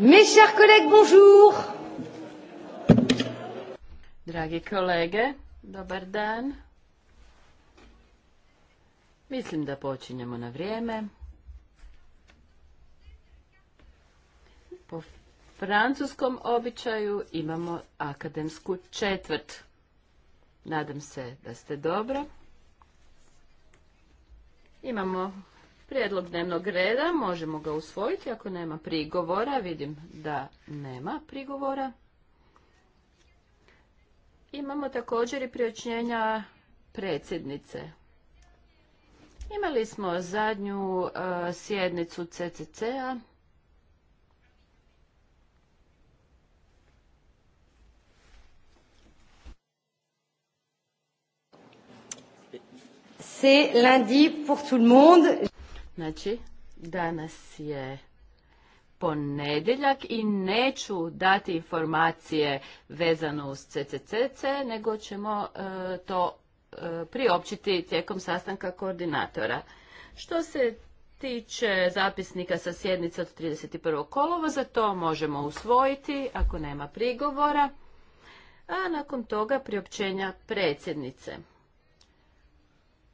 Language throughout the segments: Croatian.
Mes chers collègues, bonjour. Dragi kolege, dobar dan. Mislim da počinjemo na vrijeme. Po francuskom običaju imamo akademsku četvrt. Nadam se da ste dobro. Imamo Prijedlog dnevnog reda možemo ga usvojiti ako nema prigovora. Vidim da nema prigovora. Imamo također i priopćenja predsjednice. Imali smo zadnju e, sjednicu CCC-a. C'est lundi pour tout le monde. Znači, danas je ponedjeljak i neću dati informacije vezano uz CCCC, nego ćemo e, to e, priopćiti tijekom sastanka koordinatora. Što se tiče zapisnika sa sjednice od 31. kolova, za to možemo usvojiti ako nema prigovora, a nakon toga priopćenja predsjednice.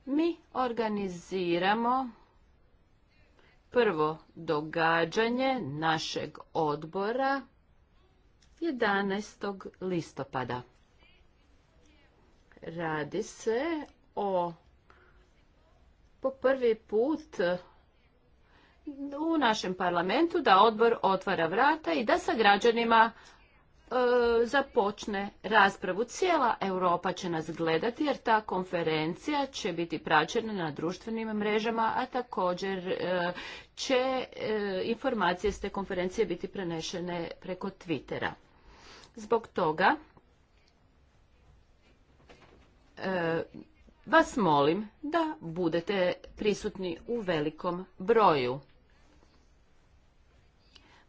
Mi organiziramo prvo događanje našeg odbora 11. listopada. Radi se o po prvi put u našem parlamentu da odbor otvara vrata i da sa građanima E, započne raspravu. Cijela Europa će nas gledati jer ta konferencija će biti praćena na društvenim mrežama, a također e, će e, informacije s te konferencije biti prenešene preko Twittera. Zbog toga vas molim da budete prisutni u velikom broju.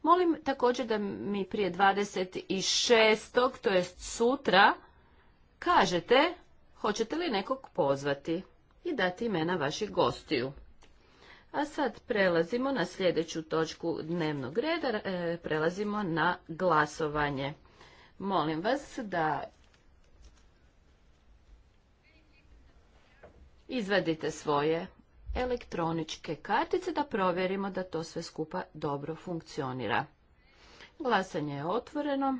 Molim također da mi prije 26. to jest sutra kažete hoćete li nekog pozvati i dati imena vaših gostiju. A sad prelazimo na sljedeću točku dnevnog reda, e, prelazimo na glasovanje. Molim vas da izvadite svoje elektroničke kartice da provjerimo da to sve skupa dobro funkcionira. Glasanje je otvoreno.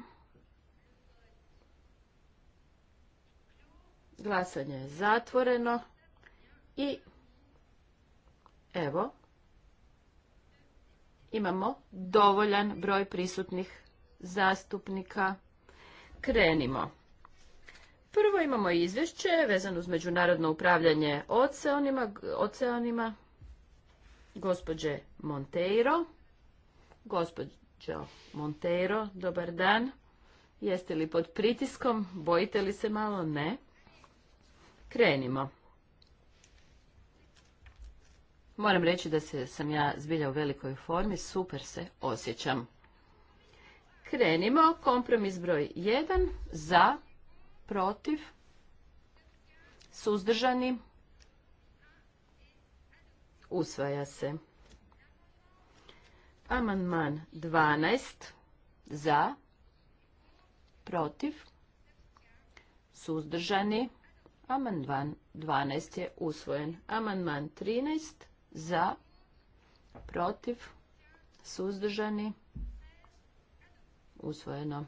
Glasanje je zatvoreno i evo imamo dovoljan broj prisutnih zastupnika. Krenimo. Prvo imamo izvješće vezano uz međunarodno upravljanje oceanima, oceanima gospođe Monteiro. Gospođo Monteiro, dobar dan. Jeste li pod pritiskom? Bojite li se malo? Ne. Krenimo. Moram reći da se, sam ja zbilja u velikoj formi, super se osjećam. Krenimo, kompromis broj 1, za, protiv, suzdržani, usvaja se. Amandman 12 za, protiv, suzdržani, amandman 12 je usvojen. Amandman 13 za, protiv, suzdržani, usvojeno.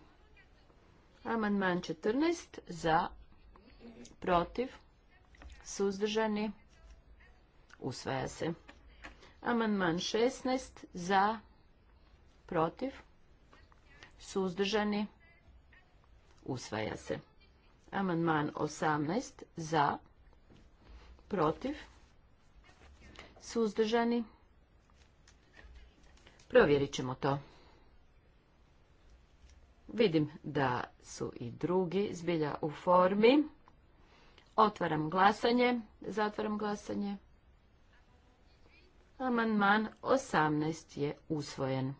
Amandman 14 za, protiv, suzdržani, usvaja se. Amandman 16 za, protiv, suzdržani, usvaja se. Amandman 18 za, protiv, suzdržani, provjerit ćemo to. Vidim da su i drugi zbilja u formi. Otvaram glasanje, zatvaram glasanje. Amandman 18 je usvojen.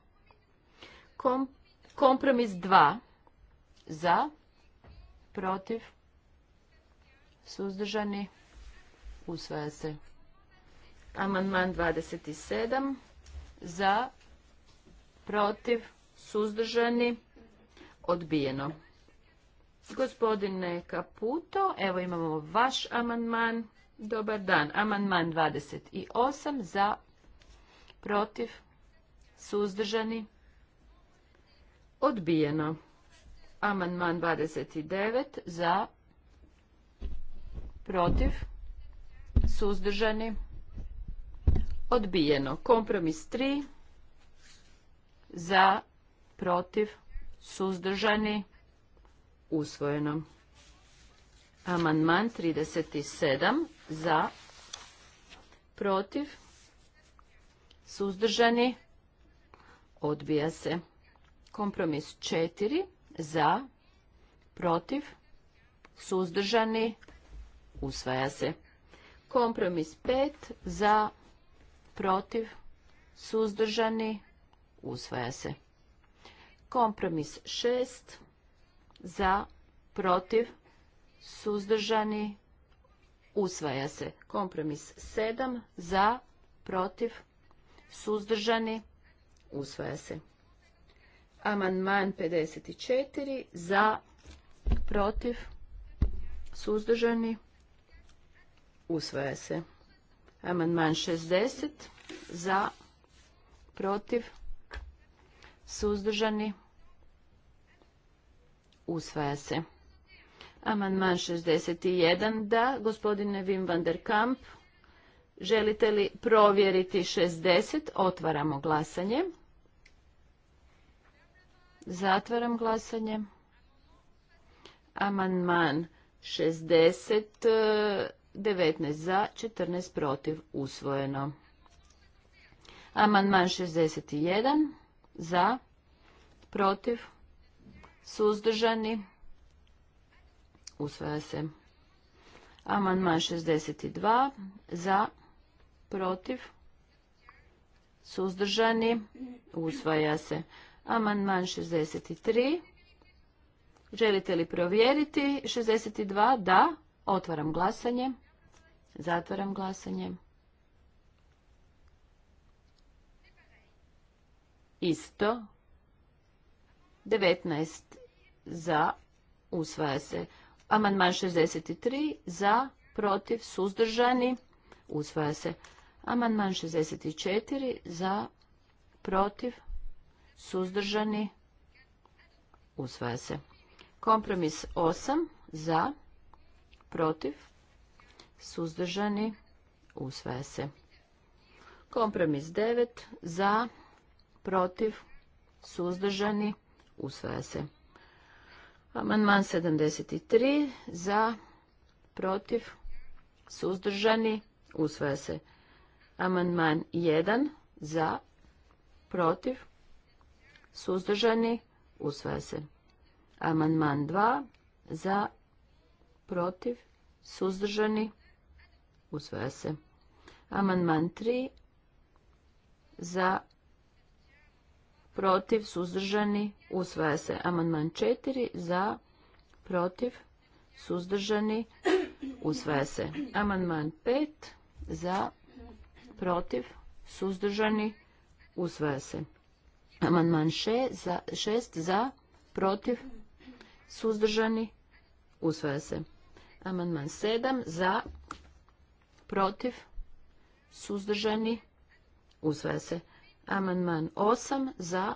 kompromis 2 za, protiv, suzdržani, usvaja se. Amandman 27 za, protiv, suzdržani, odbijeno. Gospodine Kaputo, evo imamo vaš amandman. Dobar dan. Amandman 28 za protiv suzdržani odbijeno. Amandman 29 za protiv suzdržani odbijeno. Kompromis 3 za protiv suzdržani, usvojeno. Amandman 37 za, protiv, suzdržani, odbija se. Kompromis 4 za, protiv, suzdržani, usvaja se. Kompromis 5 za, protiv, suzdržani, usvaja se. Kompromis 6 za, protiv, suzdržani, usvaja se. Kompromis 7 za, protiv, suzdržani, usvaja se. Amandman 54 za, protiv, suzdržani, usvaja se. Amandman 60 za, protiv, suzdržani, usvaja se. Amandman 61, da, gospodine Wim van der Kamp, želite li provjeriti 60? Otvaramo glasanje. Zatvaram glasanje. Amandman 60, 19 e, za, 14 protiv, usvojeno. Amandman 61 za, protiv, suzdržani, usvaja se. Amandman 62 za, protiv, suzdržani, usvaja se. Amandman 63. Želite li provjeriti? 62 da. Otvaram glasanje. Zatvaram glasanje. isto. 19 za, usvaja se. Amandman 63 za, protiv, suzdržani, usvaja se. Amandman 64 za, protiv, suzdržani, usvaja se. Kompromis 8 za, protiv, suzdržani, usvaja se. Kompromis 9 za, protiv, suzdržani, usvaja se. Amandman 73 za, protiv, suzdržani, usvaja se. Amandman 1 za, protiv, suzdržani, usvaja se. Amandman 2 za, protiv, suzdržani, usvaja se. Amandman 3 za, protiv, suzdržani, usvaja se. Amandman 4 za, protiv, suzdržani, usvaja se. Amandman 5 za, protiv, suzdržani, usvaja se. Amandman 6 za, za protiv, suzdržani, usvaja se. Amandman 7 za, protiv, suzdržani, usvaja se. Amandman 8 za,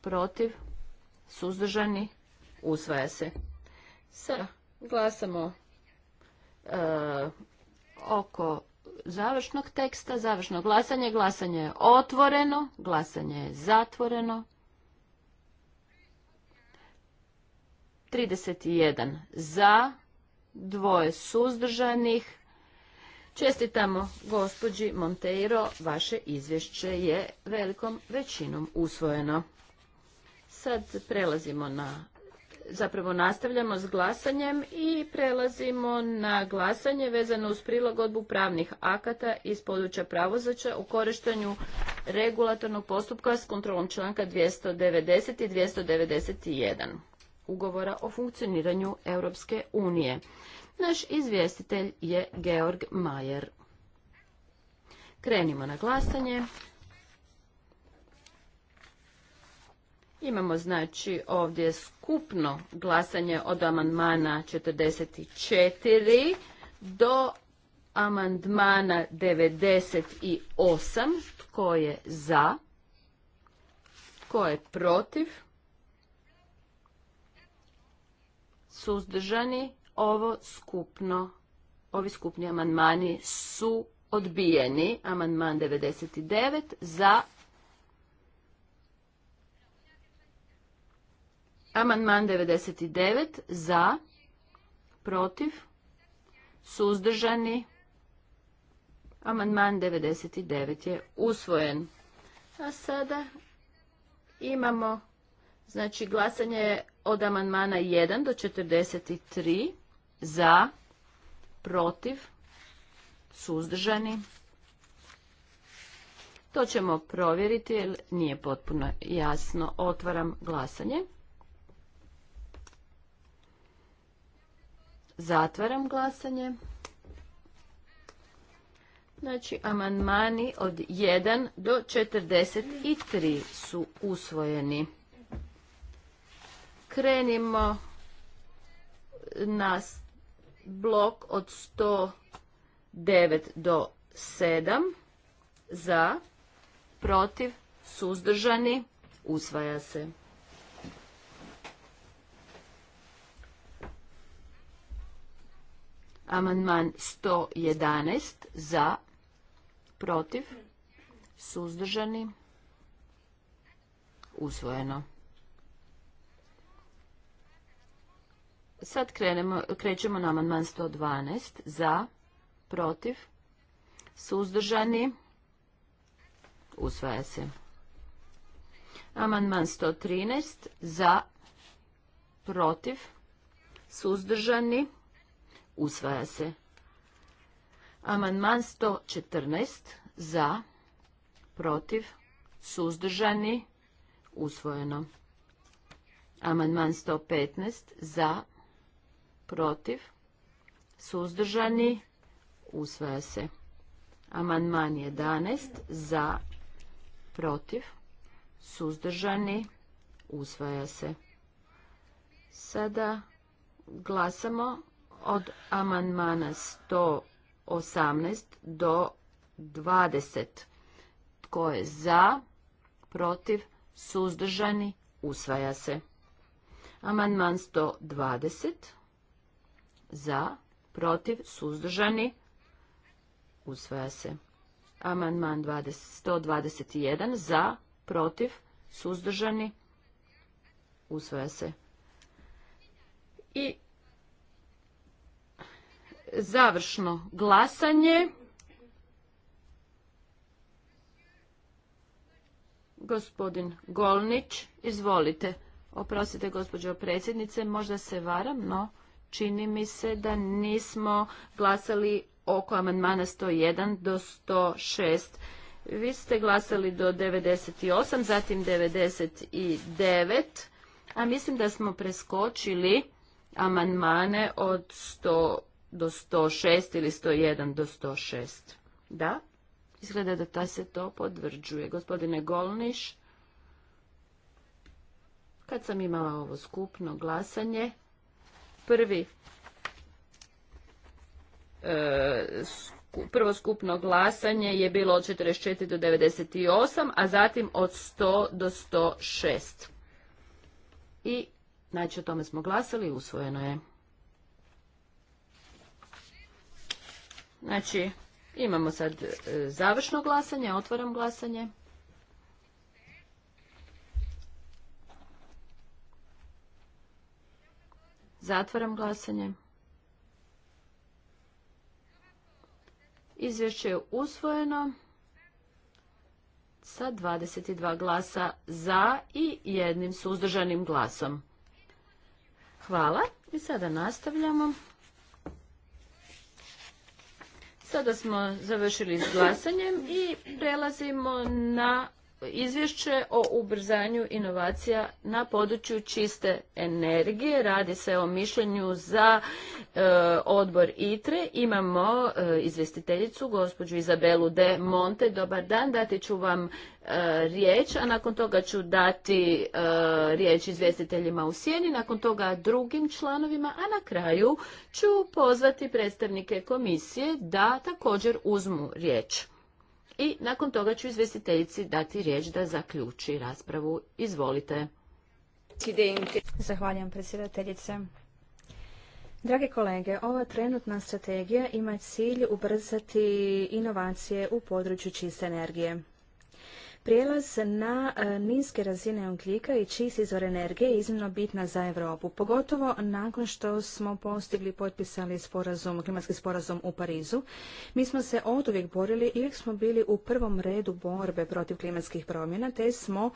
protiv, suzdržani, usvaja se. Sada glasamo e, oko završnog teksta, završno glasanje. Glasanje je otvoreno, glasanje je zatvoreno. 31 za, dvoje suzdržanih, Čestitamo gospođi Monteiro, vaše izvješće je velikom većinom usvojeno. Sad prelazimo na, zapravo nastavljamo s glasanjem i prelazimo na glasanje vezano uz prilagodbu pravnih akata iz područja pravozača u korištenju regulatornog postupka s kontrolom članka 290 i 291 ugovora o funkcioniranju Europske unije. Naš izvjestitelj je Georg Majer. Krenimo na glasanje. Imamo znači ovdje skupno glasanje od amandmana 44 do amandmana 98. Tko je za? Tko je protiv? Suzdržani? Ovo skupno, ovi skupni amandmani su odbijeni. Amandman 99 za Amandman 99 za, protiv, suzdržani. Amandman 99 je usvojen. A sada imamo znači glasanje od amandmana 1 do 43 za, protiv, suzdržani. To ćemo provjeriti jer nije potpuno jasno. Otvaram glasanje. Zatvaram glasanje. Znači, amandmani od 1 do 43 su usvojeni. Krenimo na blok od 109 do 7 za, protiv, suzdržani, usvaja se. Amandman 111 za, protiv, suzdržani, usvojeno. Sad krenemo, krećemo na amandman 112 za, protiv, suzdržani, usvaja se. Amandman 113 za, protiv, suzdržani, usvaja se. Amandman 114 za, protiv, suzdržani, usvojeno. Amandman 115 za, protiv, suzdržani, usvaja se. Amandman 11 za, protiv, suzdržani, usvaja se. Sada glasamo od amandmana 118 do 20. Tko je za, protiv, suzdržani, usvaja se. Amandman 120 za, protiv, suzdržani, usvaja se. Amandman 20, 121 za, protiv, suzdržani, usvaja se. I završno glasanje. Gospodin Golnić, izvolite. Oprostite, gospođo predsjednice, možda se varam, no čini mi se da nismo glasali oko amandmana 101 do 106. Vi ste glasali do 98, zatim 99, a mislim da smo preskočili amandmane od 100 do 106 ili 101 do 106. Da? Izgleda da ta se to podvrđuje. Gospodine Golniš, kad sam imala ovo skupno glasanje, prvi e, prvo skupno glasanje je bilo od 44 do 98, a zatim od 100 do 106. I znači o tome smo glasali usvojeno je. Znači imamo sad e, završno glasanje, otvaram glasanje. Zatvaram glasanje. Izvješće je usvojeno sa 22 glasa za i jednim suzdržanim glasom. Hvala i sada nastavljamo. Sada smo završili s glasanjem i prelazimo na izvješće o ubrzanju inovacija na području čiste energije. Radi se o mišljenju za e, odbor ITRE. Imamo e, izvjestiteljicu, gospođu Izabelu de Monte. Dobar dan, dati ću vam e, riječ, a nakon toga ću dati e, riječ izvjestiteljima u sjeni, nakon toga drugim članovima, a na kraju ću pozvati predstavnike komisije da također uzmu riječ. I nakon toga ću izvjestiteljici dati riječ da zaključi raspravu. Izvolite. Zahvaljujem predsjedateljice. Drage kolege, ova trenutna strategija ima cilj ubrzati inovacije u području čiste energije. Prijelaz na e, niske razine ugljika i čist izvor energije je iznimno bitna za Europu, pogotovo nakon što smo postigli potpisali sporazum, klimatski sporazum u Parizu. Mi smo se od uvijek borili i uvijek smo bili u prvom redu borbe protiv klimatskih promjena, te smo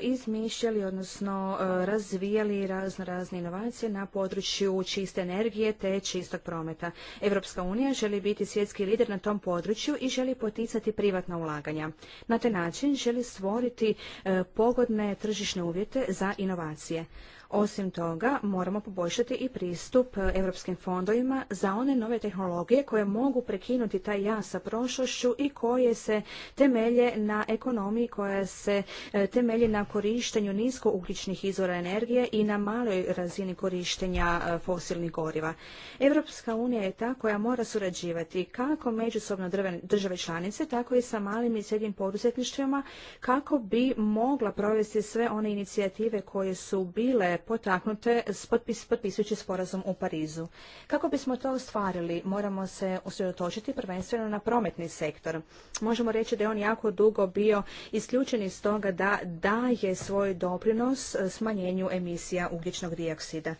izmišljali, odnosno e, razvijali razno razne inovacije na području čiste energije te čistog prometa. Europska unija želi biti svjetski lider na tom području i želi poticati privatna ulaganja. Na taj način želi stvoriti e, pogodne tržišne uvjete za inovacije. Osim toga, moramo poboljšati i pristup europskim fondovima za one nove tehnologije koje mogu prekinuti taj jaz sa prošlošću i koje se temelje na ekonomiji koja se e, temelji na korištenju niskougljičnih izvora energije i na maloj razini korištenja e, fosilnih goriva. Evropska unija je ta koja mora surađivati kako međusobno države članice, tako i sa malim i srednjim poduzetništvima kako bi mogla provesti sve one inicijative koje su bile potaknute potpis, potpisujući sporazum u Parizu. Kako bismo to ostvarili, moramo se usredotočiti prvenstveno na prometni sektor. Možemo reći da je on jako dugo bio isključen iz toga da daje svoj doprinos smanjenju emisija ugljičnog dioksida.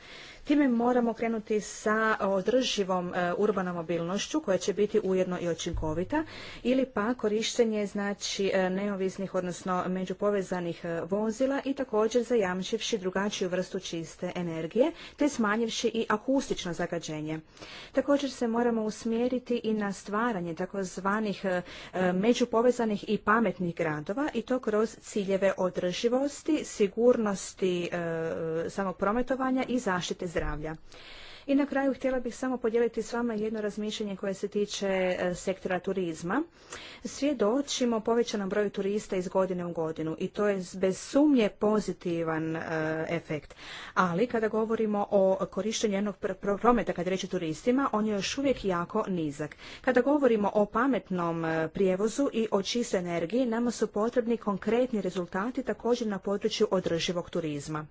Time moramo krenuti sa e, održivom e, urbanom mobilnošću koja će biti ujedno i očinkovita ili pa korištenje znači e, neovisnih odnosno međupovezanih vozila i također zajamčivši drugačiju vrstu čiste energije te smanjivši i akustično zagađenje. Također se moramo usmjeriti i na stvaranje takozvanih međupovezanih i pametnih gradova i to kroz ciljeve održivosti, sigurnosti samog prometovanja i zaštite zdravlja. I na kraju htjela bih samo podijeliti s vama jedno razmišljanje koje se tiče e, sektora turizma. Svjedočimo povećanom broju turista iz godine u godinu i to je bez sumnje pozitivan e, efekt. Ali kada govorimo o korištenju jednog prometa kad reći turistima, on je još uvijek jako nizak. Kada govorimo o pametnom e, prijevozu i o čistoj energiji, nama su potrebni konkretni rezultati također na području održivog turizma.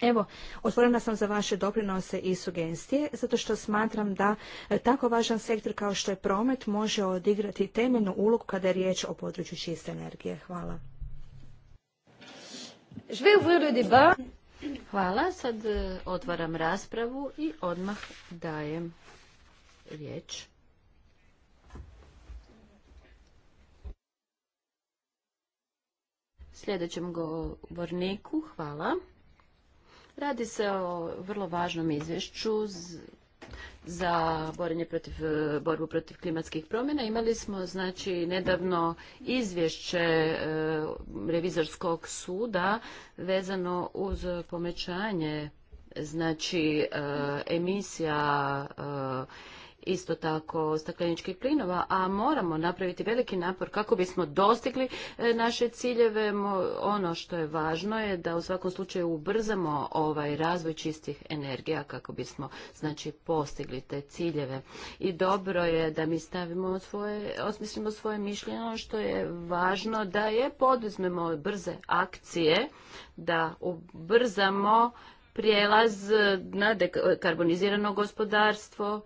Evo, otvorena sam za vaše doprinose i sugestije, zato što smatram da e, tako važan sektor kao što je promet može odigrati temeljnu ulogu kada je riječ o području čiste energije. Hvala. Hvala, sad e, otvaram raspravu i odmah dajem riječ. Sljedećem govorniku, hvala. Radi se o vrlo važnom izvješću za borenje protiv, e, borbu protiv klimatskih promjena. Imali smo znači nedavno izvješće e, revizorskog suda vezano uz pomećanje znači e, emisija isto tako stakleničkih plinova, a moramo napraviti veliki napor kako bismo dostigli e, naše ciljeve. Ono što je važno je da u svakom slučaju ubrzamo ovaj razvoj čistih energija kako bismo znači postigli te ciljeve. I dobro je da mi stavimo svoje, osmislimo svoje mišljenje, ono što je važno da je poduzmemo brze akcije, da ubrzamo prijelaz na dekarbonizirano gospodarstvo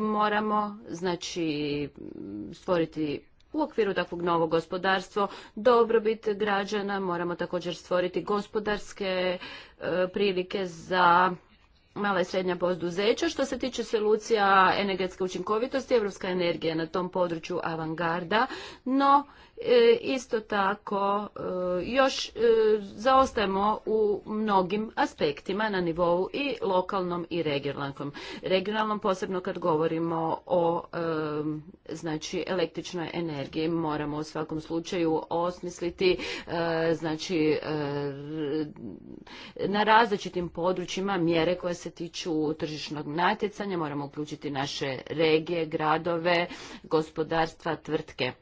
moramo znači stvoriti u okviru takvog novog gospodarstva dobrobit građana, moramo također stvoriti gospodarske e, prilike za mala i srednja poduzeća. Što se tiče solucija energetske učinkovitosti, evropska energija na tom području avangarda, no E, isto tako e, još e, zaostajemo u mnogim aspektima na nivou i lokalnom i regionalnom. Regionalnom posebno kad govorimo o znači električnoj energiji moramo u svakom slučaju osmisliti znači na različitim područjima mjere koje se tiču tržišnog natjecanja moramo uključiti naše regije, gradove, gospodarstva, tvrtke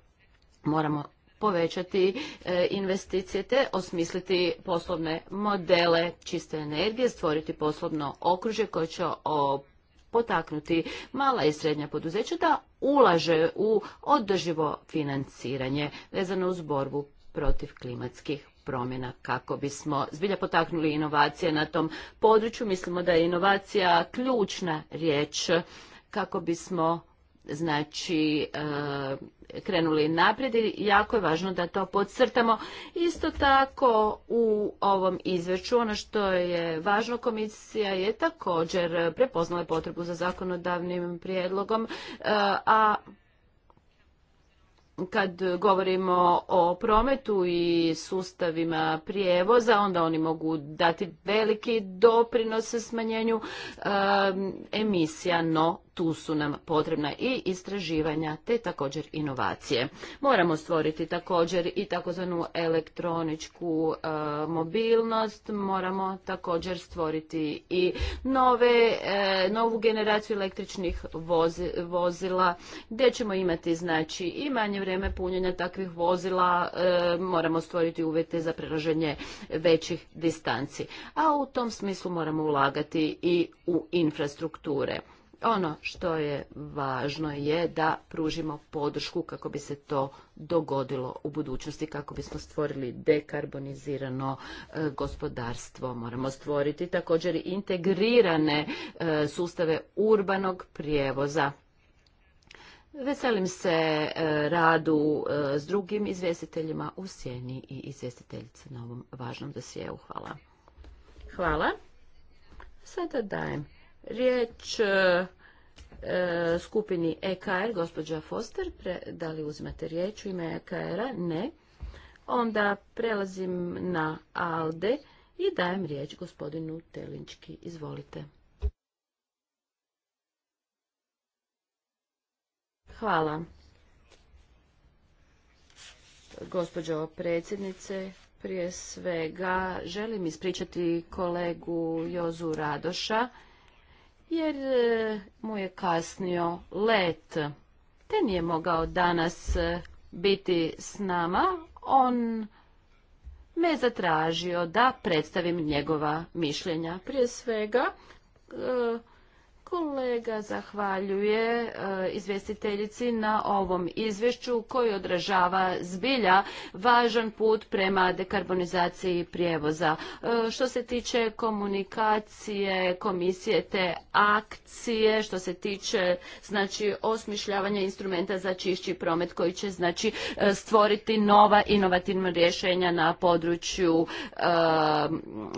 moramo povećati e, investicije te osmisliti poslovne modele čiste energije, stvoriti poslovno okružje koje će potaknuti mala i srednja poduzeća da ulaže u održivo financiranje vezano uz borbu protiv klimatskih promjena kako bismo zbilja potaknuli inovacije na tom području. Mislimo da je inovacija ključna riječ kako bismo znači e, krenuli naprijed i jako je važno da to podcrtamo. Isto tako u ovom izveću ono što je važno komisija je također prepoznala potrebu za zakonodavnim prijedlogom, e, a kad govorimo o prometu i sustavima prijevoza, onda oni mogu dati veliki doprinos smanjenju e, emisija, no tu su nam potrebna i istraživanja te također inovacije. Moramo stvoriti također i takozvanu elektroničku e, mobilnost, moramo također stvoriti i nove, e, novu generaciju električnih vozila gdje ćemo imati znači i manje vrijeme punjenja takvih vozila, e, moramo stvoriti uvjete za preraženje većih distanci. A u tom smislu moramo ulagati i u infrastrukture. Ono što je važno je da pružimo podršku kako bi se to dogodilo u budućnosti, kako bismo stvorili dekarbonizirano e, gospodarstvo. Moramo stvoriti također integrirane e, sustave urbanog prijevoza. Veselim se e, radu s drugim izvjestiteljima u Sjeni i izvjestiteljice na ovom važnom dosjeu. Hvala. Hvala. Sada dajem Riječ e, e, skupini EKR, gospođa Foster, da li uzmete riječ u ime EKR-a? Ne. Onda prelazim na ALDE i dajem riječ gospodinu Telinčki. Izvolite. Hvala. Gospođo predsjednice, prije svega želim ispričati kolegu Jozu Radoša jer e, mu je kasnio let, te nije mogao danas e, biti s nama. On me zatražio da predstavim njegova mišljenja. Prije svega, e, Kolega zahvaljuje e, izvjestiteljici na ovom izvješću koji odražava zbilja važan put prema dekarbonizaciji prijevoza. E, što se tiče komunikacije, komisije te akcije, što se tiče znači osmišljavanja instrumenta za čišći promet koji će znači e, stvoriti nova inovativna rješenja na području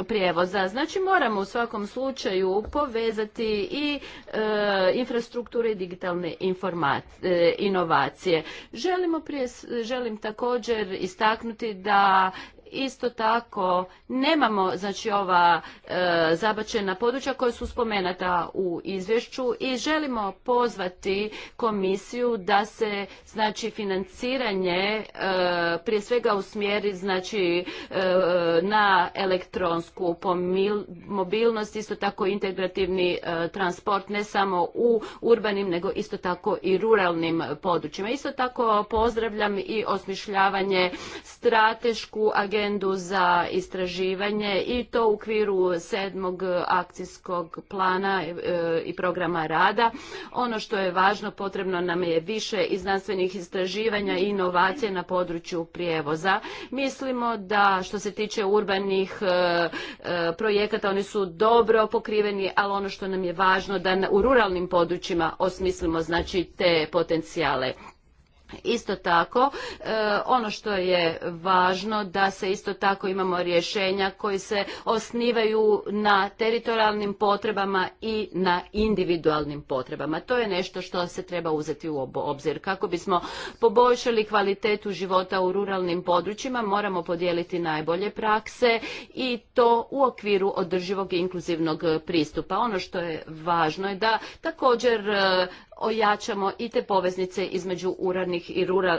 prijevoza. Znači moramo u svakom slučaju povezati i Eh, infrastrukture i digitalne eh, inovacije. Želimo želim također istaknuti da isto tako nemamo znači ova e, zabačena područja koja su spomenata u izvješću i želimo pozvati komisiju da se znači financiranje e, prije svega usmjeri znači e, na elektronsku mobilnost isto tako integrativni transport ne samo u urbanim nego isto tako i ruralnim područjima isto tako pozdravljam i osmišljavanje stratešku agenciju agendu za istraživanje i to u okviru sedmog akcijskog plana e, i programa rada. Ono što je važno, potrebno nam je više i znanstvenih istraživanja i inovacije na području prijevoza. Mislimo da što se tiče urbanih e, e, projekata, oni su dobro pokriveni, ali ono što nam je važno da u ruralnim područjima osmislimo znači te potencijale. Isto tako, e, ono što je važno da se isto tako imamo rješenja koji se osnivaju na teritorijalnim potrebama i na individualnim potrebama. To je nešto što se treba uzeti u obzir. Kako bismo poboljšali kvalitetu života u ruralnim područjima, moramo podijeliti najbolje prakse i to u okviru održivog i inkluzivnog pristupa. Ono što je važno je da također e, ojačamo i te poveznice između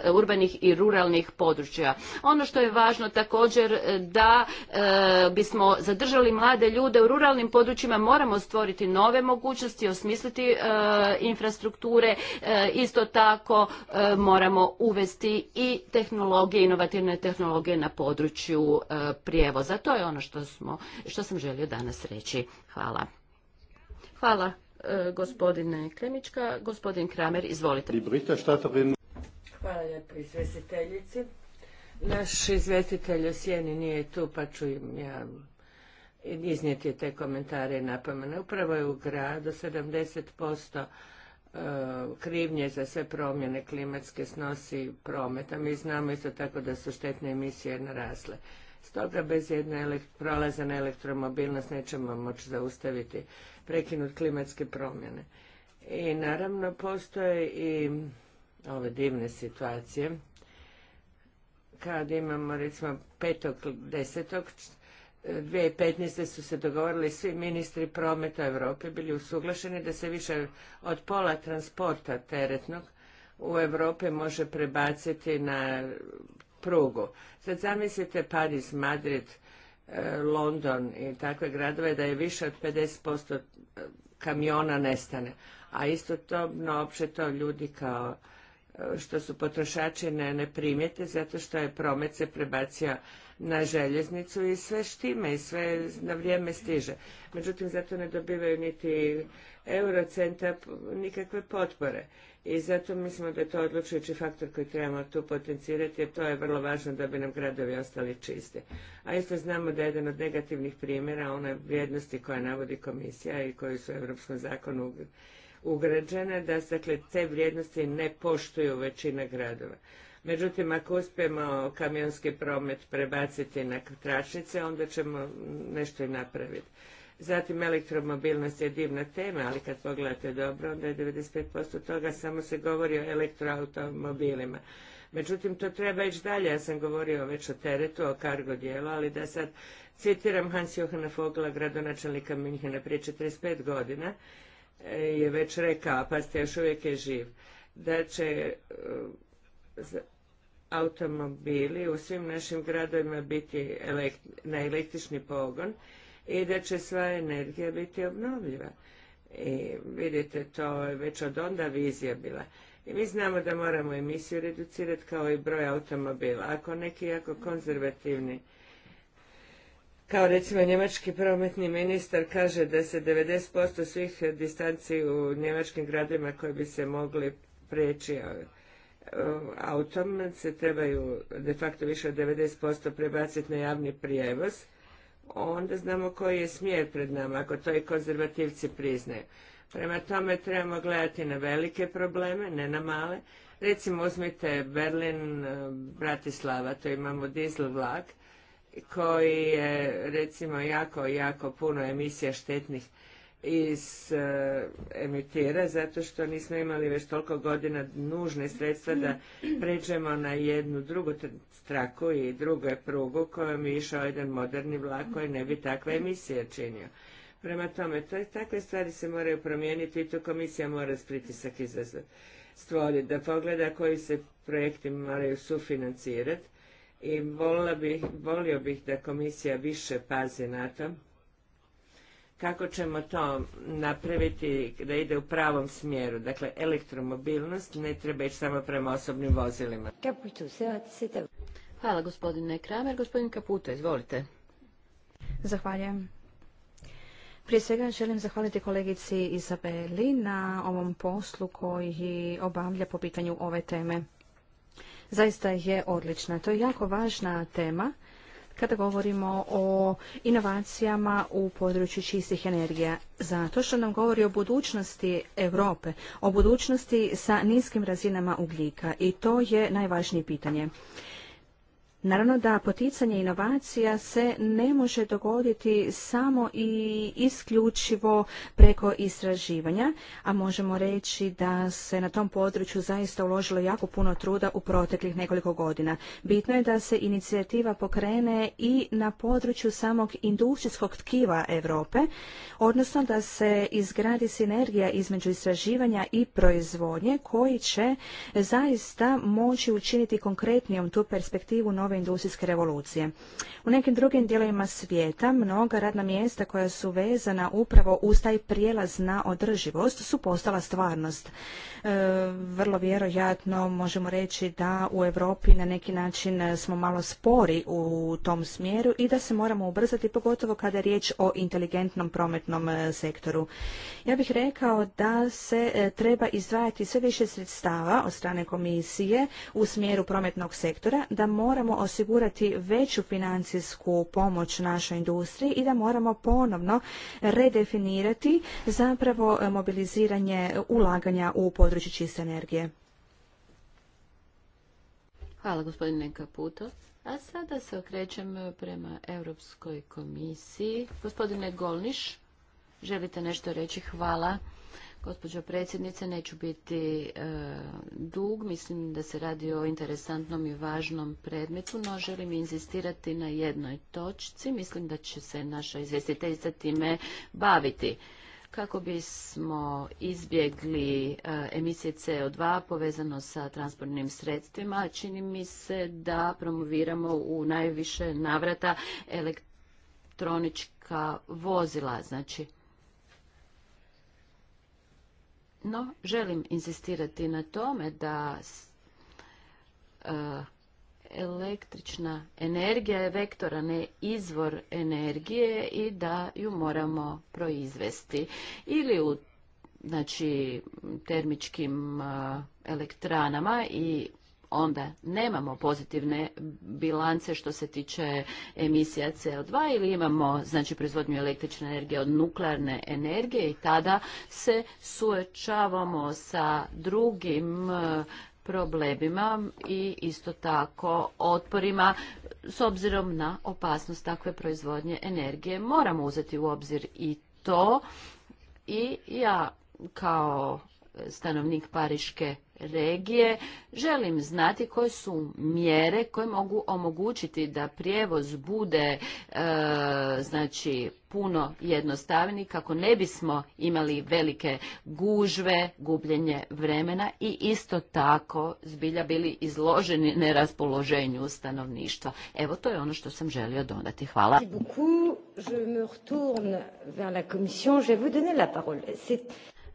e, urbanih i ruralnih područja. Ono što je važno također e, da e, bismo zadržali mlade ljude u ruralnim područjima moramo stvoriti nove mogućnosti, osmisliti infrastrukture, isto tako moramo uvesti i tehnologije, inovativne tehnologije na području prijevoza. To je ono što, što sam želio danas reći. Hvala. Hvala E, gospodine Klemička. Gospodin Kramer, izvolite. Hvala lijepo izvjestiteljici. Naš izvjestitelj u nije tu, pa ću ja iznijeti te komentare i napomene. Upravo je u gradu 70% e, krivnje za sve promjene klimatske snosi prometa. Mi znamo isto tako da su štetne emisije narasle. Stoga bez jedne prolaza na elektromobilnost nećemo moći zaustaviti Prekinut klimatske promjene. I naravno postoje i ove divne situacije kad imamo recimo petnaest su se dogovorili svi ministri prometa Europe bili usuglašeni da se više od pola transporta teretnog u Europi može prebaciti na prugu. Sad zamislite Paris, Madrid, E, London i takve gradove da je više od 50% e, kamiona nestane. A isto to, no, opće to ljudi kao e, što su potrošači ne, ne primijete zato što je promet se prebacio na željeznicu i sve štime i sve na vrijeme stiže. Međutim, zato ne dobivaju niti eurocenta nikakve potpore. I zato mislimo da je to odlučujući faktor koji trebamo tu potencirati, jer to je vrlo važno da bi nam gradovi ostali čisti. A isto znamo da je jedan od negativnih primjera one vrijednosti koje navodi komisija i koje su u Europskom zakonu ugrađene, da se dakle, te vrijednosti ne poštuju većina gradova. Međutim, ako uspijemo kamionski promet prebaciti na tračnice, onda ćemo nešto i napraviti. Zatim, elektromobilnost je divna tema, ali kad pogledate dobro, onda je 95% toga samo se govori o elektroautomobilima. Međutim, to treba ići dalje. Ja sam govorio već o teretu, o kargo dijelu, ali da sad citiram Hans-Johana Fogla, gradonačelnika Minhena prije 45 godina, e, je već rekao, pa ste još uvijek je živ, da će e, automobili u svim našim gradovima biti na električni pogon i da će sva energija biti obnovljiva. I vidite, to je već od onda vizija bila. I mi znamo da moramo emisiju reducirati kao i broj automobila. Ako neki jako konzervativni kao recimo njemački prometni ministar kaže da se 90% svih distanci u njemačkim gradovima koji bi se mogli preći E, autom se trebaju de facto više od 90% prebaciti na javni prijevoz, onda znamo koji je smjer pred nama, ako to i konzervativci priznaju. Prema tome trebamo gledati na velike probleme, ne na male. Recimo uzmite Berlin, e, Bratislava, to imamo dizel vlak koji je recimo jako, jako puno emisija štetnih iz e, emitira zato što nismo imali već toliko godina nužne sredstva da pređemo na jednu drugu straku i drugu prugu kojom je išao jedan moderni vlak koji ne bi takva emisija činio. Prema tome, to, takve stvari se moraju promijeniti i tu komisija mora pritisak izazvati stvoriti, da pogleda koji se projekti moraju sufinancirati i bih, volio bih da komisija više pazi na to kako ćemo to napraviti da ide u pravom smjeru. Dakle, elektromobilnost ne treba ići samo prema osobnim vozilima. Hvala gospodine Kramer. Gospodin Kaputo, izvolite. Zahvaljujem. Prije svega želim zahvaliti kolegici Izabeli na ovom poslu koji obavlja po pitanju ove teme. Zaista je odlična. To je jako važna tema kada govorimo o inovacijama u području čistih energija. Zato što nam govori o budućnosti Europe, o budućnosti sa niskim razinama ugljika i to je najvažnije pitanje. Naravno da poticanje inovacija se ne može dogoditi samo i isključivo preko istraživanja, a možemo reći da se na tom području zaista uložilo jako puno truda u proteklih nekoliko godina. Bitno je da se inicijativa pokrene i na području samog industrijskog tkiva Europe, odnosno da se izgradi sinergija između istraživanja i proizvodnje koji će zaista moći učiniti konkretnijom tu perspektivu nove nove industrijske revolucije. U nekim drugim dijelovima svijeta mnoga radna mjesta koja su vezana upravo uz taj prijelaz na održivost su postala stvarnost. E, vrlo vjerojatno možemo reći da u Europi na neki način smo malo spori u tom smjeru i da se moramo ubrzati pogotovo kada je riječ o inteligentnom prometnom e, sektoru. Ja bih rekao da se e, treba izdvajati sve više sredstava od strane komisije u smjeru prometnog sektora, da moramo osigurati veću financijsku pomoć našoj industriji i da moramo ponovno redefinirati zapravo e, mobiliziranje ulaganja u područje čiste energije. Hvala gospodine Kaputo. A sada se okrećem prema Europskoj komisiji. Gospodine Golniš, želite nešto reći? Hvala. Gospođo predsjednice, neću biti e, dug, mislim da se radi o interesantnom i važnom predmetu, no želim inzistirati na jednoj točci. Mislim da će se naša izvjestiteljica time baviti. Kako bismo izbjegli e, emisije CO2 povezano sa transportnim sredstvima, čini mi se da promoviramo u najviše navrata elektronička vozila, znači no, želim insistirati na tome da e, električna energija je vektora, ne izvor energije i da ju moramo proizvesti. Ili u znači, termičkim e, elektranama i onda nemamo pozitivne bilance što se tiče emisija CO2 ili imamo znači proizvodnju električne energije od nuklearne energije i tada se suočavamo sa drugim e, problemima i isto tako otporima s obzirom na opasnost takve proizvodnje energije. Moramo uzeti u obzir i to i ja kao stanovnik Pariške regije. Želim znati koje su mjere koje mogu omogućiti da prijevoz bude e, znači puno jednostavniji kako ne bismo imali velike gužve, gubljenje vremena i isto tako zbilja bili izloženi neraspoloženju stanovništva. Evo to je ono što sam želio dodati. Hvala. Je me retourne vers la commission. Je vous la parole.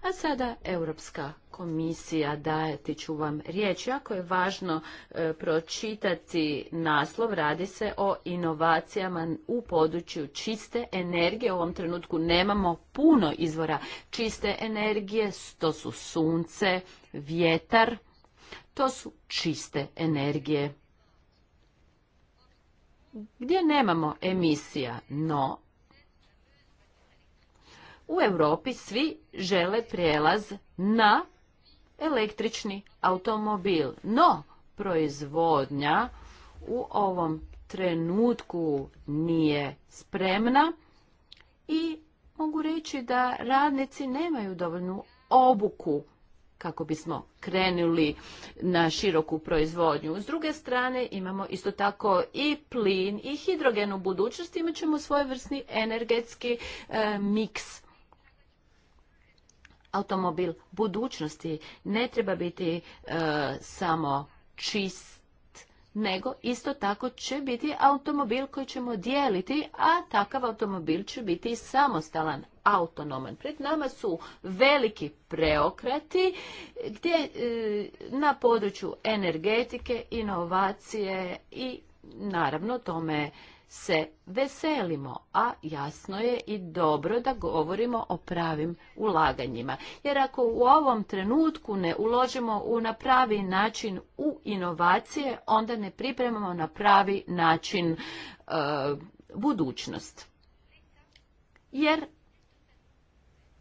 A sada Europska komisija daje, ti ću vam riječ. Jako je važno e, pročitati naslov, radi se o inovacijama u području čiste energije. U ovom trenutku nemamo puno izvora čiste energije, to su sunce, vjetar, to su čiste energije gdje nemamo emisija, no u Europi svi žele prijelaz na električni automobil. No, proizvodnja u ovom trenutku nije spremna i mogu reći da radnici nemaju dovoljnu obuku kako bismo krenuli na široku proizvodnju. S druge strane imamo isto tako i plin i hidrogen u budućnosti, imat ćemo svojevrsni energetski e, miks automobil budućnosti ne treba biti e, samo čist nego isto tako će biti automobil koji ćemo dijeliti, a takav automobil će biti samostalan, autonoman. Pred nama su veliki preokrati gdje e, na području energetike, inovacije i naravno tome se veselimo, a jasno je i dobro da govorimo o pravim ulaganjima. Jer ako u ovom trenutku ne uložimo u na pravi način u inovacije, onda ne pripremamo na pravi način e, budućnost. Jer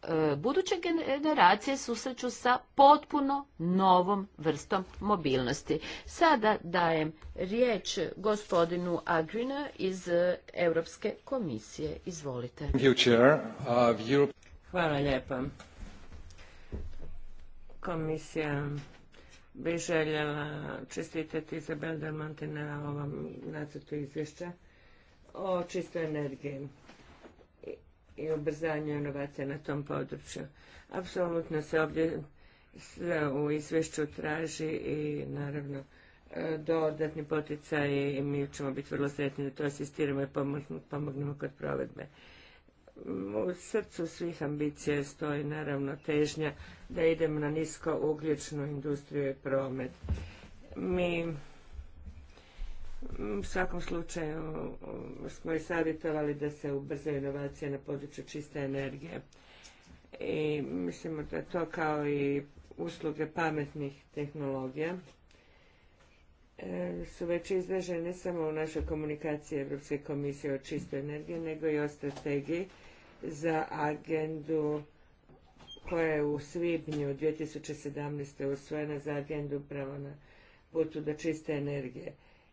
E, buduće generacije susreću sa potpuno novom vrstom mobilnosti. Sada dajem riječ gospodinu Agrina iz Europske komisije. Izvolite. Uh, Hvala lijepa. Komisija bi željela čestitati Izabel Mantine na ovom nacrtu izvješća o čistoj energiji i ubrzanje inovacija na tom području. Apsolutno se ovdje sve u izvješću traži i naravno e, dodatni poticaj i mi ćemo biti vrlo sretni da to asistiramo i pomognemo kod provedbe. U srcu svih ambicija stoji naravno težnja da idemo na nisko ugljičnu industriju i promet. Mi u svakom slučaju um, smo i savjetovali da se ubrze inovacije na području čiste energije. I mislimo da to kao i usluge pametnih tehnologija e, su već izražene ne samo u našoj komunikaciji Europske komisije o čistoj energiji, nego i o strategiji za agendu koja je u svibnju 2017. usvojena za agendu pravo na putu do čiste energije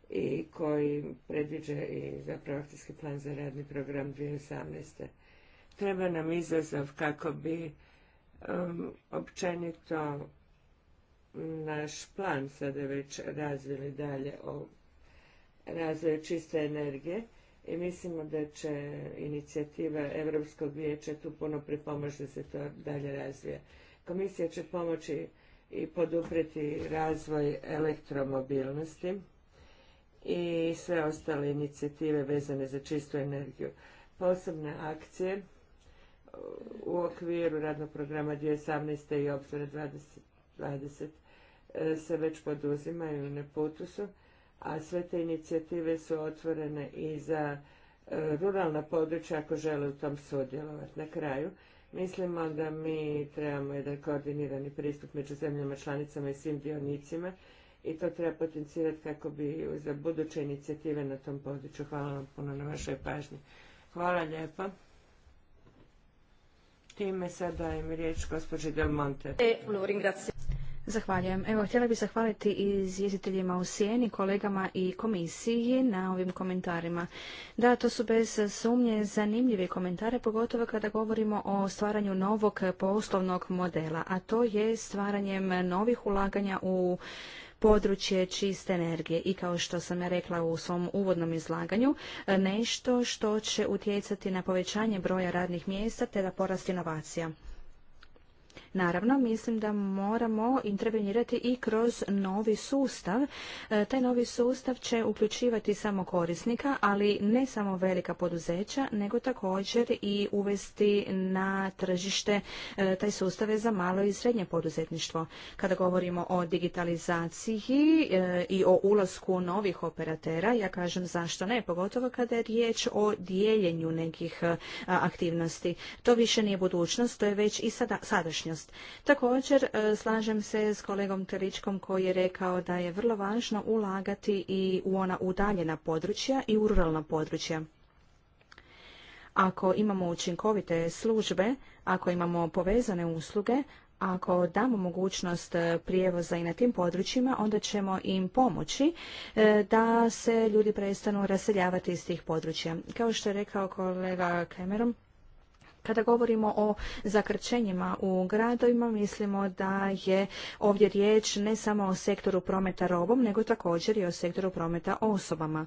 i koji predviđa i zapravo akcijski plan za radni program 2018. Treba nam izazov kako bi um, općenito naš plan sada već razvili dalje o razvoju čiste energije i mislimo da će inicijativa Europskog vijeća tu puno pripomoći da se to dalje razvije. Komisija će pomoći i podupreti razvoj elektromobilnosti i sve ostale inicijative vezane za čistu energiju. Posebne akcije u okviru radnog programa 2018. i obzora 2020 e, se već poduzimaju na putu su, a sve te inicijative su otvorene i za e, ruralna područja ako žele u tom sudjelovati. Na kraju, mislimo da mi trebamo jedan koordinirani pristup među zemljama članicama i svim dionicima i to treba potencirati kako bi za buduće inicijative na tom području. Hvala vam puno na vašoj pažnji. Hvala lijepa. Time sad dajem riječ gospođi Del Monte. E, Zahvaljujem. Evo, htjela bih zahvaliti i izvjestiteljima u Sijeni, kolegama i komisiji na ovim komentarima. Da, to su bez sumnje zanimljive komentare, pogotovo kada govorimo o stvaranju novog poslovnog modela, a to je stvaranjem novih ulaganja u područje čiste energije i kao što sam ja rekla u svom uvodnom izlaganju, nešto što će utjecati na povećanje broja radnih mjesta te da porast inovacija. Naravno, mislim da moramo intervenirati i kroz novi sustav. E, taj novi sustav će uključivati samo korisnika, ali ne samo velika poduzeća, nego također i uvesti na tržište e, taj sustave za malo i srednje poduzetništvo. Kada govorimo o digitalizaciji e, i o ulasku novih operatera, ja kažem zašto ne, pogotovo kada je riječ o dijeljenju nekih aktivnosti. To više nije budućnost, to je već i sada, sadašnje Također e, slažem se s kolegom Teličkom koji je rekao da je vrlo važno ulagati i u ona udaljena područja i u ruralna područja. Ako imamo učinkovite službe, ako imamo povezane usluge, ako damo mogućnost e, prijevoza i na tim područjima, onda ćemo im pomoći e, da se ljudi prestanu raseljavati iz tih područja. Kao što je rekao kolega Cameron, kada govorimo o zakrčenjima u gradovima, mislimo da je ovdje riječ ne samo o sektoru prometa robom, nego također i o sektoru prometa osobama.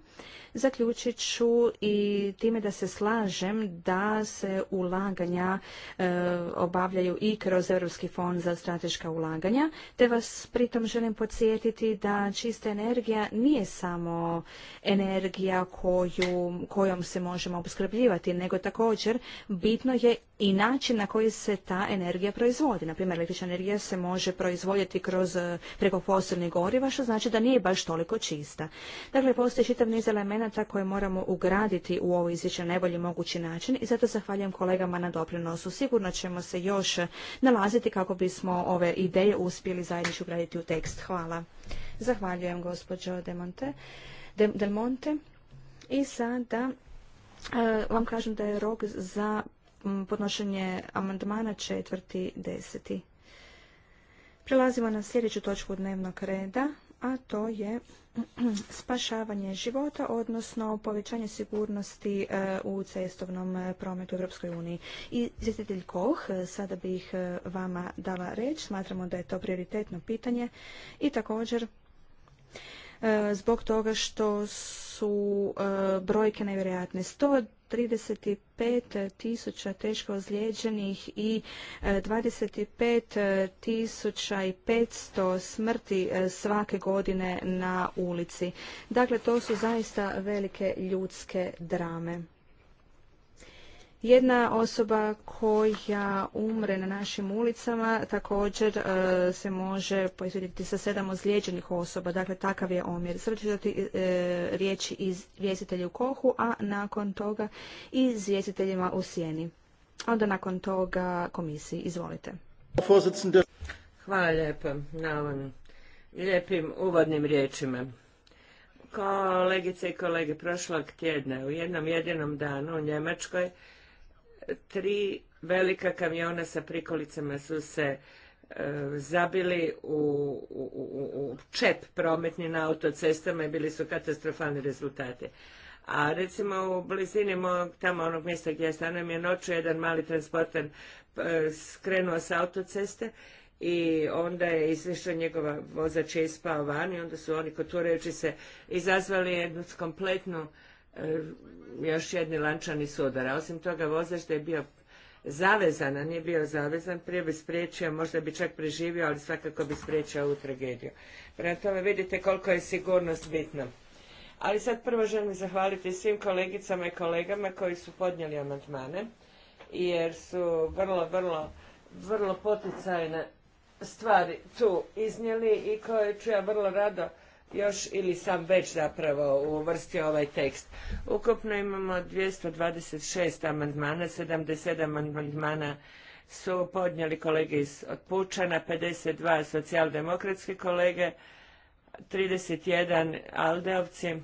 Zaključit ću i time da se slažem da se ulaganja e, obavljaju i kroz Europski fond za strateška ulaganja, te vas pritom želim podsjetiti da čista energija nije samo energija kojom se možemo opskrbljivati, nego također bitno je i način na koji se ta energija proizvodi. primjer, električna energija se može proizvoditi kroz preko fosilnih goriva, što znači da nije baš toliko čista. Dakle, postoji čitav niz elementa elemenata koje moramo ugraditi u ovo izvješće na najbolji mogući način i zato zahvaljujem kolegama na doprinosu. Sigurno ćemo se još nalaziti kako bismo ove ideje uspjeli zajednički ugraditi u tekst. Hvala. Zahvaljujem gospođo Demonte. De, Del Monte. I sada e, vam kažem da je rok za podnošenje amandmana četvrti deseti. Prelazimo na sljedeću točku dnevnog reda a to je spašavanje života, odnosno povećanje sigurnosti e, u cestovnom e, prometu u Europskoj uniji. I izvjestitelj Koh, e, sada bih vama dala reč, smatramo da je to prioritetno pitanje i također E, zbog toga što su e, brojke nevjerojatne. 135 tisuća teško ozlijeđenih i 25 e, tisuća i smrti svake godine na ulici. Dakle, to su zaista velike ljudske drame. Jedna osoba koja umre na našim ulicama također e, se može poisvjetiti sa sedam ozlijeđenih osoba, dakle takav je omjer. Sada ću dati e, riječi izvjestitelju Kohu, a nakon toga i izvjestiteljima u Sjeni. Onda nakon toga komisiji. Izvolite. Hvala lijepo na ovim lijepim uvodnim riječima. Kolegice i kolege, prošlog tjedna u jednom jedinom danu u Njemačkoj Tri velika kamiona sa prikolicama su se e, zabili u, čep prometni na autocestama i bili su katastrofalni rezultati. A recimo u blizini mog, tamo onog mjesta gdje ja stanujem je noću jedan mali transportan e, skrenuo sa autoceste i onda je izvišao njegova vozač je ispao van i onda su oni koturajući se izazvali jednu kompletnu još jedni lančani sudara. Osim toga, vozač da je bio zavezan, a nije bio zavezan, prije bi spriječio, možda bi čak preživio, ali svakako bi spriječio ovu tragediju. Prema tome vidite koliko je sigurnost bitna. Ali sad prvo želim zahvaliti svim kolegicama i kolegama koji su podnijeli amandmane, jer su vrlo, vrlo, vrlo poticajne stvari tu iznijeli i koje ću ja vrlo rado još ili sam već zapravo uvrstio ovaj tekst. Ukupno imamo 226 amandmana, 77 amandmana su podnijeli kolege iz Otpučana, 52 socijaldemokratske kolege, 31 Aldeovci,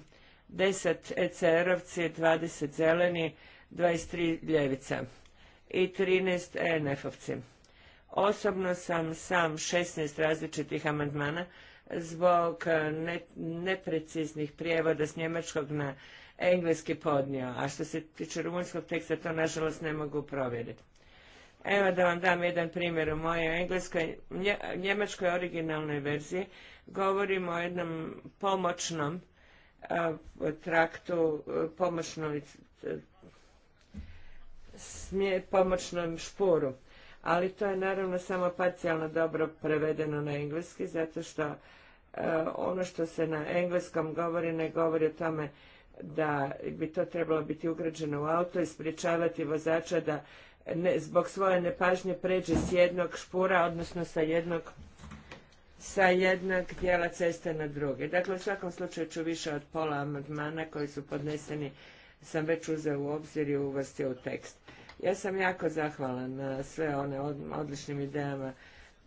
10 ECR-ovci, 20 Zeleni, 23 Ljevica i 13 ENF-ovci. Osobno sam sam 16 različitih amandmana zbog e, nepreciznih prijevoda s njemačkog na engleski podnio. A što se tiče rumunjskog teksta, to nažalost ne mogu provjeriti. Evo da vam dam jedan primjer u mojoj engleskoj, njemačkoj originalnoj verziji. Govorimo o jednom pomoćnom e, traktu, e, pomoćnom šporu ali to je naravno samo parcijalno dobro prevedeno na engleski, zato što e, ono što se na engleskom govori ne govori o tome da bi to trebalo biti ugrađeno u auto i sprječavati vozača da ne, zbog svoje nepažnje pređe s jednog špura, odnosno sa jednog sa jednog dijela ceste na drugi. Dakle, u svakom slučaju ću više od pola amandmana koji su podneseni sam već uzeo u obzir i uvrstio u tekst. Ja sam jako zahvalan na sve one odličnim idejama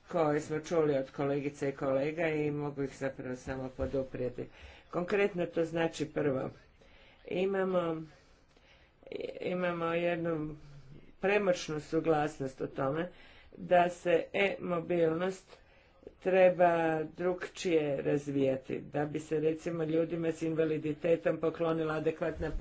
koje smo čuli od kolegice i kolega i mogu ih zapravo samo poduprijeti. Konkretno to znači prvo, imamo, imamo jednu premoćnu suglasnost o tome da se e-mobilnost treba drugčije razvijati, da bi se recimo ljudima s invaliditetom poklonila adekvatna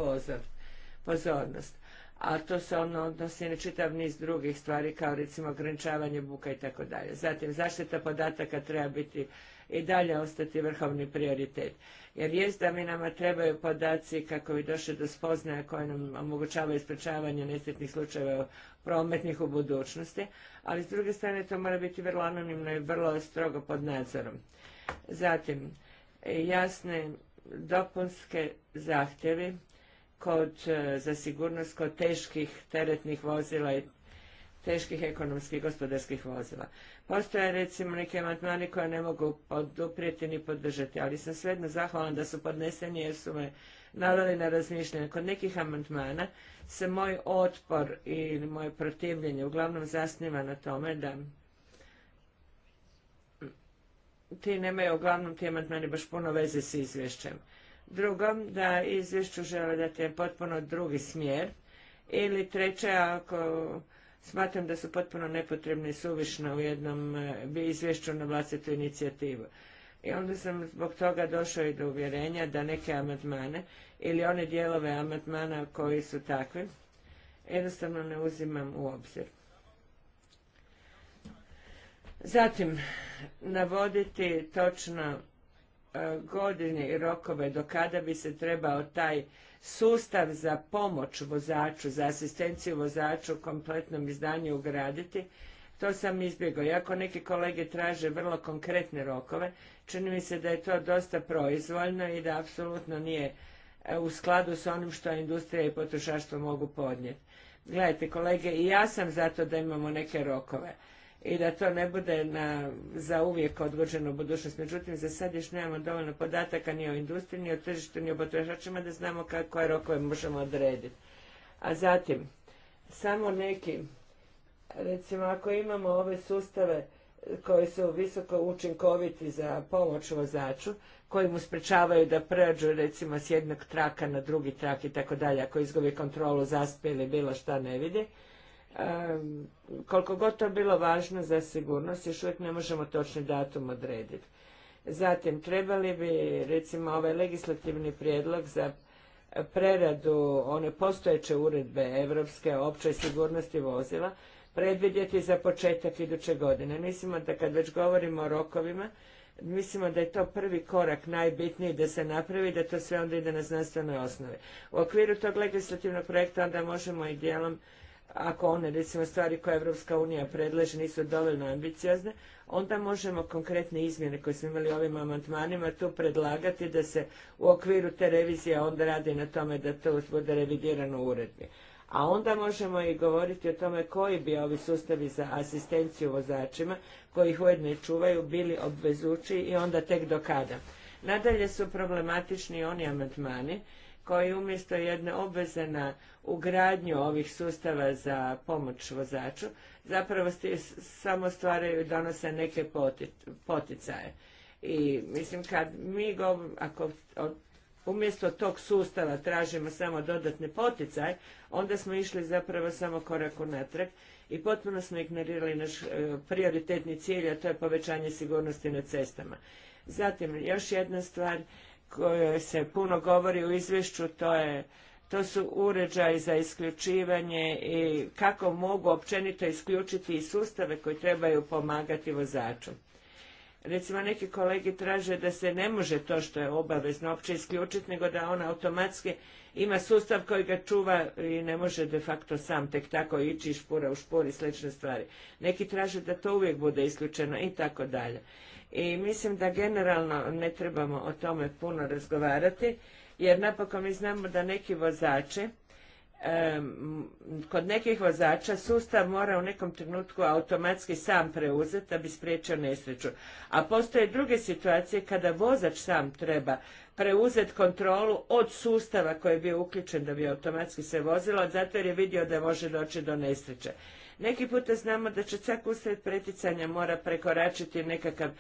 pozornost a to se ono odnosi na čitav niz drugih stvari kao recimo ograničavanje buka i tako dalje. Zatim zaštita podataka treba biti i dalje ostati vrhovni prioritet. Jer jest da mi nama trebaju podaci kako bi došli do spoznaja koje nam omogućavaju ispričavanje nesretnih slučajeva prometnih u budućnosti, ali s druge strane to mora biti vrlo anonimno i vrlo strogo pod nadzorom. Zatim, jasne dopunske zahtjevi kod, e, za sigurnost kod teških teretnih vozila i teških ekonomskih gospodarskih vozila. Postoje recimo neke amandmani koje ne mogu poduprijeti ni podržati, ali sam svejedno zahvalan da su podneseni jer su me naveli na razmišljanje. Kod nekih amandmana se moj otpor i moje protivljenje uglavnom zasniva na tome da ti nemaju uglavnom ti amandmani baš puno veze s izvješćem drugom da izvješću žele da je potpuno drugi smjer ili treće ako smatram da su potpuno nepotrebne i suvišne u jednom e, izvješću na vlastitu inicijativu. I onda sam zbog toga došao i do uvjerenja da neke amatmane ili one dijelove amatmana koji su takvi, jednostavno ne uzimam u obzir. Zatim, navoditi točno godine i rokove do kada bi se trebao taj sustav za pomoć vozaču, za asistenciju vozaču u kompletnom izdanju ugraditi, to sam izbjegao. Iako neki kolege traže vrlo konkretne rokove, čini mi se da je to dosta proizvoljno i da apsolutno nije e, u skladu s onim što industrija i potrošaštvo mogu podnijeti. Gledajte, kolege, i ja sam zato da imamo neke rokove, i da to ne bude na, za uvijek odgođeno u budućnost. Međutim, za sad još nemamo dovoljno podataka ni o industriji, ni o tržištu, ni o potrošačima da znamo koje rokove možemo odrediti. A zatim, samo neki, recimo ako imamo ove sustave koji su visoko učinkoviti za pomoć vozaču, koji mu sprečavaju da pređu recimo s jednog traka na drugi trak i tako dalje, ako izgubi kontrolu, zaspije ili bilo šta ne vidi, koliko god to bilo važno za sigurnost, još uvijek ne možemo točni datum odrediti. Zatim, trebali bi, recimo, ovaj legislativni prijedlog za preradu one postojeće uredbe Evropske opće sigurnosti vozila predvidjeti za početak iduće godine. Mislimo da kad već govorimo o rokovima, mislimo da je to prvi korak najbitniji da se napravi, da to sve onda ide na znanstvenoj osnovi. U okviru tog legislativnog projekta onda možemo i dijelom ako one recimo stvari koje Evropska unija predlaže nisu dovoljno ambiciozne, onda možemo konkretne izmjene koje smo imali ovim amandmanima tu predlagati da se u okviru te revizije onda radi na tome da to bude revidirano u uredbi. A onda možemo i govoriti o tome koji bi ovi sustavi za asistenciju vozačima, koji ih ujedno čuvaju, bili obvezući i onda tek do kada. Nadalje su problematični oni amandmani koji umjesto jedne obveze na ugradnju ovih sustava za pomoć vozaču, zapravo samo stvaraju i donose neke poticaje. I mislim kad mi ako umjesto tog sustava tražimo samo dodatni poticaj, onda smo išli zapravo samo korak unatrag i potpuno smo ignorirali naš e, prioritetni cilj, a to je povećanje sigurnosti na cestama. Zatim, još jedna stvar, kojoj se puno govori u izvješću, to je to su uređaji za isključivanje i kako mogu općenito isključiti i sustave koji trebaju pomagati vozaču. Recimo neki kolegi traže da se ne može to što je obavezno opće isključiti, nego da on automatski ima sustav koji ga čuva i ne može de facto sam tek tako ići špura u špur i slične stvari. Neki traže da to uvijek bude isključeno i tako dalje. I mislim da generalno ne trebamo o tome puno razgovarati, jer napokon mi znamo da neki vozači, kod nekih vozača sustav mora u nekom trenutku automatski sam preuzeti da bi spriječio nesreću. A postoje druge situacije kada vozač sam treba preuzeti kontrolu od sustava koji je bio uključen da bi automatski se vozilo, zato jer je vidio da može doći do nesreće. Neki puta znamo da će čak usred preticanja mora prekoračiti nekakav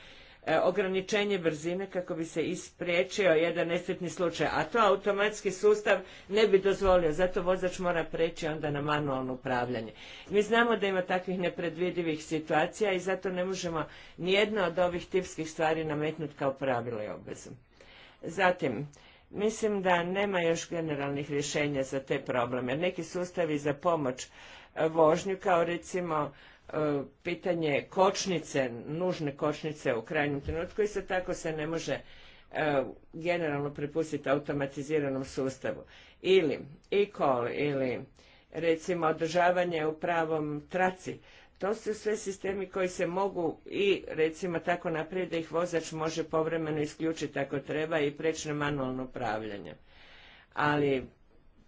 E, ograničenje brzine kako bi se ispriječio jedan nesretni slučaj, a to automatski sustav ne bi dozvolio, zato vozač mora preći onda na manualno upravljanje. Mi znamo da ima takvih nepredvidivih situacija i zato ne možemo nijedna od ovih tipskih stvari nametnuti kao pravilo i obvezu. Zatim, mislim da nema još generalnih rješenja za te probleme. Neki sustavi za pomoć vožnju, kao recimo E, pitanje kočnice, nužne kočnice u krajnjem trenutku. Isto tako se ne može e, generalno prepustiti automatiziranom sustavu. Ili e-call, ili recimo održavanje u pravom traci. To su sve sistemi koji se mogu i recimo tako naprijed da ih vozač može povremeno isključiti ako treba i preći na manualno upravljanje. Ali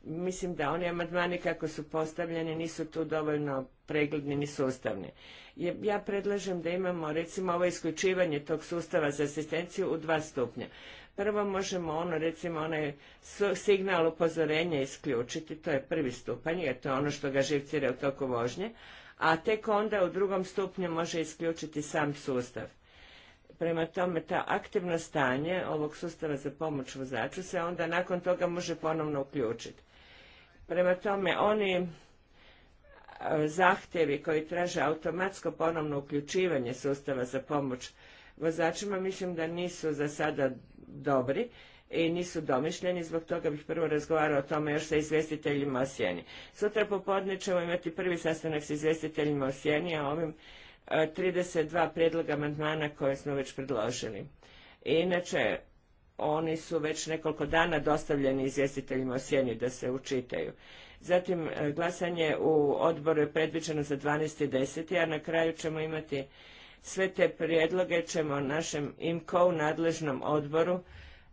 mislim da oni amandmani kako su postavljeni nisu tu dovoljno pregledni ni sustavni. Ja predlažem da imamo recimo ovo isključivanje tog sustava za asistenciju u dva stupnja. Prvo možemo ono recimo onaj signal upozorenja isključiti, to je prvi stupanj jer to je ono što ga živcira u toku vožnje, a tek onda u drugom stupnju može isključiti sam sustav. Prema tome, ta aktivno stanje ovog sustava za pomoć vozaču se onda nakon toga može ponovno uključiti. Prema tome, oni e, zahtjevi koji traže automatsko ponovno uključivanje sustava za pomoć vozačima mislim da nisu za sada dobri i nisu domišljeni, zbog toga bih prvo razgovarao o tome još sa izvjestiteljima o sjeni. Sutra popodne ćemo imati prvi sastanak s izvjestiteljima o sjeni, a ovim 32 e, prijedloga amandmana koje smo već predložili. inače, oni su već nekoliko dana dostavljeni izvjestiteljima o sjeni da se učitaju. Zatim e, glasanje u odboru je predviđeno za 12.10. a na kraju ćemo imati sve te prijedloge ćemo našem IMCO nadležnom odboru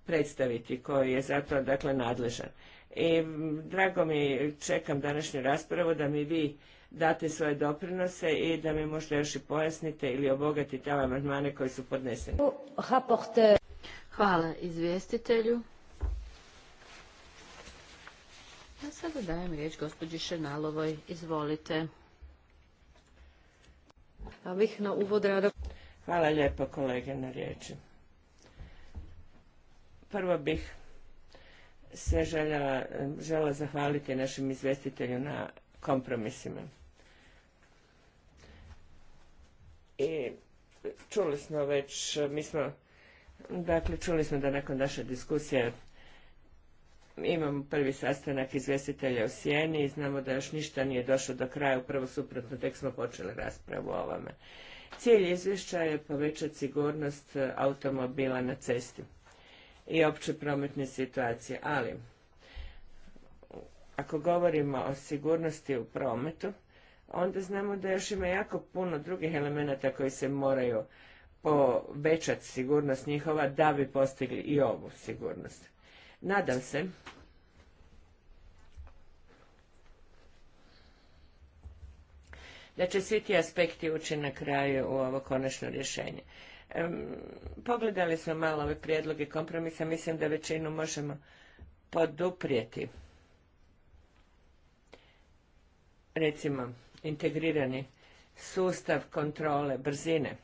predstaviti koji je zato dakle nadležan. I drago mi čekam današnju raspravu da mi vi date svoje doprinose i da mi možda još i pojasnite ili obogatite ove amandmane koji su podneseni. Hvala izvjestitelju. Ja sada dajem riječ gospođi Šenalovoj. Izvolite. na uvod Hvala lijepo kolege na riječi. Prvo bih se željela, zahvaliti našem izvjestitelju na kompromisima. I čuli smo već, mi smo Dakle, čuli smo da nakon naše diskusije imamo prvi sastanak izvjestitelja u Sijeni i znamo da još ništa nije došlo do kraja, upravo suprotno, tek smo počeli raspravu o ovome. Cilj izvješća je povećati sigurnost automobila na cesti i opće prometne situacije, ali ako govorimo o sigurnosti u prometu, onda znamo da još ima jako puno drugih elemenata koji se moraju povećati sigurnost njihova da bi postigli i ovu sigurnost. Nadam se da će svi ti aspekti ući na kraju u ovo konačno rješenje. pogledali smo malo ove prijedloge kompromisa, mislim da većinu možemo poduprijeti. Recimo, integrirani sustav kontrole brzine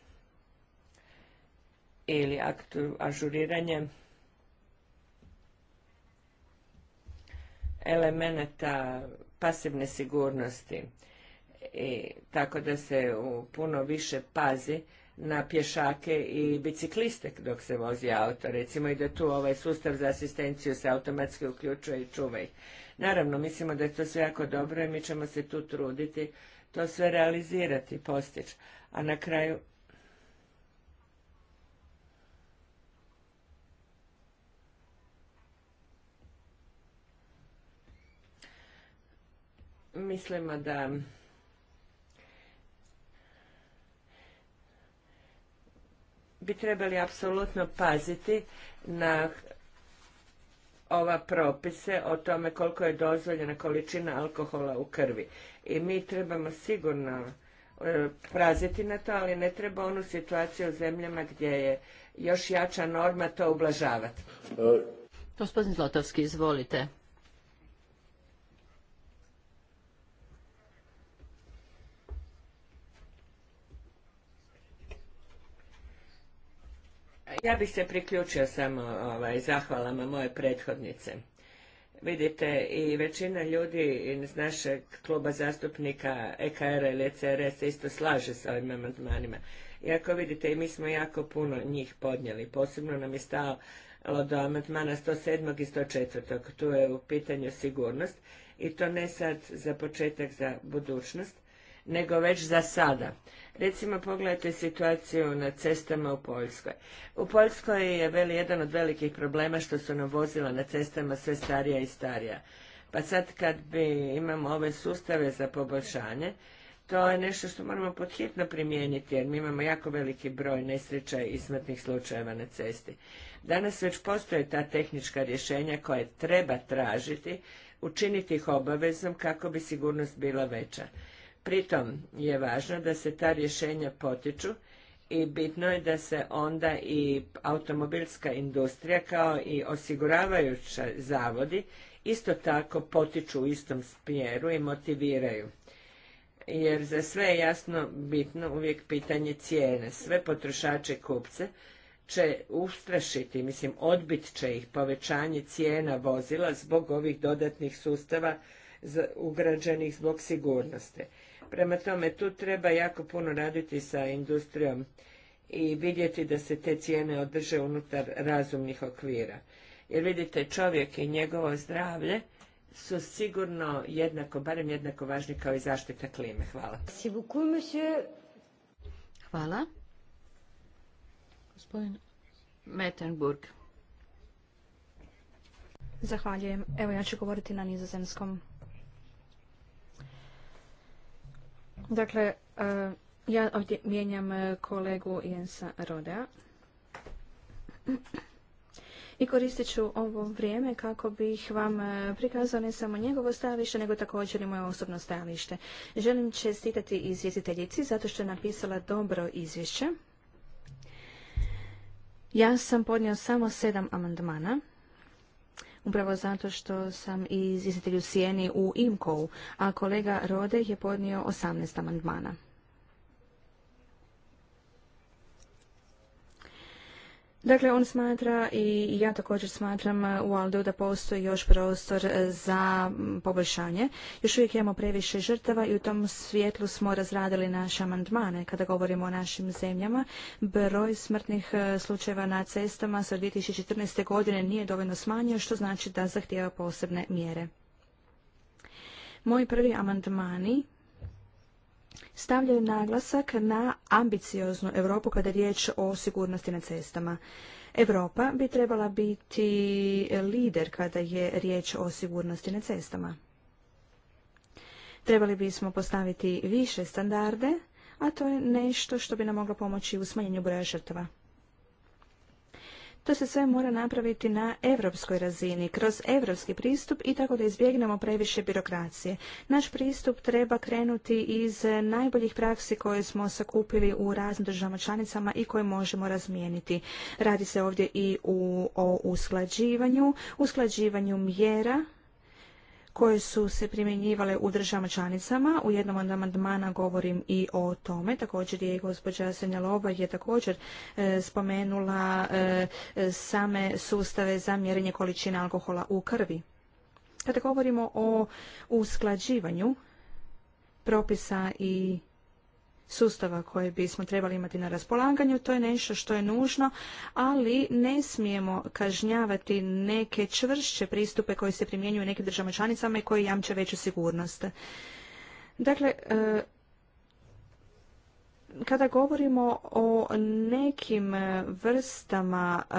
ili aktu, ažuriranje elemenata pasivne sigurnosti i tako da se puno više pazi na pješake i bicikliste dok se vozi auto, recimo i da tu ovaj sustav za asistenciju se automatski uključuje i čuva ih. Naravno, mislimo da je to sve jako dobro i mi ćemo se tu truditi to sve realizirati, postići. A na kraju mislimo da bi trebali apsolutno paziti na ova propise o tome koliko je dozvoljena količina alkohola u krvi. I mi trebamo sigurno e, praziti na to, ali ne treba onu situaciju u zemljama gdje je još jača norma to ublažavati. E, Gospodin Zlotovski, izvolite. Ja bih se priključio samo ovaj, zahvalama moje prethodnice. Vidite, i većina ljudi iz našeg kluba zastupnika EKR ili ECRS isto slaže sa ovim amandmanima. Iako vidite, i mi smo jako puno njih podnijeli. Posebno nam je stalo do amandmana 107. i 104. Tu je u pitanju sigurnost. I to ne sad za početak za budućnost, nego već za sada. Recimo, pogledajte situaciju na cestama u Poljskoj. U Poljskoj je veli jedan od velikih problema što su nam vozila na cestama sve starija i starija. Pa sad kad bi imamo ove sustave za poboljšanje, to je nešto što moramo podhitno primijeniti, jer mi imamo jako veliki broj nesreća i smrtnih slučajeva na cesti. Danas već postoje ta tehnička rješenja koje treba tražiti, učiniti ih obavezom kako bi sigurnost bila veća. Pritom je važno da se ta rješenja potiču i bitno je da se onda i automobilska industrija kao i osiguravajuća zavodi isto tako potiču u istom smjeru i motiviraju. Jer za sve je jasno bitno uvijek pitanje cijene. Sve potrošače kupce će ustrašiti, mislim odbit će ih povećanje cijena vozila zbog ovih dodatnih sustava ugrađenih zbog sigurnosti. Prema tome, tu treba jako puno raditi sa industrijom i vidjeti da se te cijene održe unutar razumnih okvira. Jer vidite, čovjek i njegovo zdravlje su sigurno jednako, barem jednako važni kao i zaštita klime. Hvala. Hvala. Gospodin Mettenburg. Zahvaljujem. Evo ja ću govoriti na nizozemskom. Dakle, e, ja ovdje mijenjam e, kolegu Jensa Rodea. I koristit ću ovo vrijeme kako bih vam e, prikazao ne samo njegovo stajalište, nego također i moje osobno stajalište. Želim čestitati izvjestiteljici zato što je napisala dobro izvješće. Ja sam podnio samo sedam amandmana upravo zato što sam iz u Sijeni u IMCO-u, a kolega Rode je podnio 18 amandmana. Dakle, on smatra i ja također smatram e, u Aldu da postoji još prostor e, za poboljšanje. Još uvijek imamo previše žrtava i u tom svijetlu smo razradili naše amandmane. Kada govorimo o našim zemljama, broj smrtnih e, slučajeva na cestama sa 2014. godine nije dovoljno smanjio, što znači da zahtijeva posebne mjere. Moji prvi amandmani stavljaju naglasak na ambicioznu Europu kada je riječ o sigurnosti na cestama. Europa bi trebala biti lider kada je riječ o sigurnosti na cestama. Trebali bismo postaviti više standarde, a to je nešto što bi nam moglo pomoći u smanjenju broja žrtava. To se sve mora napraviti na europskoj razini, kroz europski pristup i tako da izbjegnemo previše birokracije. Naš pristup treba krenuti iz najboljih praksi koje smo sakupili u raznim državama članicama i koje možemo razmijeniti. Radi se ovdje i u, o usklađivanju, usklađivanju mjera koje su se primjenjivale u državama članicama. U jednom od amandmana govorim i o tome. Također je i gospođa Senjalova je također e, spomenula e, same sustave za mjerenje količine alkohola u krvi. Kada govorimo o usklađivanju propisa i sustava koje bismo trebali imati na raspolaganju. To je nešto što je nužno, ali ne smijemo kažnjavati neke čvršće pristupe koji se primjenjuju u nekim državama članicama i koji jamče veću sigurnost. Dakle, e, kada govorimo o nekim vrstama e,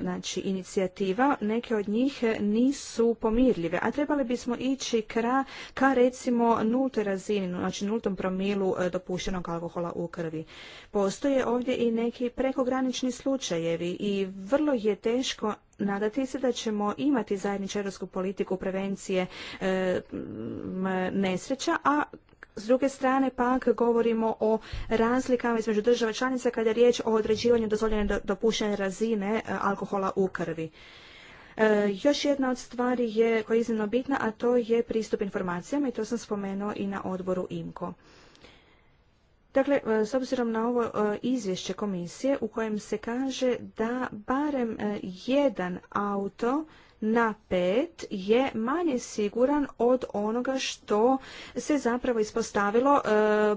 znači, inicijativa, neke od njih nisu pomirljive, a trebali bismo ići kra, ka recimo nultoj razini, znači nultom promilu e, dopuštenog alkohola u krvi. Postoje ovdje i neki prekogranični slučajevi i vrlo je teško nadati se da ćemo imati zajedničku europsku politiku prevencije e, nesreća, a s druge strane pak govorimo o razlikama između država članica kada je riječ o određivanju dozvoljene dopuštene razine e, alkohola u krvi. E, još jedna od stvari je, koja je iznimno bitna, a to je pristup informacijama i to sam spomenuo i na odboru IMKO. Dakle, e, s obzirom na ovo izvješće komisije u kojem se kaže da barem jedan auto na pet je manje siguran od onoga što se zapravo ispostavilo e,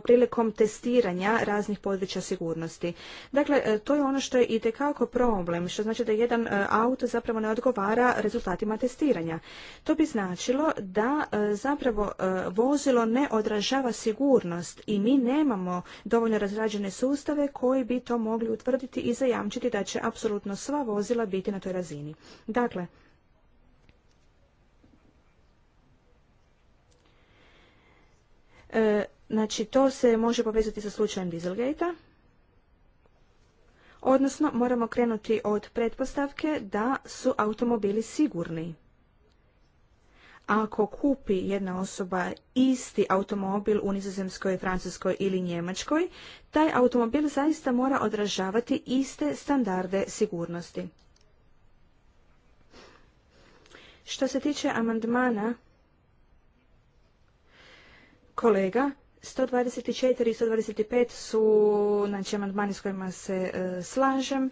prilikom testiranja raznih područja sigurnosti. Dakle, e, to je ono što je itekako problem, što znači da jedan e, auto zapravo ne odgovara rezultatima testiranja. To bi značilo da zapravo vozilo ne odražava sigurnost i mi nemamo dovoljno razrađene sustave koji bi to mogli utvrditi i zajamčiti da će apsolutno sva vozila biti na toj razini. Dakle, E, znači, to se može povezati sa slučajem dieselgate Odnosno, moramo krenuti od pretpostavke da su automobili sigurni. Ako kupi jedna osoba isti automobil u Nizozemskoj, Francuskoj ili Njemačkoj, taj automobil zaista mora odražavati iste standarde sigurnosti. Što se tiče amandmana kolega. 124 i 125 su znači, amandmani s kojima se e, slažem.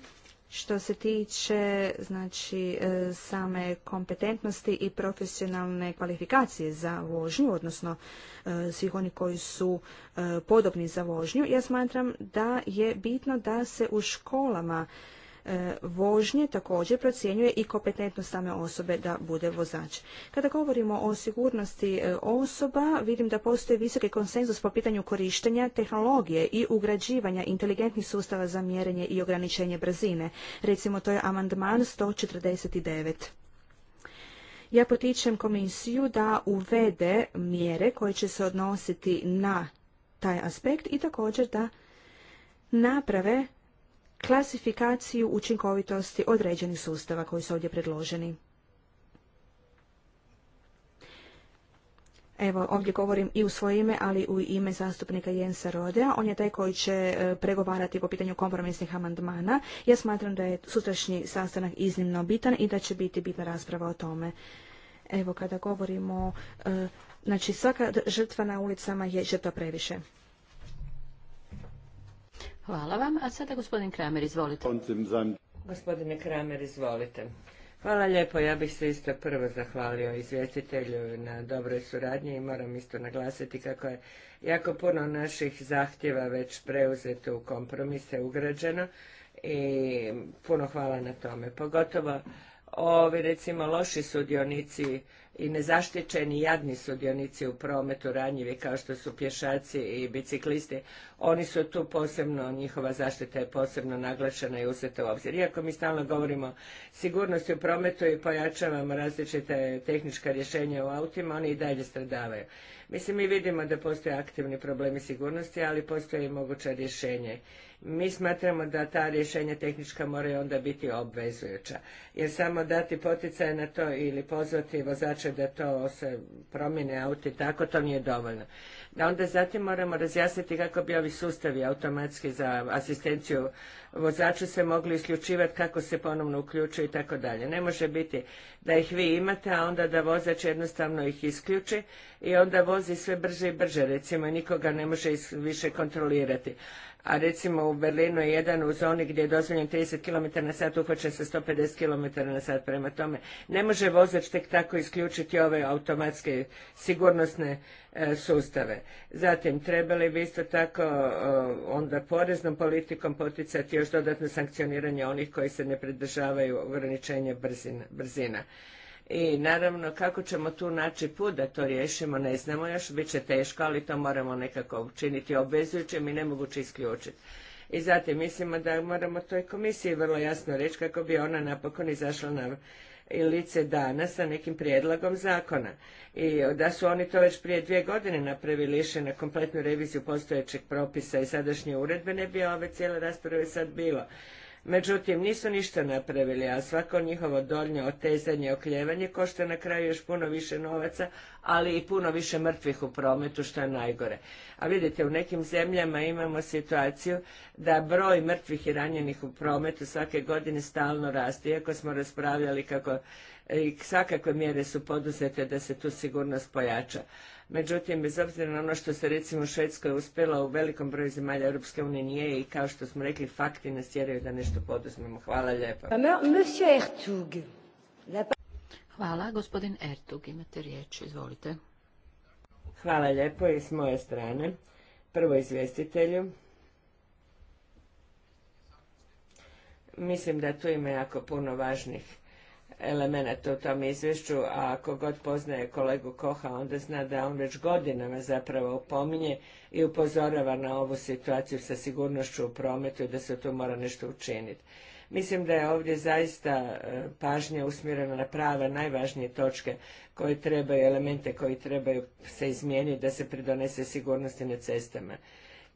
Što se tiče znači, e, same kompetentnosti i profesionalne kvalifikacije za vožnju, odnosno e, svih oni koji su podobni za vožnju, ja smatram da je bitno da se u školama E, vožnje također procjenjuje i kompetentnost same osobe da bude vozač. Kada govorimo o sigurnosti e, osoba, vidim da postoji visoki konsenzus po pitanju korištenja tehnologije i ugrađivanja inteligentnih sustava za mjerenje i ograničenje brzine. Recimo to je amandman 149. Ja potičem komisiju da uvede mjere koje će se odnositi na taj aspekt i također da naprave klasifikaciju učinkovitosti određenih sustava koji su ovdje predloženi. Evo, ovdje govorim i u svoje ime, ali u ime zastupnika Jensa Rodea. On je taj koji će e, pregovarati po pitanju kompromisnih amandmana. Ja smatram da je sutrašnji sastanak iznimno bitan i da će biti bitna rasprava o tome. Evo, kada govorimo, e, znači svaka žrtva na ulicama je žrtva previše. Hvala vam. A sada gospodin Kramer, izvolite. Gospodine Kramer, izvolite. Hvala lijepo. Ja bih se isto prvo zahvalio izvjestitelju na dobroj suradnji i moram isto naglasiti kako je jako puno naših zahtjeva već preuzeto u kompromise, ugrađeno i puno hvala na tome. Pogotovo ovi recimo loši sudionici i nezaštićeni jadni sudionici u prometu ranjivi kao što su pješaci i biciklisti, oni su tu posebno, njihova zaštita je posebno naglašena i uzeta u obzir. Iako mi stalno govorimo o sigurnosti u prometu i pojačavamo različite tehnička rješenja u autima, oni i dalje stradavaju. Mislim, mi vidimo da postoje aktivni problemi sigurnosti, ali postoje i moguće rješenje. Mi smatramo da ta rješenja tehnička moraju onda biti obvezujuća, jer samo dati poticaj na to ili pozvati vozače da to se promjene auti, tako to nije dovoljno da onda zatim moramo razjasniti kako bi ovi sustavi automatski za asistenciju vozača se mogli isključivati, kako se ponovno uključuju i tako dalje. Ne može biti da ih vi imate, a onda da vozač jednostavno ih isključi i onda vozi sve brže i brže, recimo, i nikoga ne može više kontrolirati a recimo u Berlinu je jedan u zoni gdje je dozvoljen 30 km na sat uhvaćen sa 150 km na sat. Prema tome, ne može vozač tek tako isključiti ove automatske sigurnosne e, sustave. Zatim, trebali bi isto tako e, onda poreznom politikom poticati još dodatno sankcioniranje onih koji se ne pridržavaju ograničenja brzina. I naravno kako ćemo tu naći put da to riješimo ne znamo još, bit će teško, ali to moramo nekako učiniti obvezujućim i nemoguće isključiti. I zatim mislimo da moramo toj komisiji vrlo jasno reći kako bi ona napokon izašla na lice dana sa nekim prijedlogom zakona. I da su oni to već prije dvije godine napravili više na kompletnu reviziju postojećeg propisa i sadašnje uredbe, ne bi ove cijele rasprave sad bilo. Međutim, nisu ništa napravili, a svako njihovo doljnje otezanje, i okljevanje košta na kraju još puno više novaca, ali i puno više mrtvih u prometu, što je najgore. A vidite, u nekim zemljama imamo situaciju da broj mrtvih i ranjenih u prometu svake godine stalno raste, iako smo raspravljali kako i svakakve mjere su poduzete da se tu sigurnost pojača. Međutim, bez obzira na ono što se recimo u je uspjela u velikom broju zemalja Europske unije nije i kao što smo rekli, fakti nas tjeraju da nešto poduzmemo. Hvala lijepo. Pa- Hvala, gospodin Ertug, imate riječ, izvolite. Hvala lijepo i s moje strane. Prvo izvjestitelju. Mislim da tu ima jako puno važnih elemenata u tom izvješću, a ako god poznaje kolegu Koha, onda zna da on već godinama zapravo opominje i upozorava na ovu situaciju sa sigurnošću u prometu i da se tu mora nešto učiniti. Mislim da je ovdje zaista e, pažnja usmjerena na prave najvažnije točke koje trebaju, elemente koji trebaju se izmijeniti da se pridonese sigurnosti na cestama.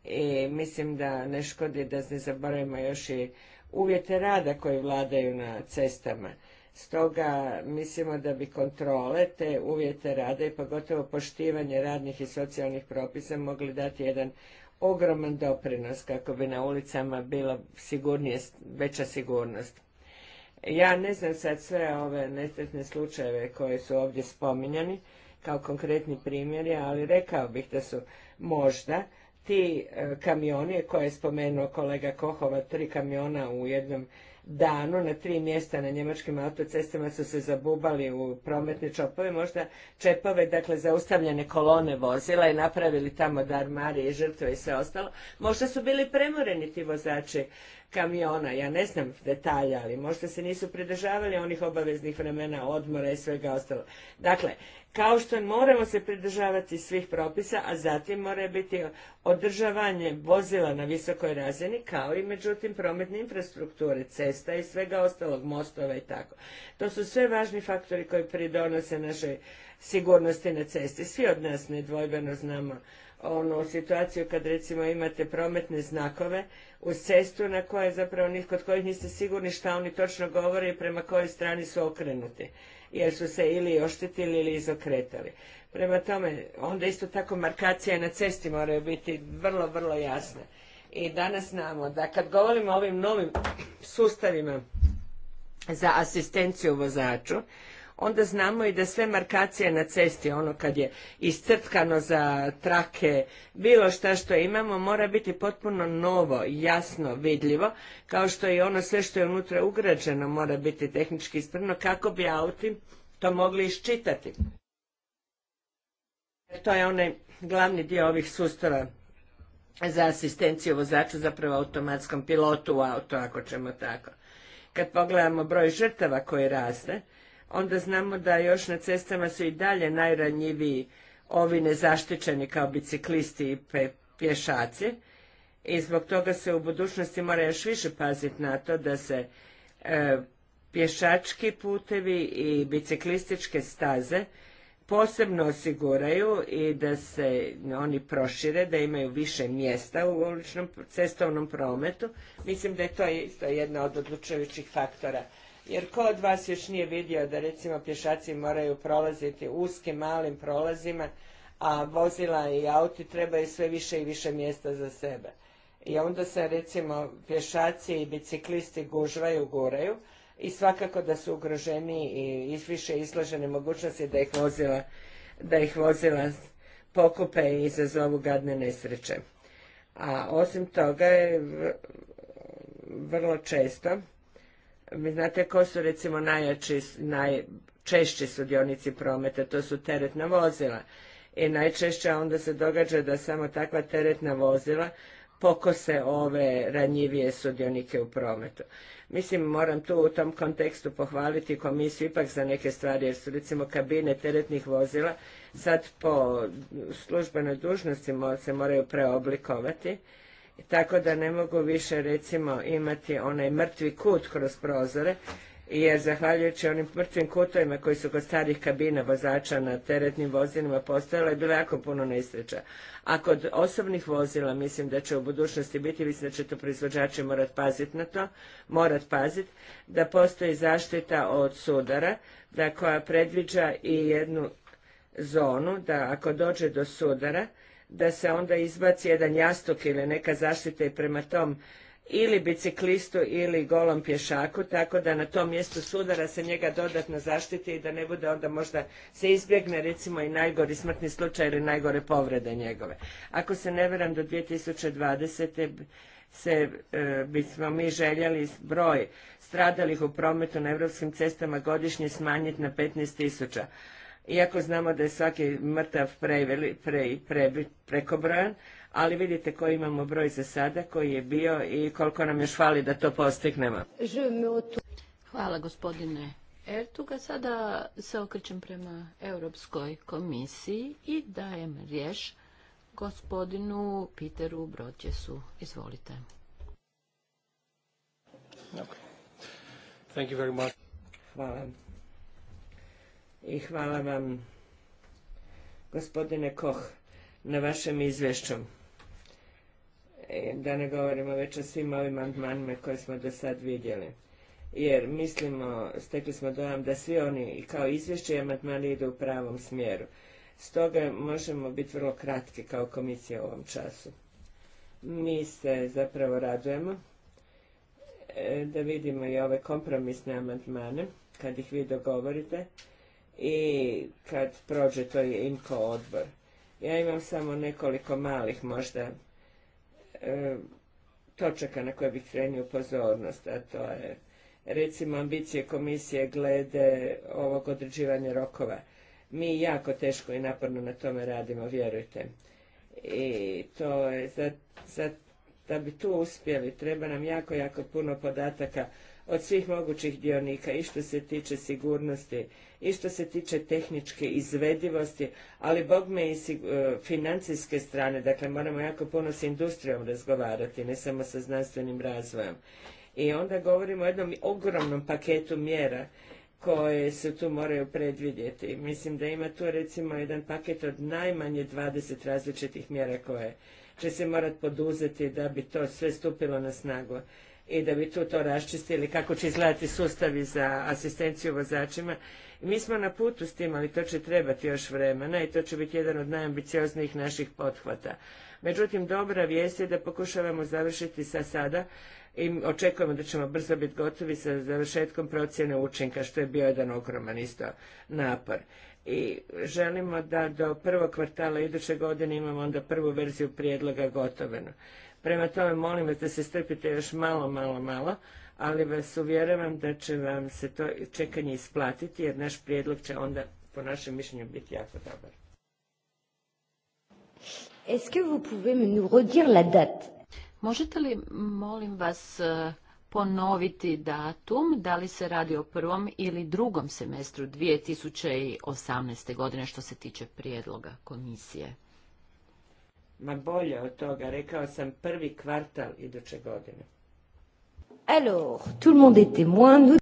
I mislim da ne škodi da ne zaboravimo još i uvjete rada koji vladaju na cestama Stoga mislimo da bi kontrole te uvjete rada i pogotovo poštivanje radnih i socijalnih propisa mogli dati jedan ogroman doprinos kako bi na ulicama bila sigurnije, veća sigurnost. Ja ne znam sad sve ove nesretne slučajeve koje su ovdje spominjani kao konkretni primjeri, ali rekao bih da su možda ti e, kamioni koje je spomenuo kolega Kohova, tri kamiona u jednom danu na tri mjesta na njemačkim autocestama su se zabubali u prometne čopove, možda čepove, dakle zaustavljene kolone vozila i napravili tamo marije i žrtve i sve ostalo. Možda su bili premoreni ti vozači kamiona, ja ne znam detalja, ali možda se nisu pridržavali onih obaveznih vremena odmora i svega ostalo. Dakle, kao što moramo se pridržavati svih propisa, a zatim mora biti održavanje vozila na visokoj razini, kao i međutim prometne infrastrukture, cesta i svega ostalog, mostova i tako. To su sve važni faktori koji pridonose našoj sigurnosti na cesti. Svi od nas nedvojbeno znamo onu situaciju kad recimo imate prometne znakove uz cestu na koje zapravo kod kojih niste sigurni šta oni točno govore i prema kojoj strani su okrenuti jer su se ili oštetili ili izokretali. Prema tome, onda isto tako markacije na cesti moraju biti vrlo, vrlo jasne. I danas znamo da kad govorimo o ovim novim sustavima za asistenciju vozaču, onda znamo i da sve markacije na cesti, ono kad je iscrtkano za trake, bilo šta što imamo, mora biti potpuno novo, jasno, vidljivo, kao što i ono sve što je unutra ugrađeno mora biti tehnički ispravno, kako bi auti to mogli iščitati. To je onaj glavni dio ovih sustava za asistenciju vozaču, zapravo automatskom pilotu u auto, ako ćemo tako. Kad pogledamo broj žrtava koji raste, onda znamo da još na cestama su i dalje najranjiviji ovi nezaštićeni kao biciklisti i pješaci i zbog toga se u budućnosti mora još više paziti na to da se e, pješački putevi i biciklističke staze posebno osiguraju i da se oni prošire, da imaju više mjesta u uličnom cestovnom prometu. Mislim da je to isto jedna od odlučujućih faktora jer ko od vas još nije vidio da recimo pješaci moraju prolaziti uskim, malim prolazima, a vozila i auti trebaju sve više i više mjesta za sebe. I onda se recimo pješaci i biciklisti gužvaju, guraju i svakako da su ugroženi i više izložene mogućnosti da ih vozila, da ih vozila pokupe i izazovu gadne nesreće. A osim toga je vrlo često vi znate ko su recimo najjači, najčešći sudionici prometa, to su teretna vozila. I najčešće onda se događa da samo takva teretna vozila pokose ove ranjivije sudionike u prometu. Mislim, moram tu u tom kontekstu pohvaliti komisiju ipak za neke stvari, jer su recimo kabine teretnih vozila sad po službenoj dužnosti se moraju preoblikovati tako da ne mogu više recimo imati onaj mrtvi kut kroz prozore jer zahvaljujući onim mrtvim kutovima koji su kod starih kabina vozača na teretnim vozilima postojala je bilo jako puno nesreća. A kod osobnih vozila mislim da će u budućnosti biti, mislim da će to proizvođači morat paziti na to, morat paziti da postoji zaštita od sudara, da koja predviđa i jednu zonu, da ako dođe do sudara, da se onda izbaci jedan jastuk ili neka zaštita i prema tom ili biciklistu ili golom pješaku, tako da na tom mjestu sudara se njega dodatno zaštiti i da ne bude onda možda se izbjegne recimo i najgori smrtni slučaj ili najgore povrede njegove. Ako se ne veram do 2020. se e, bismo mi željeli broj stradalih u prometu na europskim cestama godišnje smanjiti na 15 tisuća iako znamo da je svaki mrtav preveli, pre, ali vidite koji imamo broj za sada, koji je bio i koliko nam još fali da to postignemo. Hvala gospodine Ertuga. Sada se okrećem prema Europskoj komisiji i dajem riječ gospodinu Peteru Brodjesu. Izvolite. Thank Hvala i hvala vam gospodine Koh na vašem izvješću. E, da ne govorimo već o svim ovim amandmanima koje smo do sad vidjeli. Jer mislimo, stekli smo dojam da svi oni kao izvješće i amandmani idu u pravom smjeru. Stoga možemo biti vrlo kratki kao komisija u ovom času. Mi se zapravo radujemo e, da vidimo i ove kompromisne amandmane kad ih vi dogovorite i kad prođe to je odbor. Ja imam samo nekoliko malih možda e, točaka na koje bih krenio pozornost, a to je recimo ambicije komisije glede ovog određivanja rokova. Mi jako teško i naporno na tome radimo, vjerujte. I to je, za, za, da bi tu uspjeli, treba nam jako, jako puno podataka od svih mogućih dionika i što se tiče sigurnosti i što se tiče tehničke izvedivosti, ali bog me i e, financijske strane, dakle moramo jako puno s industrijom razgovarati, ne samo sa znanstvenim razvojem. I onda govorimo o jednom ogromnom paketu mjera koje se tu moraju predvidjeti. Mislim da ima tu recimo jedan paket od najmanje 20 različitih mjera koje će se morati poduzeti da bi to sve stupilo na snagu i da bi tu to raščistili kako će izgledati sustavi za asistenciju vozačima. Mi smo na putu s tim, ali to će trebati još vremena i to će biti jedan od najambicioznijih naših pothvata. Međutim, dobra vijest je da pokušavamo završiti sa sada i očekujemo da ćemo brzo biti gotovi sa završetkom procjene učinka, što je bio jedan ogroman isto napor. I želimo da do prvog kvartala iduće godine imamo onda prvu verziju prijedloga gotovenu. Prema tome, molim vas da se strpite još malo, malo, malo, ali vas uvjeravam da će vam se to čekanje isplatiti, jer naš prijedlog će onda, po našem mišljenju, biti jako dobar. Est-ce que vous Možete li, molim vas, e, ponoviti datum, da li se radi o prvom ili drugom semestru 2018. godine što se tiče prijedloga komisije? Ma bolje od toga, rekao sam prvi kvartal iduće godine. Alors, tout le monde est témoin.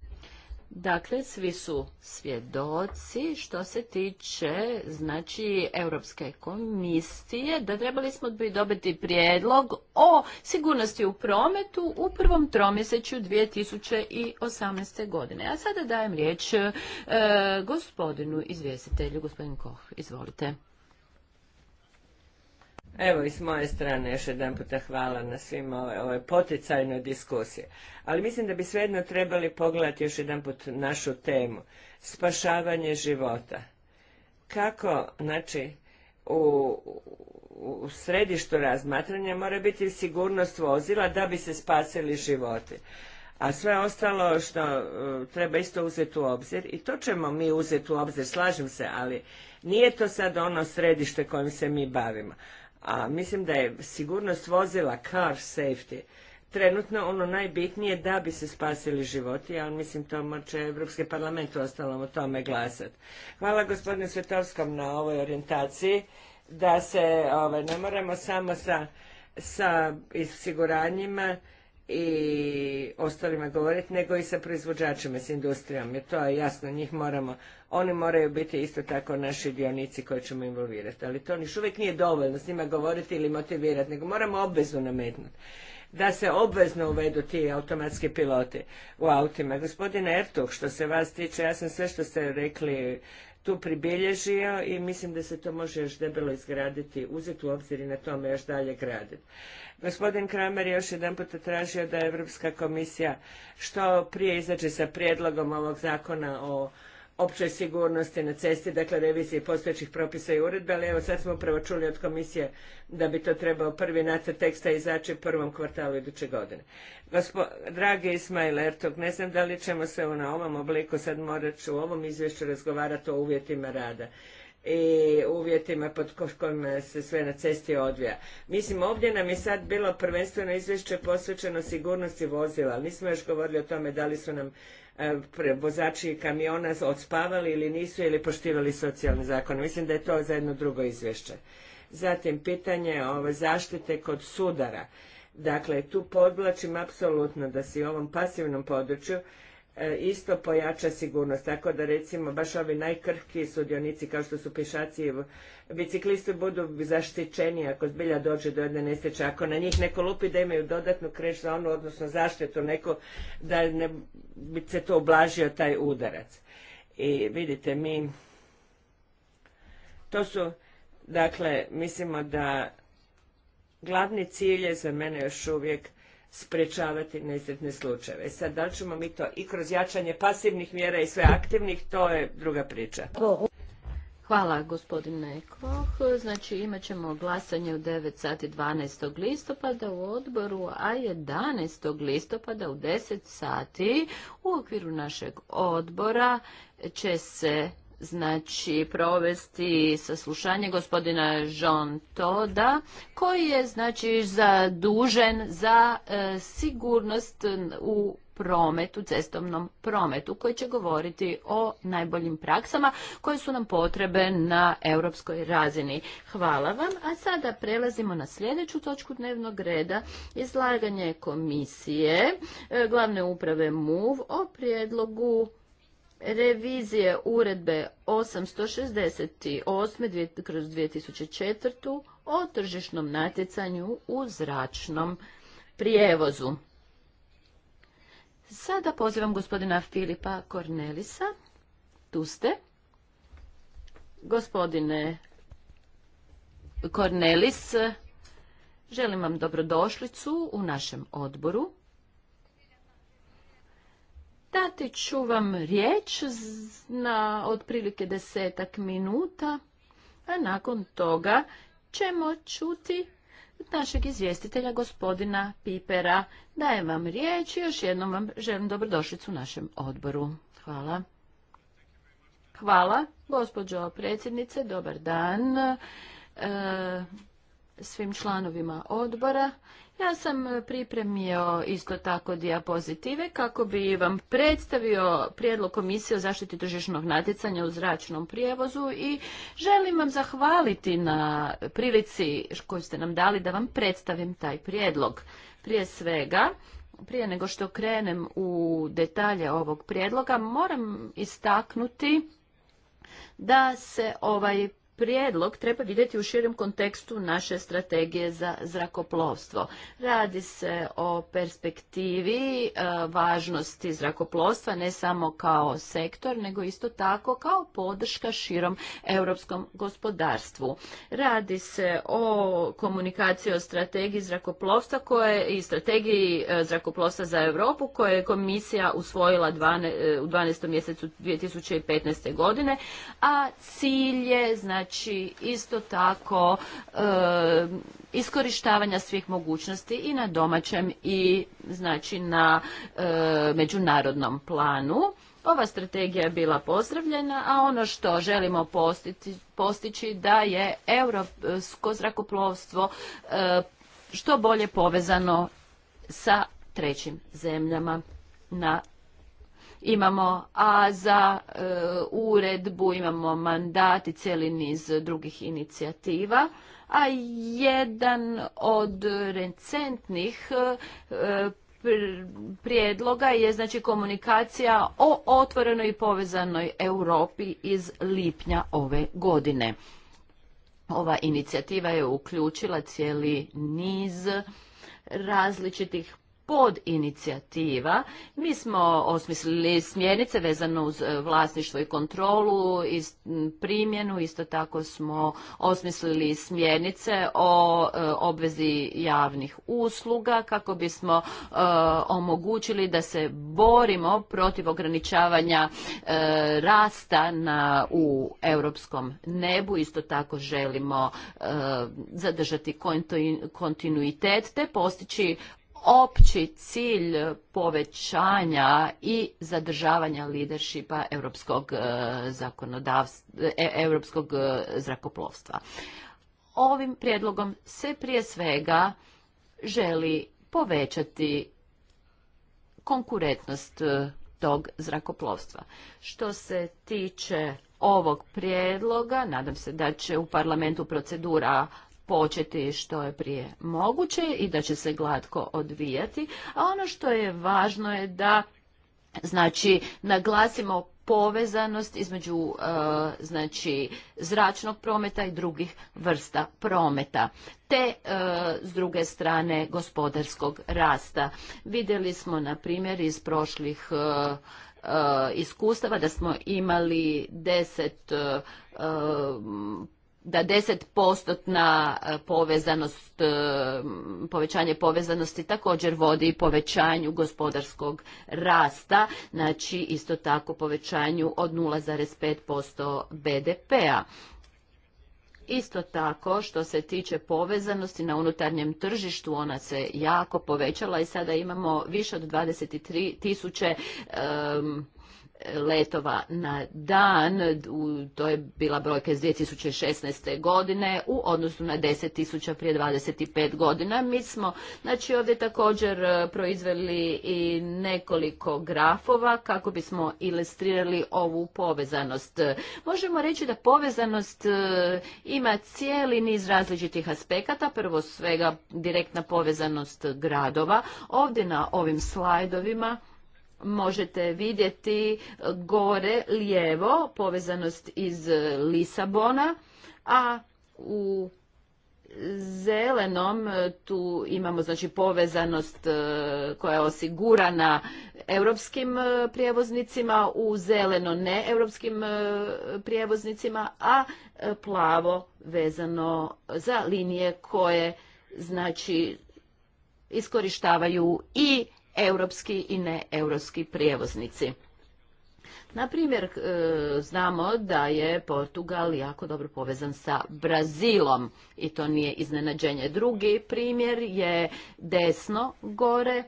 Dakle, svi su svjedoci što se tiče znači Europske komisije da trebali smo dobiti prijedlog o sigurnosti u prometu u prvom tromjeseću 2018. godine. A sada dajem riječ e, gospodinu izvjestitelju, gospodinu Koh, izvolite. Evo i s moje strane još jedan puta hvala na svim ove, ove poticajnoj diskusije. Ali mislim da bi svejedno trebali pogledati još jedan put našu temu. Spašavanje života. Kako, znači, u, središtu razmatranja mora biti sigurnost vozila da bi se spasili životi. A sve ostalo što e, treba isto uzeti u obzir, i to ćemo mi uzeti u obzir, slažem se, ali nije to sad ono središte kojim se mi bavimo a mislim da je sigurnost vozila car safety trenutno ono najbitnije da bi se spasili životi, ali mislim to moće Evropski parlament ostalom o tome glasati. Hvala gospodinu Svetovskom na ovoj orijentaciji da se ovaj, ne moramo samo sa, sa osiguranjima i ostalima govoriti, nego i sa proizvođačima, s industrijom, jer to je jasno, njih moramo oni moraju biti isto tako naši dionici koje ćemo involvirati. Ali to niš uvijek nije dovoljno s njima govoriti ili motivirati, nego moramo obvezu nametnuti da se obvezno uvedu ti automatski piloti u autima. Gospodine Ertug, što se vas tiče, ja sam sve što ste rekli tu pribilježio i mislim da se to može još debelo izgraditi, uzeti u obzir i na tome još dalje graditi. Gospodin Kramer je još jedan puta tražio da Evropska komisija što prije izađe sa prijedlogom ovog zakona o opće sigurnosti na cesti, dakle reviziji postojećih propisa i uredbe, ali evo sad smo upravo čuli od komisije da bi to trebao prvi nacrt teksta izaći u prvom kvartalu iduće godine. dragi Ismail Ertog, ne znam da li ćemo se na ovom obliku sad ću u ovom izvješću razgovarati o uvjetima rada i uvjetima pod kojima se sve na cesti odvija. Mislim, ovdje nam je sad bilo prvenstveno izvješće posvećeno sigurnosti vozila, ali nismo još govorili o tome da li su nam E, vozači kamiona odspavali ili nisu ili poštivali socijalne zakone. Mislim da je to za jedno drugo izvješće. Zatim pitanje zaštite kod sudara. Dakle, tu podvlačim apsolutno da si u ovom pasivnom području E, isto pojača sigurnost. Tako da recimo baš ovi najkrhki sudionici kao što su pješaci i biciklisti budu zaštićeni ako zbilja dođe do jedne nesreće. Ako na njih neko lupi da imaju dodatnu kreš za onu, odnosno zaštitu neko, da ne bi se to ublažio taj udarac. I vidite mi to su dakle mislimo da glavni cilj je za mene još uvijek sprečavati nesretne slučajeve. E sad, da li ćemo mi to i kroz jačanje pasivnih mjera i sve aktivnih, to je druga priča. Hvala gospodine Koh. Znači imat ćemo glasanje u 9 sati 12. listopada u odboru, a 11. listopada u 10 sati u okviru našeg odbora će se znači provesti saslušanje gospodina Jean Toda koji je znači zadužen za e, sigurnost u prometu, cestovnom prometu koji će govoriti o najboljim praksama koje su nam potrebe na europskoj razini. Hvala vam, a sada prelazimo na sljedeću točku dnevnog reda, izlaganje komisije e, glavne uprave MUV o prijedlogu revizije uredbe 868 2004 o tržišnom natjecanju u zračnom prijevozu. Sada pozivam gospodina Filipa Kornelisa. Tu ste. Gospodine Kornelis, želim vam dobrodošlicu u našem odboru. Dati ću vam riječ na otprilike desetak minuta, a nakon toga ćemo čuti našeg izvjestitelja gospodina Pipera. Dajem vam riječ i još jednom vam želim dobrodošlicu u našem odboru. Hvala. Hvala, gospođo predsjednice, dobar dan e, svim članovima odbora ja sam pripremio isto tako diapozitive kako bi vam predstavio prijedlog komisije o zaštiti tržišnog natjecanja u zračnom prijevozu i želim vam zahvaliti na prilici koju ste nam dali da vam predstavim taj prijedlog. Prije svega, prije nego što krenem u detalje ovog prijedloga, moram istaknuti da se ovaj prijedlog treba vidjeti u širem kontekstu naše strategije za zrakoplovstvo. Radi se o perspektivi e, važnosti zrakoplovstva ne samo kao sektor, nego isto tako kao podrška širom europskom gospodarstvu. Radi se o komunikaciji o strategiji zrakoplovstva koje i strategiji e, zrakoplovstva za Europu koje je komisija usvojila e, u 12. mjesecu 2015. godine, a cilj je znači znači isto tako e, iskorištavanja svih mogućnosti i na domaćem i znači na e, međunarodnom planu. Ova strategija je bila pozdravljena, a ono što želimo postići, postići da je europsko zrakoplovstvo e, što bolje povezano sa trećim zemljama na imamo a za e, uredbu imamo mandat i cijeli niz drugih inicijativa a jedan od recentnih e, prijedloga je znači komunikacija o otvorenoj i povezanoj Europi iz lipnja ove godine ova inicijativa je uključila cijeli niz različitih pod inicijativa. Mi smo osmislili smjernice vezano uz e, vlasništvo i kontrolu i primjenu. Isto tako smo osmislili smjernice o e, obvezi javnih usluga kako bismo e, omogućili da se borimo protiv ograničavanja rasta na, u europskom nebu. Isto tako želimo zadržati kontinuitet te postići opći cilj povećanja i zadržavanja leadershipa europskog e, zakonodavstva, e, europskog e, zrakoplovstva. Ovim prijedlogom se prije svega želi povećati konkurentnost tog zrakoplovstva. Što se tiče ovog prijedloga, nadam se da će u parlamentu procedura početi što je prije moguće i da će se glatko odvijati, a ono što je važno je da znači naglasimo povezanost između e, znači zračnog prometa i drugih vrsta prometa te e, s druge strane gospodarskog rasta vidjeli smo na primjer iz prošlih e, iskustava da smo imali deset da 10% e, povezanost, e, povećanje povezanosti također vodi povećanju gospodarskog rasta, znači isto tako povećanju od 0,5% BDP-a. Isto tako što se tiče povezanosti na unutarnjem tržištu, ona se jako povećala i sada imamo više od 23 tisuće letova na dan, to je bila brojka iz 2016. godine u odnosu na 10.000 prije 25 godina. Mi smo znači ovdje također e, proizveli i nekoliko grafova kako bismo ilustrirali ovu povezanost. Možemo reći da povezanost e, ima cijeli niz različitih aspekata, prvo svega direktna povezanost gradova. Ovdje na ovim slajdovima možete vidjeti gore lijevo povezanost iz Lisabona, a u zelenom tu imamo znači povezanost e, koja je osigurana europskim e, prijevoznicima, u zeleno ne europskim e, prijevoznicima, a plavo vezano za linije koje znači iskorištavaju i europski i neeuropski prijevoznici. Na primjer, e, znamo da je Portugal jako dobro povezan sa Brazilom i to nije iznenađenje. Drugi primjer je desno gore.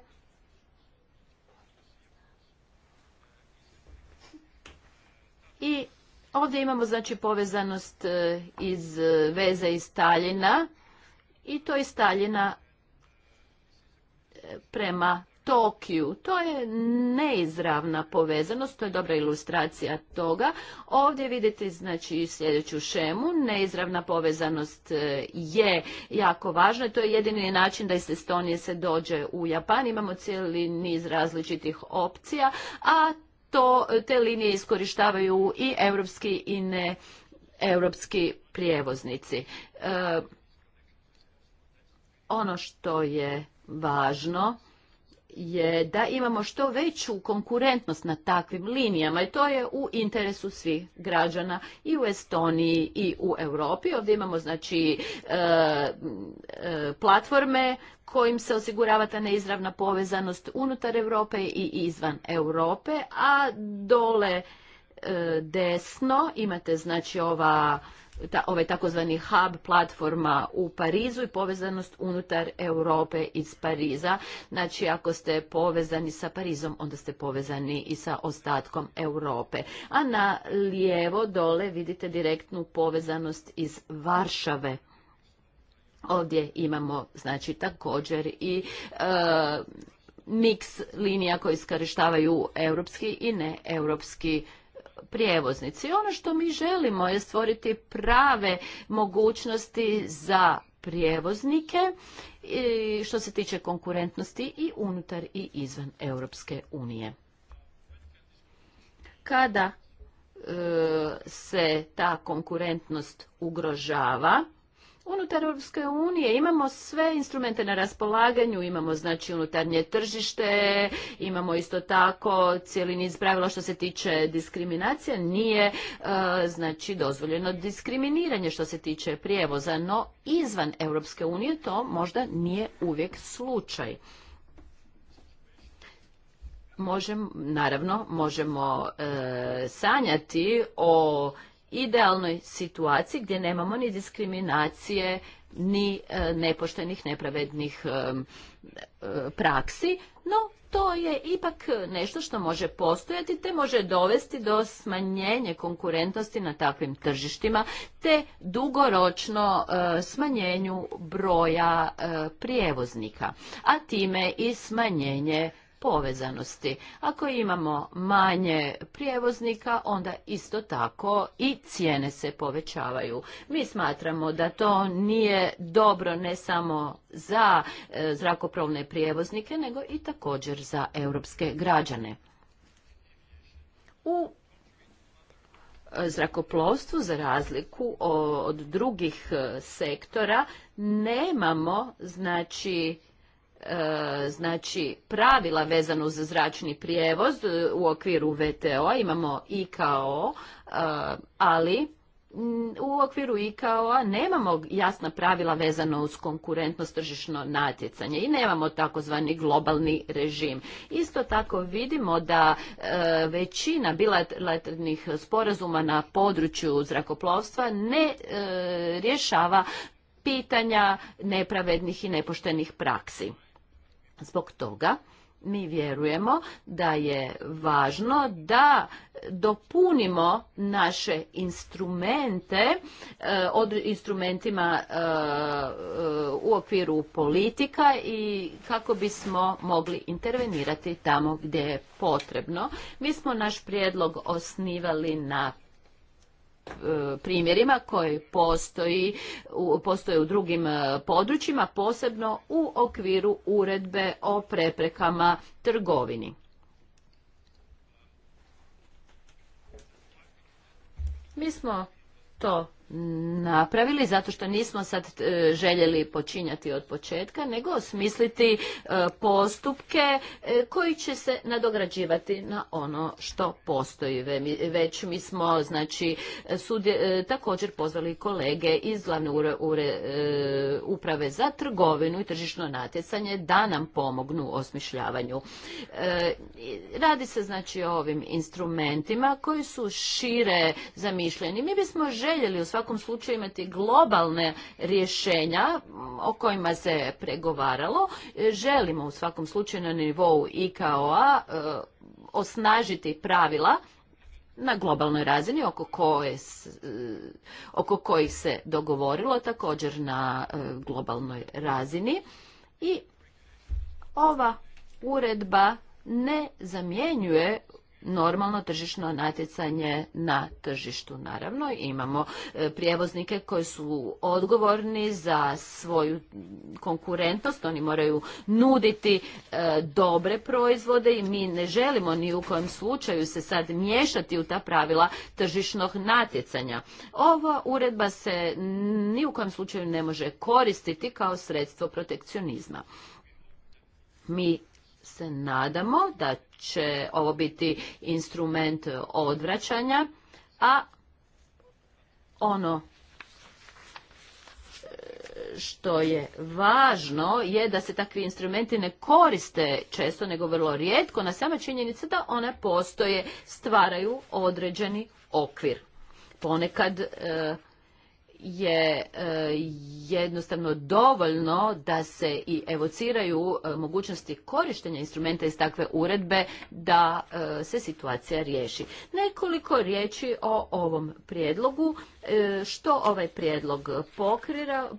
I ovdje imamo znači povezanost e, iz e, veze iz Staljina i to iz Taljina prema Tokiju. To je neizravna povezanost, to je dobra ilustracija toga. Ovdje vidite znači sljedeću šemu, neizravna povezanost e, je jako važna, to je jedini način da iz Estonije se dođe u Japan. Imamo cijeli niz različitih opcija, a to te linije iskorištavaju i europski i ne europski prijevoznici. E, ono što je važno je da imamo što veću konkurentnost na takvim linijama i to je u interesu svih građana i u Estoniji i u Europi. Ovdje imamo znači e, e, platforme kojim se osigurava ta neizravna povezanost unutar Europe i izvan Europe, a dole e, desno imate znači ova ta, ovaj takozvani hub platforma u Parizu i povezanost unutar Europe iz Pariza. Znači ako ste povezani sa Parizom, onda ste povezani i sa ostatkom Europe. A na lijevo dole vidite direktnu povezanost iz Varšave. Ovdje imamo znači također i e, linija koji iskorištavaju europski i neeuropski prijevoznici. Ono što mi želimo je stvoriti prave mogućnosti za prijevoznike što se tiče konkurentnosti i unutar i izvan Europske unije. Kada e, se ta konkurentnost ugrožava, unutar Europske unije imamo sve instrumente na raspolaganju, imamo znači unutarnje tržište, imamo isto tako cijeli niz pravila što se tiče diskriminacije, nije e, znači dozvoljeno diskriminiranje što se tiče prijevoza, no izvan Europske unije to možda nije uvijek slučaj možemo naravno možemo e, sanjati o idealnoj situaciji gdje nemamo ni diskriminacije, ni e, nepoštenih, nepravednih e, e, praksi, no to je ipak nešto što može postojati te može dovesti do smanjenje konkurentnosti na takvim tržištima te dugoročno smanjenju broja prijevoznika, a time i smanjenje povezanosti. Ako imamo manje prijevoznika, onda isto tako i cijene se povećavaju. Mi smatramo da to nije dobro ne samo za e, zrakoplovne prijevoznike, nego i također za europske građane. U e, zrakoplovstvu za razliku od drugih e, sektora nemamo znači E, znači pravila vezano za zračni prijevoz e, u okviru VTO, imamo IKO, e, ali u okviru IKO-a nemamo jasna pravila vezano uz konkurentnost tržišno natjecanje i nemamo takozvani globalni režim. Isto tako vidimo da većina bilateralnih sporazuma na području zrakoplovstva ne rješava pitanja nepravednih i nepoštenih praksi. Zbog toga mi vjerujemo da je važno da dopunimo naše instrumente e, od instrumentima e, e, u okviru politika i kako bismo mogli intervenirati tamo gdje je potrebno. Mi smo naš prijedlog osnivali na E, primjerima koji postoji, postoje u drugim e, područjima, posebno u okviru uredbe o preprekama trgovini. Mi smo to napravili zato što nismo sad e, željeli počinjati od početka nego osmisliti e, postupke e, koji će se nadograđivati na ono što postoji već mi smo znači također pozvali kolege iz glavne uprave za trgovinu i tržišno natjecanje da nam pomognu u osmišljavanju radi se znači o ovim instrumentima koji su šire zamišljeni mi bismo željeli u svakom svakom slučaju imati globalne rješenja o kojima se pregovaralo. E, želimo u svakom slučaju na nivou IKO-a e, osnažiti pravila na globalnoj razini oko, e, oko kojih se dogovorilo također na globalnoj razini i ova uredba ne zamjenjuje normalno tržišno natjecanje na tržištu. Naravno, imamo e, prijevoznike koji su odgovorni za svoju konkurentnost, oni moraju nuditi e, dobre proizvode i mi ne želimo ni u kojem slučaju se sad miješati u ta pravila tržišnog natjecanja. Ova uredba se ni u kojem slučaju ne može koristiti kao sredstvo protekcionizma. Mi se nadamo da će ovo biti instrument odvraćanja, a ono što je važno je da se takvi instrumenti ne koriste često, nego vrlo rijetko, na sama činjenica da one postoje, stvaraju određeni okvir. Ponekad e, je e, jednostavno dovoljno da se i evociraju e, mogućnosti korištenja instrumenta iz takve uredbe da e, se situacija riješi. Nekoliko riječi o ovom prijedlogu. Što ovaj prijedlog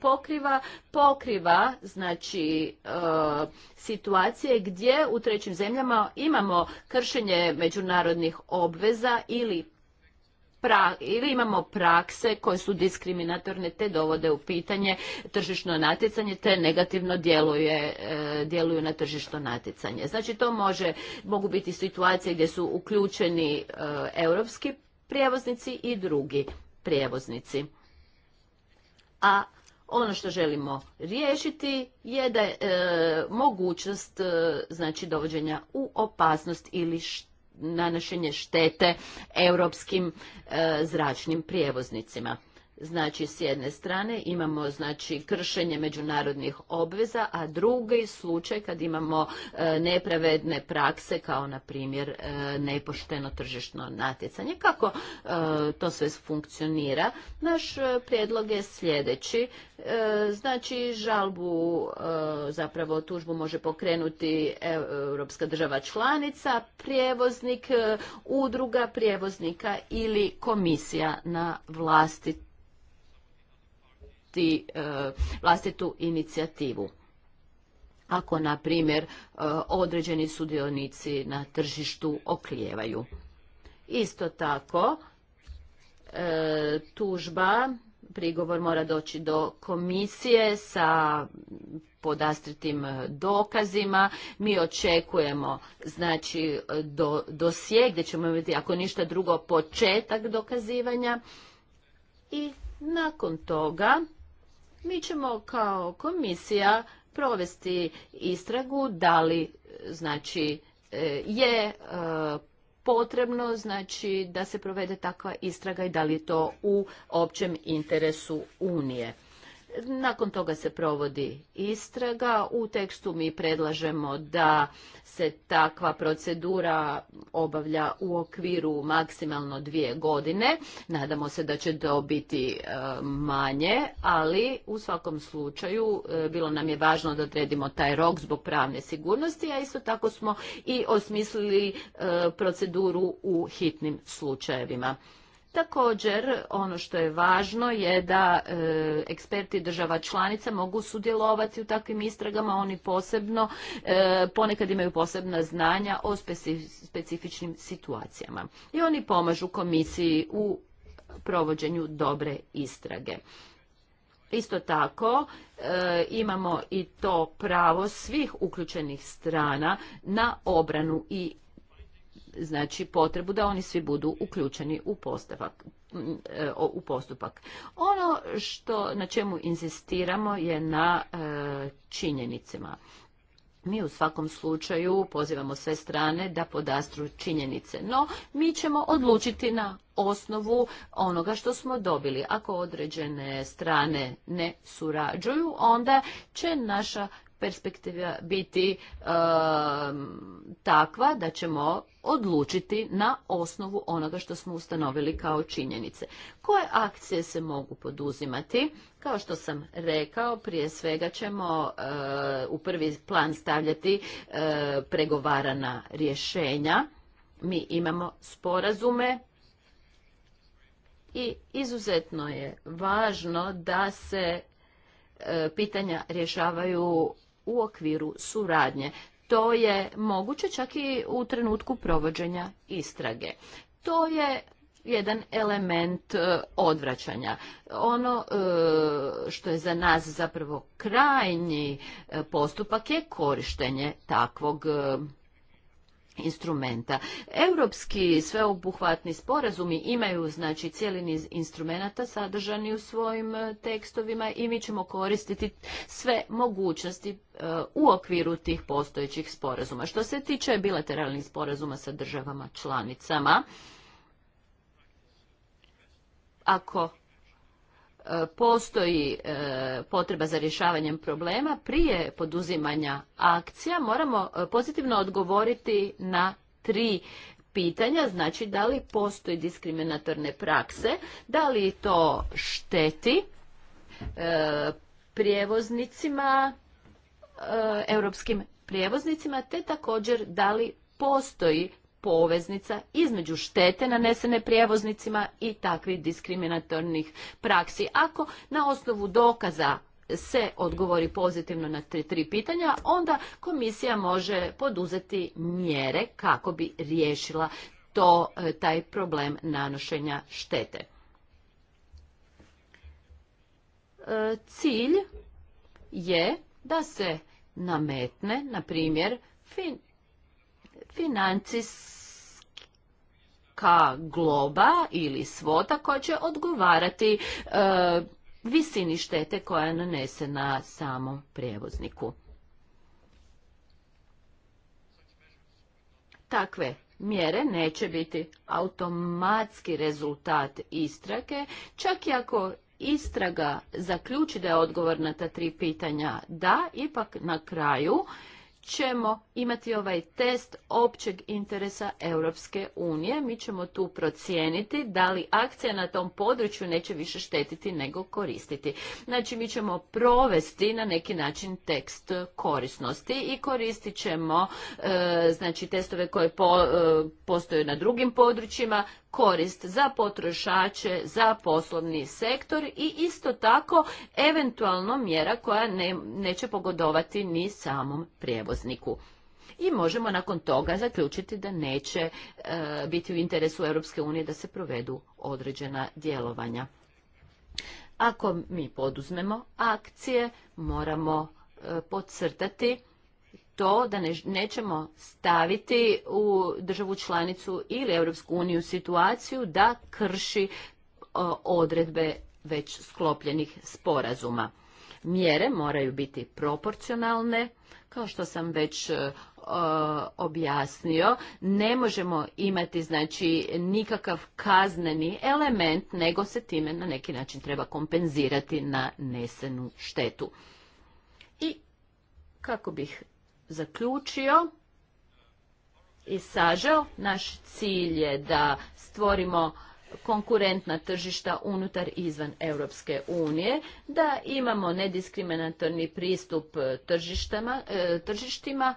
pokriva? Pokriva, znači situacije gdje u trećim zemljama imamo kršenje međunarodnih obveza ili ili imamo prakse koje su diskriminatorne te dovode u pitanje tržišno natjecanje te negativno e, djeluju na tržišno natjecanje. Znači to može, mogu biti situacije gdje su uključeni e, europski prijevoznici i drugi prijevoznici. A ono što želimo riješiti je da je, mogućnost e, znači dovođenja u opasnost ili štetu nanošenje štete europskim e, zračnim prijevoznicima. Znači, s jedne strane imamo znači, kršenje međunarodnih obveza, a drugi slučaj kad imamo e, nepravedne prakse kao, na primjer, e, nepošteno tržišno natjecanje. Kako e, to sve funkcionira? Naš prijedlog je sljedeći. Znači, žalbu, zapravo tužbu može pokrenuti Europska država članica, prijevoznik, udruga prijevoznika ili komisija na vlastiti vlastiti, e, vlastitu inicijativu. Ako, na primjer, e, određeni sudionici na tržištu oklijevaju. Isto tako, e, tužba, prigovor mora doći do komisije sa podastritim dokazima. Mi očekujemo znači do, gdje ćemo imati ako ništa drugo početak dokazivanja i nakon toga mi ćemo kao komisija provesti istragu da li znači e, je e, potrebno znači da se provede takva istraga i da li je to u općem interesu Unije nakon toga se provodi istraga. U tekstu mi predlažemo da se takva procedura obavlja u okviru maksimalno dvije godine. Nadamo se da će to biti e, manje, ali u svakom slučaju e, bilo nam je važno da odredimo taj rok zbog pravne sigurnosti, a isto tako smo i osmislili e, proceduru u hitnim slučajevima. Također, ono što je važno je da e, eksperti država članica mogu sudjelovati u takvim istragama, oni posebno e, ponekad imaju posebna znanja o specifičnim situacijama. I oni pomažu komisiji u provođenju dobre istrage. Isto tako e, imamo i to pravo svih uključenih strana na obranu i znači potrebu da oni svi budu uključeni u postupak e, u postupak. Ono što na čemu inzistiramo je na e, činjenicama. Mi u svakom slučaju pozivamo sve strane da podastru činjenice, no mi ćemo odlučiti na osnovu onoga što smo dobili. Ako određene strane ne surađuju, onda će naša perspektiva biti um, takva da ćemo odlučiti na osnovu onoga što smo ustanovili kao činjenice. Koje akcije se mogu poduzimati? Kao što sam rekao, prije svega ćemo uh, u prvi plan stavljati uh, pregovarana rješenja. Mi imamo sporazume i izuzetno je važno da se uh, pitanja rješavaju u okviru suradnje. To je moguće čak i u trenutku provođenja istrage. To je jedan element e, odvraćanja. Ono e, što je za nas zapravo krajnji e, postupak je korištenje takvog instrumenta. Europski sveobuhvatni sporazumi imaju znači cijeli niz instrumenata sadržani u svojim e, tekstovima i mi ćemo koristiti sve mogućnosti e, u okviru tih postojećih sporazuma. Što se tiče bilateralnih sporazuma sa državama članicama, ako E, postoji e, potreba za rješavanjem problema, prije poduzimanja akcija moramo e, pozitivno odgovoriti na tri pitanja, znači da li postoji diskriminatorne prakse, da li to šteti prijevoznicima, europskim prijevoznicima, te također da li postoji poveznica između štete nanesene prijevoznicima i takvih diskriminatornih praksi. Ako na osnovu dokaza se odgovori pozitivno na tri, tri pitanja, onda komisija može poduzeti mjere kako bi riješila to, e, taj problem nanošenja štete. E, cilj je da se nametne, na primjer, fin financijska globa ili svota koja će odgovarati e, visini štete koja je nanesena samom prijevozniku. Takve mjere neće biti automatski rezultat istrake, čak i ako istraga zaključi da je odgovor na ta tri pitanja da, ipak na kraju ćemo imati ovaj test općeg interesa Europske unije. Mi ćemo tu procijeniti da li akcija na tom području neće više štetiti nego koristiti. Znači mi ćemo provesti na neki način tekst korisnosti i koristit ćemo e, znači testove koje e, postoje na drugim područjima, korist za potrošače, za poslovni sektor i isto tako eventualno mjera koja ne, neće pogodovati ni samom prijevozniku. I možemo nakon toga zaključiti da neće e, biti u interesu Europske unije da se provedu određena djelovanja. Ako mi poduzmemo akcije, moramo e, podcrtati to da ne, nećemo staviti u državu članicu ili Europsku uniju situaciju da krši odredbe već sklopljenih sporazuma. Mjere moraju biti proporcionalne, kao što sam već e, objasnio, ne možemo imati znači nikakav kazneni element, nego se time na neki način treba kompenzirati na nesenu štetu. I kako bih zaključio i sažao Naš cilj je da stvorimo konkurentna tržišta unutar i izvan Europske unije, da imamo nediskriminatorni pristup e, tržištima,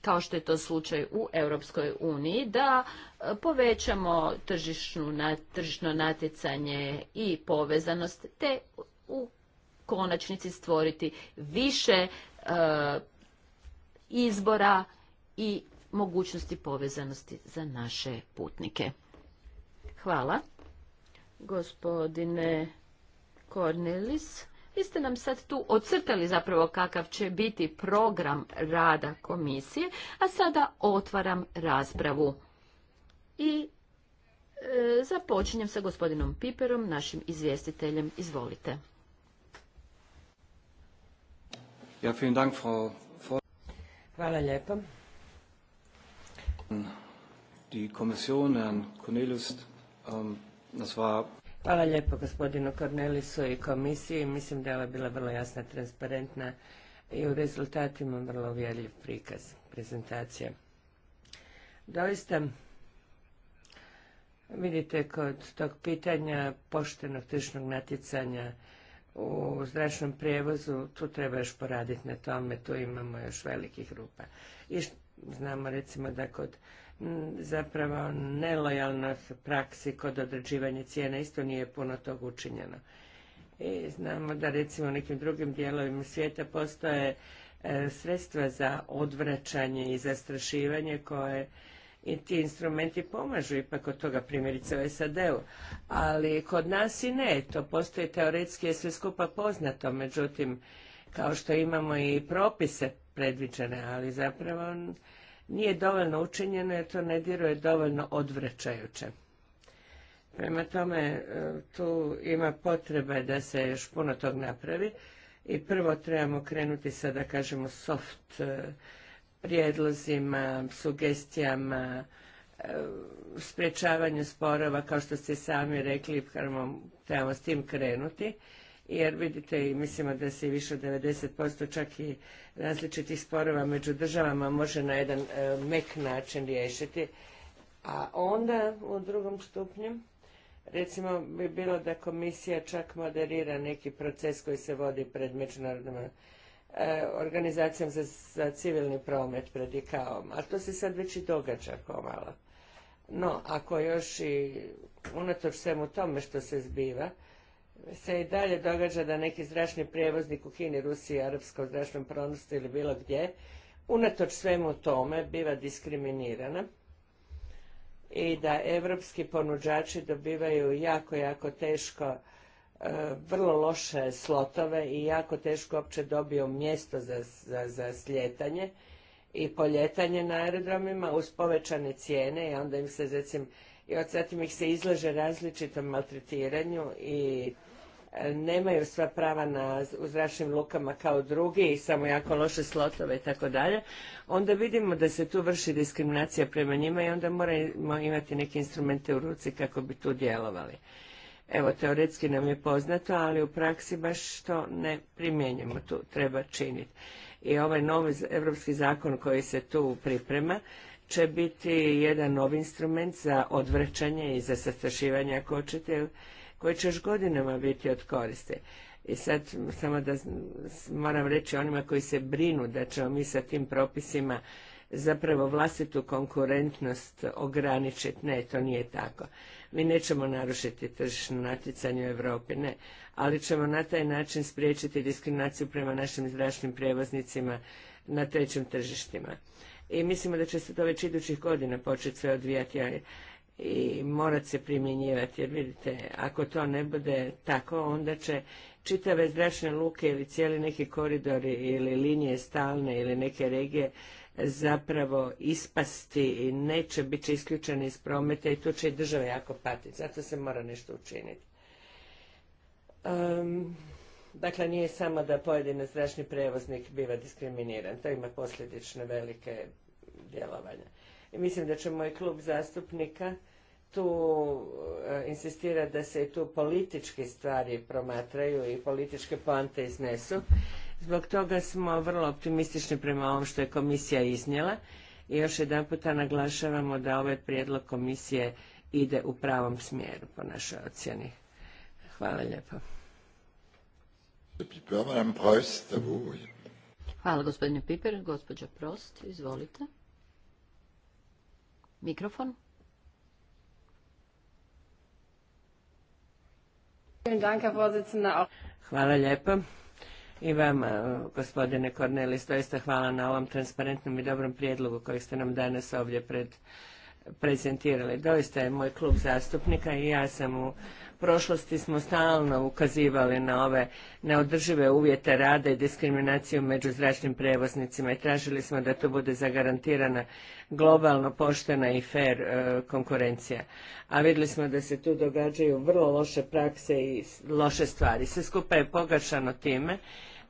kao što je to slučaj u Europskoj uniji, da e, povećamo tržišnu, tržišno natjecanje i povezanost, te u konačnici stvoriti više e, izbora i mogućnosti povezanosti za naše putnike. Hvala. Gospodine Kornelis, vi ste nam sad tu ocrtali zapravo kakav će biti program rada komisije, a sada otvaram raspravu. I e, započinjem sa gospodinom Piperom, našim izvjestiteljem. Izvolite. Ja, vielen Dank, Frau Ähm, Hvala lijepo. gospodinu Cornelisu i komisiji. Mislim da je ova bila vrlo jasna, transparentna i u rezultatima vrlo uvjerljiv prikaz, prezentacija. Doista, vidite, kod tog pitanja poštenog tržišnog natjecanja u zračnom prijevozu, tu treba još poraditi na tome, tu imamo još velikih rupa. I znamo recimo da kod zapravo nelojalnih praksi kod određivanja cijena isto nije puno tog učinjeno. I znamo da recimo u nekim drugim dijelovima svijeta postoje e, sredstva za odvraćanje i zastrašivanje koje i ti instrumenti pomažu ipak od toga primjerice u SAD-u, ali kod nas i ne, to postoji teoretski je sve skupa poznato, međutim kao što imamo i propise predviđene, ali zapravo nije dovoljno učinjeno jer to ne diruje dovoljno odvraćajuće. Prema tome, e, tu ima potrebe da se još puno tog napravi i prvo trebamo krenuti sa, da kažemo, soft e, prijedlozima, sugestijama, e, sprječavanju sporova, kao što ste sami rekli, trebamo s tim krenuti, jer vidite i mislimo da se više od 90% čak i različitih sporova među državama može na jedan e, mek način riješiti. A onda u drugom stupnju, recimo bi bilo da komisija čak moderira neki proces koji se vodi pred međunarodnim E, organizacijom za, civilni promet pred Ikaom. a to se sad već i događa pomalo. No, ako još i unatoč svemu tome što se zbiva, se i dalje događa da neki zračni prijevoznik u Kini, Rusiji, arapskom zračnom pronosti ili bilo gdje, unatoč svemu tome biva diskriminirana i da evropski ponuđači dobivaju jako, jako teško vrlo loše slotove i jako teško uopće dobio mjesto za, za, za sljetanje i poljetanje na aerodromima uz povećane cijene i onda im se recimo i od zatim ih se izlaže različitom maltretiranju i e, nemaju sva prava na, u zračnim lukama kao drugi i samo jako loše slotove i tako dalje, onda vidimo da se tu vrši diskriminacija prema njima i onda moramo imati neke instrumente u ruci kako bi tu djelovali evo teoretski nam je poznato, ali u praksi baš to ne primjenjamo, tu treba činiti. I ovaj novi europski zakon koji se tu priprema će biti jedan novi instrument za odvraćanje i za sastršivanje ako hoćete, koji će još godinama biti od koriste. I sad samo da moram reći onima koji se brinu da ćemo mi sa tim propisima zapravo vlastitu konkurentnost ograničiti. Ne, to nije tako. Mi nećemo narušiti tržišno natjecanje u Europi, ne, ali ćemo na taj način spriječiti diskriminaciju prema našim zračnim prijevoznicima na trećim tržištima. I mislimo da će se to već idućih godina početi sve odvijati i morat se primjenjivati, jer vidite, ako to ne bude tako, onda će čitave zračne luke ili cijeli neki koridori ili linije stalne ili neke regije zapravo ispasti i neće biti isključeni iz prometa i tu će i država jako patiti. Zato se mora nešto učiniti. dakle, nije samo da pojedini zračni prevoznik biva diskriminiran. To ima posljedične velike djelovanja. I mislim da će moj klub zastupnika tu e, insistira da se tu političke stvari promatraju i političke poante iznesu Zbog toga smo vrlo optimistični prema ovom što je komisija iznijela i još jedan puta naglašavamo da ovaj prijedlog komisije ide u pravom smjeru po našoj ocjeni. Hvala lijepo. Hvala gospodine Piper. Gospođa Prost, izvolite. Mikrofon. Hvala lijepo i vama, e, gospodine Kornelis, doista hvala na ovom transparentnom i dobrom prijedlogu koji ste nam danas ovdje pred prezentirali. Doista je moj klub zastupnika i ja sam u prošlosti smo stalno ukazivali na ove neodržive uvjete rada i diskriminaciju među zračnim prevoznicima i tražili smo da to bude zagarantirana globalno poštena i fer e, konkurencija. A vidjeli smo da se tu događaju vrlo loše prakse i loše stvari. Sve skupa je pogašano time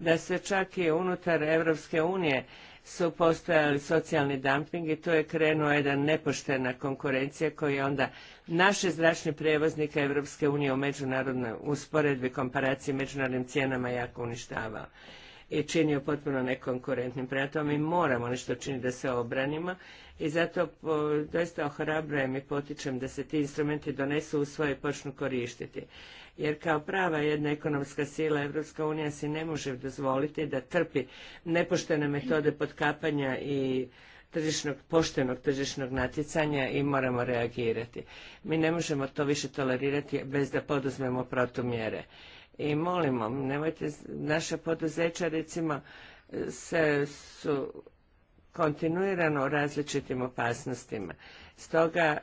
da se čak i unutar Europske unije su postojali socijalni dumping i tu je krenuo jedan nepoštena konkurencija koji onda naše zračne prijevoznike Europske unije u međunarodnoj usporedbi, komparaciji međunarodnim cijenama jako uništavao i činio potpuno nekonkurentnim. Prema tome mi moramo nešto činiti da se obranimo i zato doista ohrabrujem i potičem da se ti instrumenti donesu u svoje i počnu koristiti jer kao prava jedna ekonomska sila Evropska unija si ne može dozvoliti da trpi nepoštene metode potkapanja i tržišnog, poštenog tržišnog natjecanja i moramo reagirati. Mi ne možemo to više tolerirati bez da poduzmemo protumjere. I molimo, nemojte, naša poduzeća recimo se su kontinuirano u različitim opasnostima. Stoga e,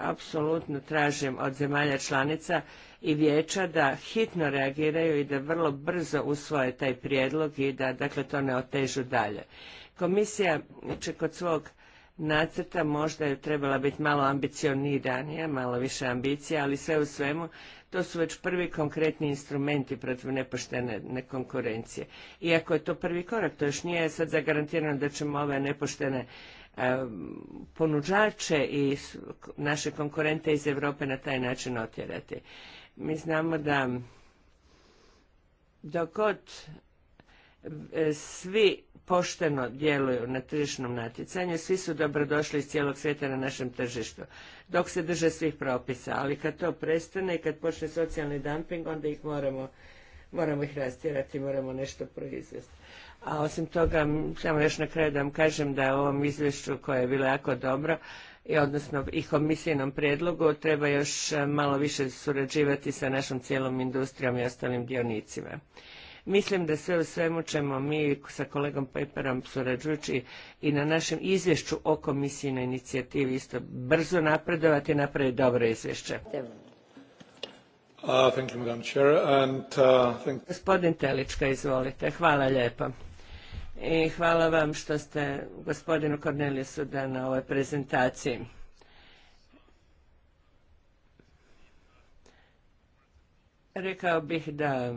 apsolutno tražim od zemalja članica i vijeća da hitno reagiraju i da vrlo brzo usvoje taj prijedlog i da dakle to ne otežu dalje. Komisija će kod svog nacrta možda je trebala biti malo ambicioniranija, malo više ambicija, ali sve u svemu to su već prvi konkretni instrumenti protiv nepoštene konkurencije. Iako je to prvi korak, to još nije sad zagarantirano da ćemo ove nepoštene e, ponuđače i naše konkurente iz Europe na taj način otjerati. Mi znamo da dok god e, svi pošteno djeluju na tržišnom natjecanju, svi su dobrodošli iz cijelog svijeta na našem tržištu, dok se drže svih propisa, ali kad to prestane i kad počne socijalni dumping, onda ih moramo, moramo ih rastjerati, moramo nešto proizvesti. A osim toga, samo još na kraju da vam kažem da u ovom izvješću koje je bilo jako dobro, i odnosno i komisijenom prijedlogu treba još e, malo više surađivati sa našom cijelom industrijom i ostalim dionicima. Mislim da sve u svemu ćemo mi sa kolegom Peperom surađujući i na našem izvješću o komisiji na inicijativi isto brzo napredovati i napraviti dobro izvješće. Uh, uh, Gospodin Telička, izvolite. Hvala lijepa i hvala vam što ste gospodinu Korneliusu da na ovoj prezentaciji. Rekao bih da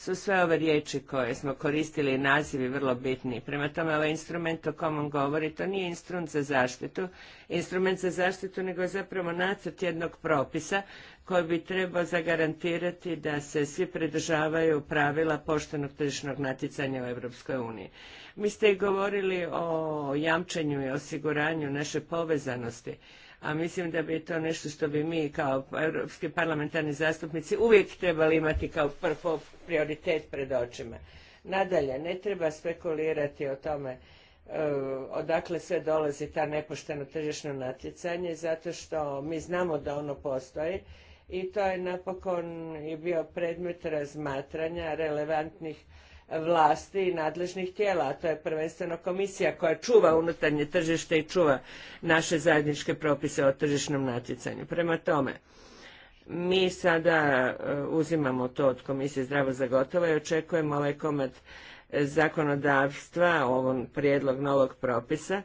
su sve ove riječi koje smo koristili i nazivi vrlo bitni. Prema tome, ovaj instrument o kom on govori, to nije instrument za zaštitu, instrument za zaštitu, nego je zapravo nacrt jednog propisa koji bi trebao zagarantirati da se svi pridržavaju pravila poštenog tržišnog natjecanja u Europskoj uniji. Mi ste i govorili o jamčenju i osiguranju naše povezanosti a mislim da bi to nešto što bi mi kao europski parlamentarni zastupnici uvijek trebali imati kao prvo prioritet pred očima. Nadalje, ne treba spekulirati o tome e, odakle sve dolazi ta nepošteno tržišno natjecanje, zato što mi znamo da ono postoji i to je napokon i bio predmet razmatranja relevantnih vlasti i nadležnih tijela, a to je prvenstveno komisija koja čuva unutarnje tržište i čuva naše zajedničke propise o tržišnom natjecanju. Prema tome, mi sada e, uzimamo to od Komisije zdravo za gotovo i očekujemo ovaj komad zakonodavstva, ovom prijedlog novog propisa,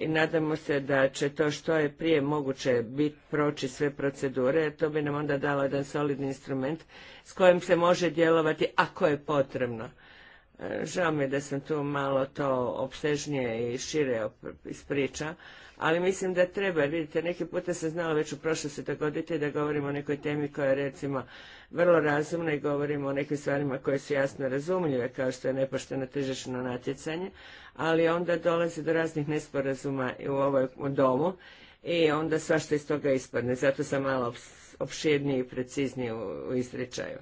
i nadamo se da će to što je prije moguće biti proći sve procedure, to bi nam onda dalo jedan solidni instrument s kojim se može djelovati ako je potrebno. E, žao mi je da sam tu malo to opsežnije i šire ispriča, ali mislim da treba, vidite, neki puta se znalo već u prošlosti dogoditi da govorimo o nekoj temi koja je recimo vrlo razumna i govorimo o nekim stvarima koje su jasno razumljive, kao što je nepošteno tržišno natjecanje, ali onda dolazi do raznih nesporazuma u ovom domu i onda svašta iz toga ispadne. Zato sam malo opširniji i precizniji u izričaju.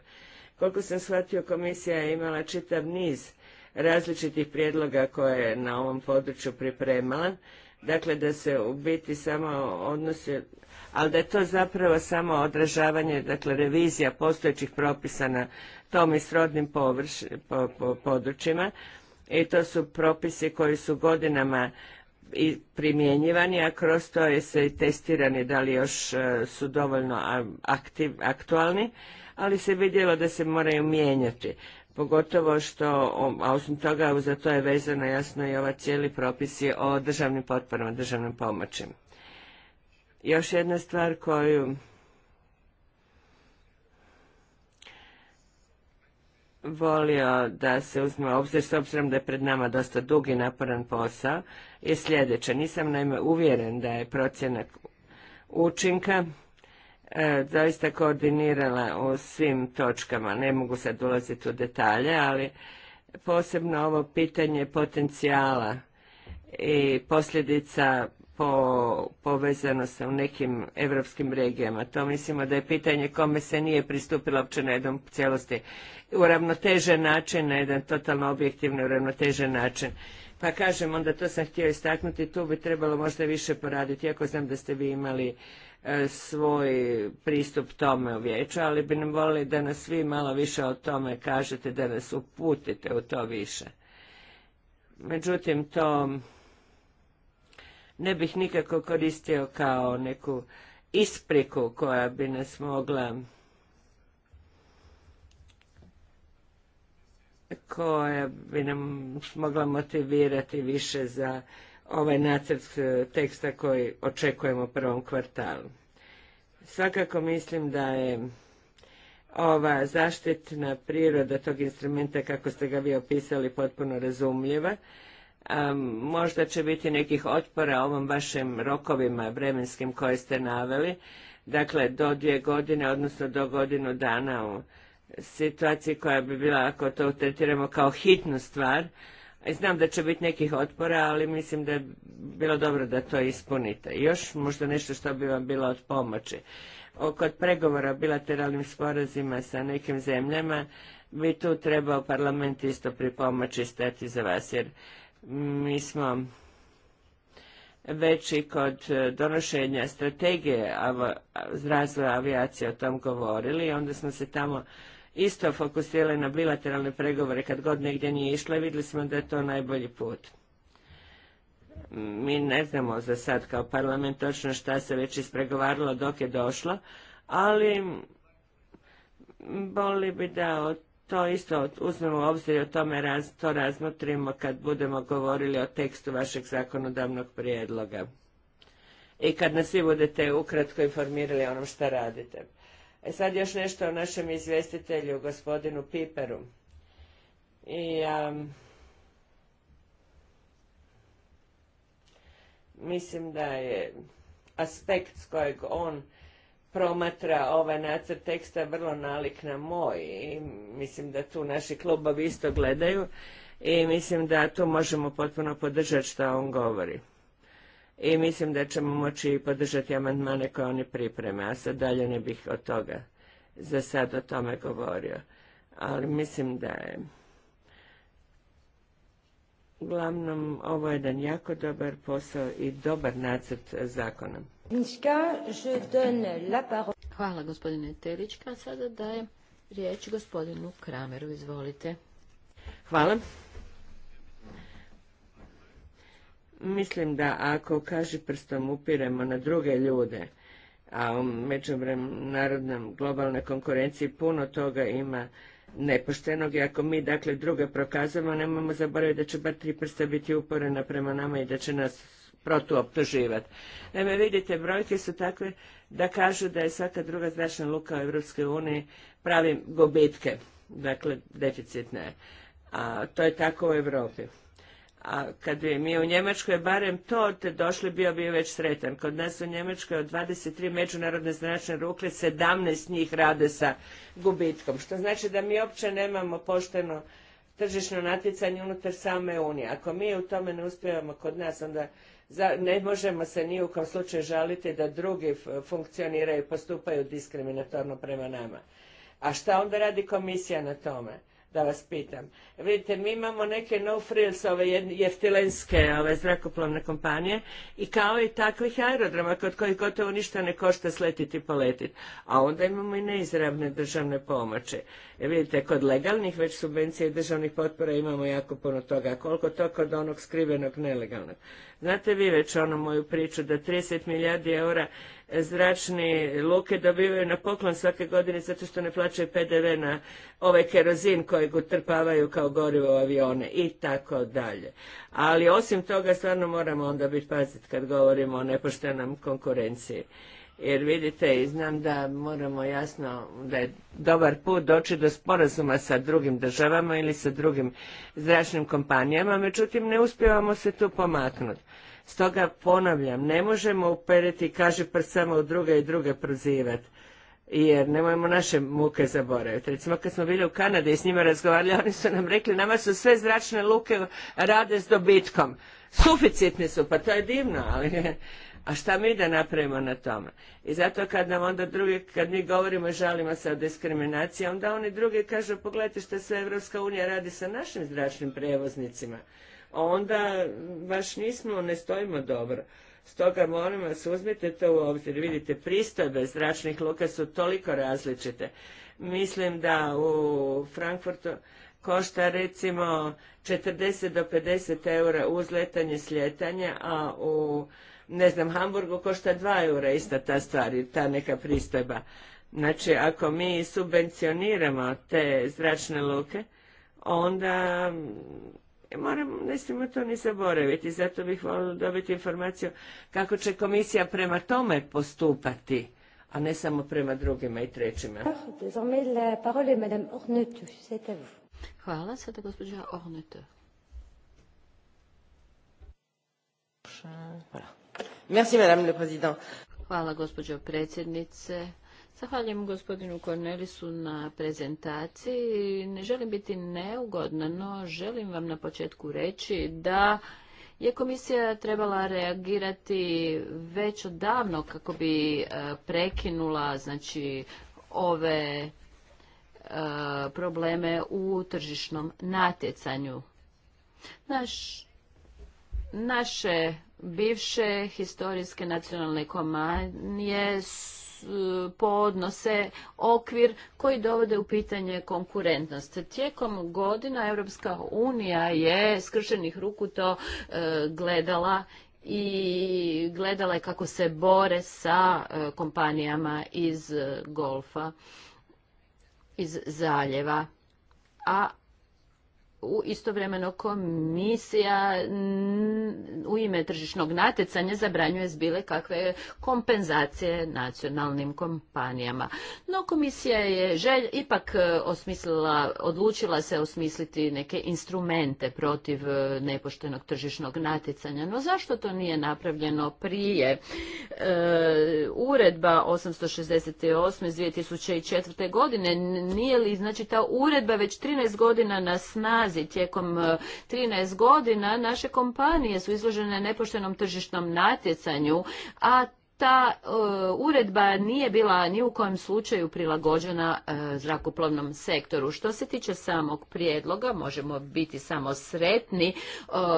Koliko sam shvatio, komisija je imala čitav niz različitih prijedloga koje je na ovom području pripremala dakle da se u biti samo odnose, ali da je to zapravo samo odražavanje, dakle revizija postojećih propisa na tom i srodnim područjima i to su propisi koji su godinama i primjenjivani, a kroz to je se i testirani da li još e, su dovoljno aktiv, aktualni, ali se vidjelo da se moraju mijenjati pogotovo što, a osim toga za to je vezano jasno i ova cijeli propisi o državnim potporama, državnom pomoći. Još jedna stvar koju volio da se uzme obzir, s obzirom da je pred nama dosta dug i naporan posao, je sljedeće. Nisam naime uvjeren da je procjenak učinka E, zaista doista koordinirala u svim točkama. Ne mogu sad ulaziti u detalje, ali posebno ovo pitanje potencijala i posljedica po, povezano sa u nekim evropskim regijama. To mislimo da je pitanje kome se nije pristupilo uopće na jednom cijelosti uravnotežen način, na jedan totalno objektivno uravnotežen način. Pa kažem, onda to sam htio istaknuti, tu bi trebalo možda više poraditi, iako znam da ste vi imali E, svoj pristup tome u vijeću, ali bi nam volili da nas svi malo više o tome kažete, da nas uputite u to više. Međutim, to ne bih nikako koristio kao neku ispriku koja bi nas mogla koja bi nam mogla motivirati više za ovaj nacrt e, teksta koji očekujemo u prvom kvartalu. Svakako mislim da je ova zaštitna priroda tog instrumenta, kako ste ga vi opisali, potpuno razumljiva. možda će biti nekih otpora ovom vašim rokovima vremenskim koje ste naveli. Dakle, do dvije godine, odnosno do godinu dana u situaciji koja bi bila, ako to tretiramo kao hitnu stvar, Znam da će biti nekih otpora, ali mislim da je bilo dobro da to ispunite. Još možda nešto što bi vam bilo od pomoći. Kod pregovora o bilateralnim sporazima sa nekim zemljama bi tu trebao parlament isto pripomoći stati za vas, jer mi smo već i kod e, donošenja strategije razvoja avijacije o tom govorili i onda smo se tamo isto fokusirali na bilateralne pregovore kad god negdje nije išla i vidjeli smo da je to najbolji put. Mi ne znamo za sad kao parlament točno šta se već ispregovaralo dok je došlo, ali boli bi da to isto uzmemo u obzir i o tome to razmotrimo kad budemo govorili o tekstu vašeg zakonodavnog prijedloga. I kad nas svi budete ukratko informirali onom šta radite. E sad još nešto o našem izvjestitelju, gospodinu Piperu. I mislim da je aspekt s kojeg on promatra ovaj nacrt teksta vrlo nalik na moj i mislim da tu naši klubovi isto gledaju i mislim da tu možemo potpuno podržati što on govori i mislim da ćemo moći podržati amandmane koje oni pripreme, a sad dalje ne bih od toga za sad o tome govorio. Ali mislim da je uglavnom ovo je jedan jako dobar posao i dobar nacrt zakona. Hvala gospodine Telička. Sada dajem riječ gospodinu Krameru. Izvolite. Hvala. Mislim da ako kaži prstom upiremo na druge ljude, a u narodnom globalnoj konkurenciji puno toga ima nepoštenog i ako mi dakle druge prokazamo, nemojmo zaboraviti da će bar tri prsta biti uporena prema nama i da će nas protuoptuživati. Naime, vidite, brojke su takve da kažu da je svaka druga zračna luka u Europskoj uniji pravi gubitke, dakle deficitne. A to je tako u Europi. A kad bi mi u Njemačkoj barem to došli, bio bi već sretan. Kod nas u Njemačkoj od 23 međunarodne zračne rukle, 17 njih rade sa gubitkom. Što znači da mi uopće nemamo pošteno tržišno natjecanje unutar same Unije. Ako mi u tome ne uspijevamo kod nas, onda ne možemo se ni u kom slučaju žaliti da drugi funkcioniraju i postupaju diskriminatorno prema nama. A šta onda radi komisija na tome? da vas pitam. Vidite, mi imamo neke no frills, ove jeftilenske ove zrakoplovne kompanije i kao i takvih aerodroma kod kojih gotovo ništa ne košta sletiti i poletiti. A onda imamo i neizravne državne pomoći. E, vidite, kod legalnih već subvencija i državnih potpora imamo jako puno toga. Koliko to kod onog skrivenog nelegalnog. Znate vi već onu moju priču da 30 milijardi eura zračne luke dobivaju na poklon svake godine zato što ne plaćaju PDV na ovaj kerozin kojeg utrpavaju kao gorivo u avione i tako dalje. Ali osim toga stvarno moramo onda biti paziti kad govorimo o nepoštenom konkurenciji. Jer vidite, i znam da moramo jasno, da je dobar put doći do sporazuma sa drugim državama ili sa drugim zračnim kompanijama, međutim ne uspijevamo se tu pomaknuti. Stoga ponavljam, ne možemo uperiti kaže pr samo u druge i druge prozivati. Jer nemojmo naše muke zaboraviti. Recimo kad smo bili u Kanadi i s njima razgovarali, oni su nam rekli nama su sve zračne luke rade s dobitkom. Suficitni su, pa to je divno, ali a šta mi da napravimo na tome? I zato kad nam onda drugi, kad mi govorimo i žalimo se o diskriminaciji, onda oni drugi kažu pogledajte što se Evropska unija radi sa našim zračnim prevoznicima onda baš nismo, ne stojimo dobro. Stoga molim vas, uzmite to u obzir. Vidite, pristojbe zračnih luka su toliko različite. Mislim da u Frankfurtu košta recimo 40 do 50 eura uzletanje slijetanje, a u ne znam, Hamburgu košta 2 eura ista ta stvar, ta neka pristojba. Znači, ako mi subvencioniramo te zračne luke, onda Moram, ne smijemo to ni zaboraviti, zato bih volio dobiti informaciju kako će komisija prema tome postupati, a ne samo prema drugima i trećima. Hvala, sada gospođa Ornete. Hvala, gospođo predsjednice. Zahvaljujem gospodinu Kornelisu na prezentaciji. Ne želim biti neugodna, no želim vam na početku reći da je komisija trebala reagirati već odavno kako bi e, prekinula znači ove e, probleme u tržišnom natjecanju. Naš, naše bivše historijske nacionalne kompanije podnose okvir koji dovode u pitanje konkurentnost. Tijekom godina Europska unija je skršenih ruku to e, gledala i gledala je kako se bore sa e, kompanijama iz e, golfa, iz zaljeva. A istovremeno komisija u ime tržišnog natjecanja zabranjuje zbile kakve kompenzacije nacionalnim kompanijama. No komisija je želj, ipak e, osmislila, odlučila se osmisliti neke instrumente protiv e, nepoštenog tržišnog natjecanja. No zašto to nije napravljeno prije? E, uredba 868 iz 2004. godine nije li znači ta uredba već 13 godina na snazi Tijekom 13 e, godina naše kompanije su izložene nepoštenom tržišnom natjecanju, a ta e, uredba nije bila ni u kojem slučaju prilagođena e, zrakoplovnom sektoru. Što se tiče samog prijedloga, možemo biti samo sretni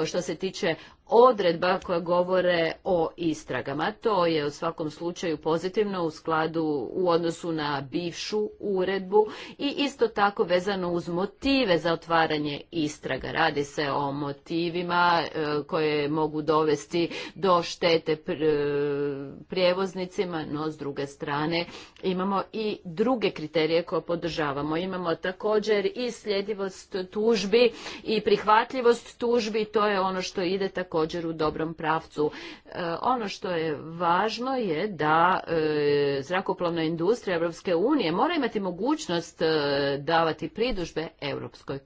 što se tiče odredba koja govore o istragama. To je u svakom slučaju pozitivno u skladu u odnosu na bivšu uredbu i isto tako vezano uz motive za otvaranje istraga. Radi se o motivima e, koje mogu dovesti do štete e, prijevoznicima, no s druge strane imamo i druge kriterije koje podržavamo. Imamo također i sljedivost tužbi i prihvatljivost tužbi, to je ono što ide tako također u dobrom pravcu. E, ono što je važno je da e, zrakoplovna industrija Europske unije mora imati mogućnost e, davati pridužbe Europskoj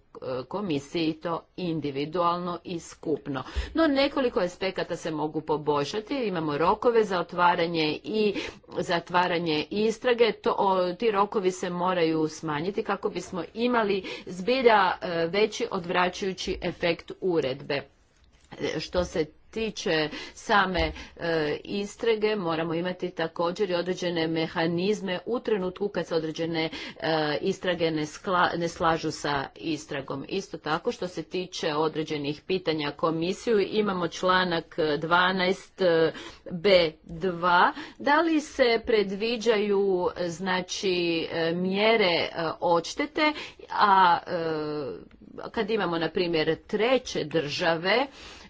komisiji to individualno i skupno. No nekoliko aspekata se mogu poboljšati. Imamo rokove za otvaranje i zatvaranje istrage. To, ti rokovi se moraju smanjiti kako bismo imali zbilja veći odvraćajući efekt uredbe. Što se tiče same e, istrage moramo imati također i određene mehanizme u trenutku kad se određene e, istrage ne, slažu sa istragom. Isto tako što se tiče određenih pitanja komisiju imamo članak 12b2. E, da li se predviđaju znači mjere odštete, a kad imamo na primjer treće države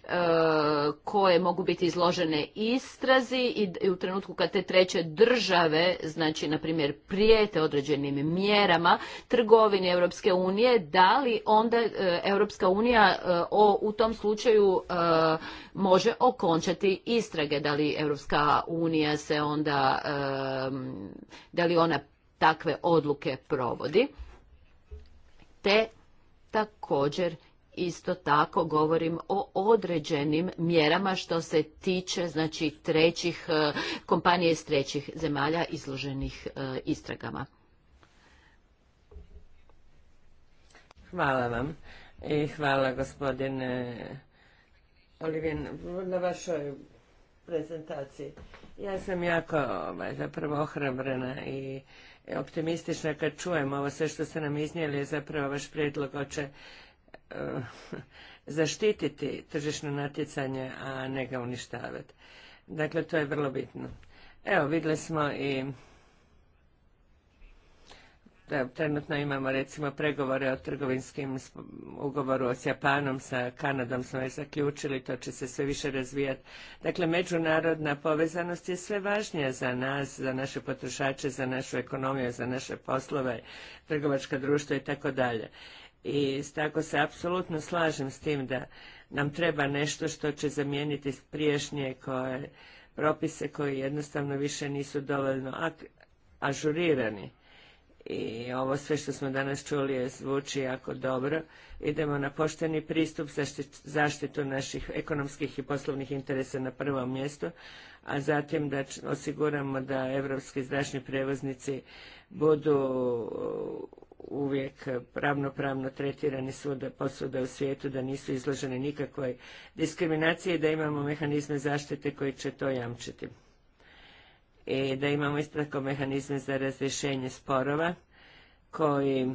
E, koje mogu biti izložene istrazi i u trenutku kad te treće države, znači na primjer prijete određenim mjerama trgovini Europske unije, da li onda e, Europska unija e, u tom slučaju može okončati istrage, da li Europska unija se onda, da li ona takve odluke provodi, te također isto tako govorim o određenim mjerama što se tiče znači trećih e, kompanije iz trećih zemalja izloženih e, istragama. Hvala vam i hvala gospodine Olivin na vašoj prezentaciji. Ja sam jako ovaj, zapravo ohrabrena i optimistična kad čujem ovo sve što ste nam iznijeli, zapravo vaš prijedlog oče Eh, zaštititi tržišno natjecanje, a ne ga uništavati. Dakle, to je vrlo bitno. Evo, vidjeli smo i da trenutno imamo recimo pregovore o trgovinskim ugovoru s Japanom, sa Kanadom smo već zaključili, to će se sve više razvijati. Dakle, međunarodna povezanost je sve važnija za nas, za naše potrošače, za našu ekonomiju, za naše poslove, trgovačka društva i tako dalje. I tako se apsolutno slažem s tim da nam treba nešto što će zamijeniti priješnje koje, propise koji jednostavno više nisu dovoljno ažurirani. I ovo sve što smo danas čuli je zvuči jako dobro. Idemo na pošteni pristup zaštitu naših ekonomskih i poslovnih interesa na prvom mjestu, a zatim da osiguramo da evropski zračni prevoznici budu uvijek ravnopravno tretirani svuda, posvuda u svijetu, da nisu izloženi nikakvoj diskriminaciji, da imamo mehanizme zaštite koji će to jamčiti. I e, da imamo isto mehanizme za razrješenje sporova koji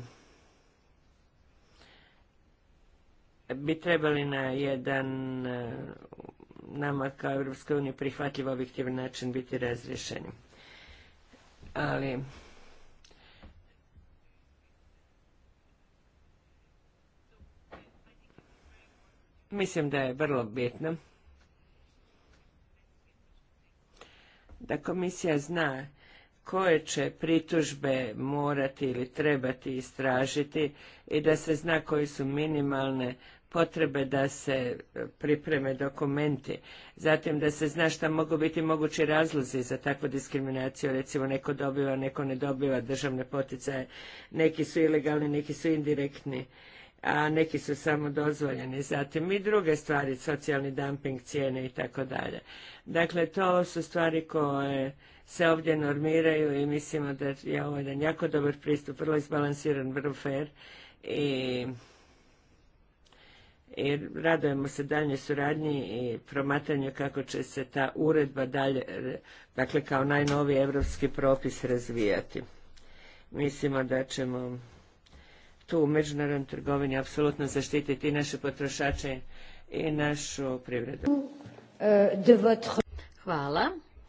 bi trebali na jedan nama kao Europskoj uniji prihvatljiv objektivan način biti razriješeni. Ali mislim da je vrlo bitno da komisija zna koje će pritužbe morati ili trebati istražiti i da se zna koji su minimalne potrebe da se pripreme dokumenti, zatim da se zna šta mogu biti mogući razlozi za takvu diskriminaciju, recimo neko dobiva, neko ne dobiva državne poticaje, neki su ilegalni, neki su indirektni a neki su samo dozvoljeni. Zatim i druge stvari, socijalni dumping, cijene i tako dalje. Dakle, to su stvari koje se ovdje normiraju i mislimo da je ovo jedan jako dobar pristup, vrlo izbalansiran, vrlo fair i, i radujemo se dalje suradnji i promatranju kako će se ta uredba dalje, dakle kao najnoviji europski propis razvijati. Mislimo da ćemo tu u međunarodnoj trgovini apsolutno zaštititi i naše potrošače i našu privredu. Hvala.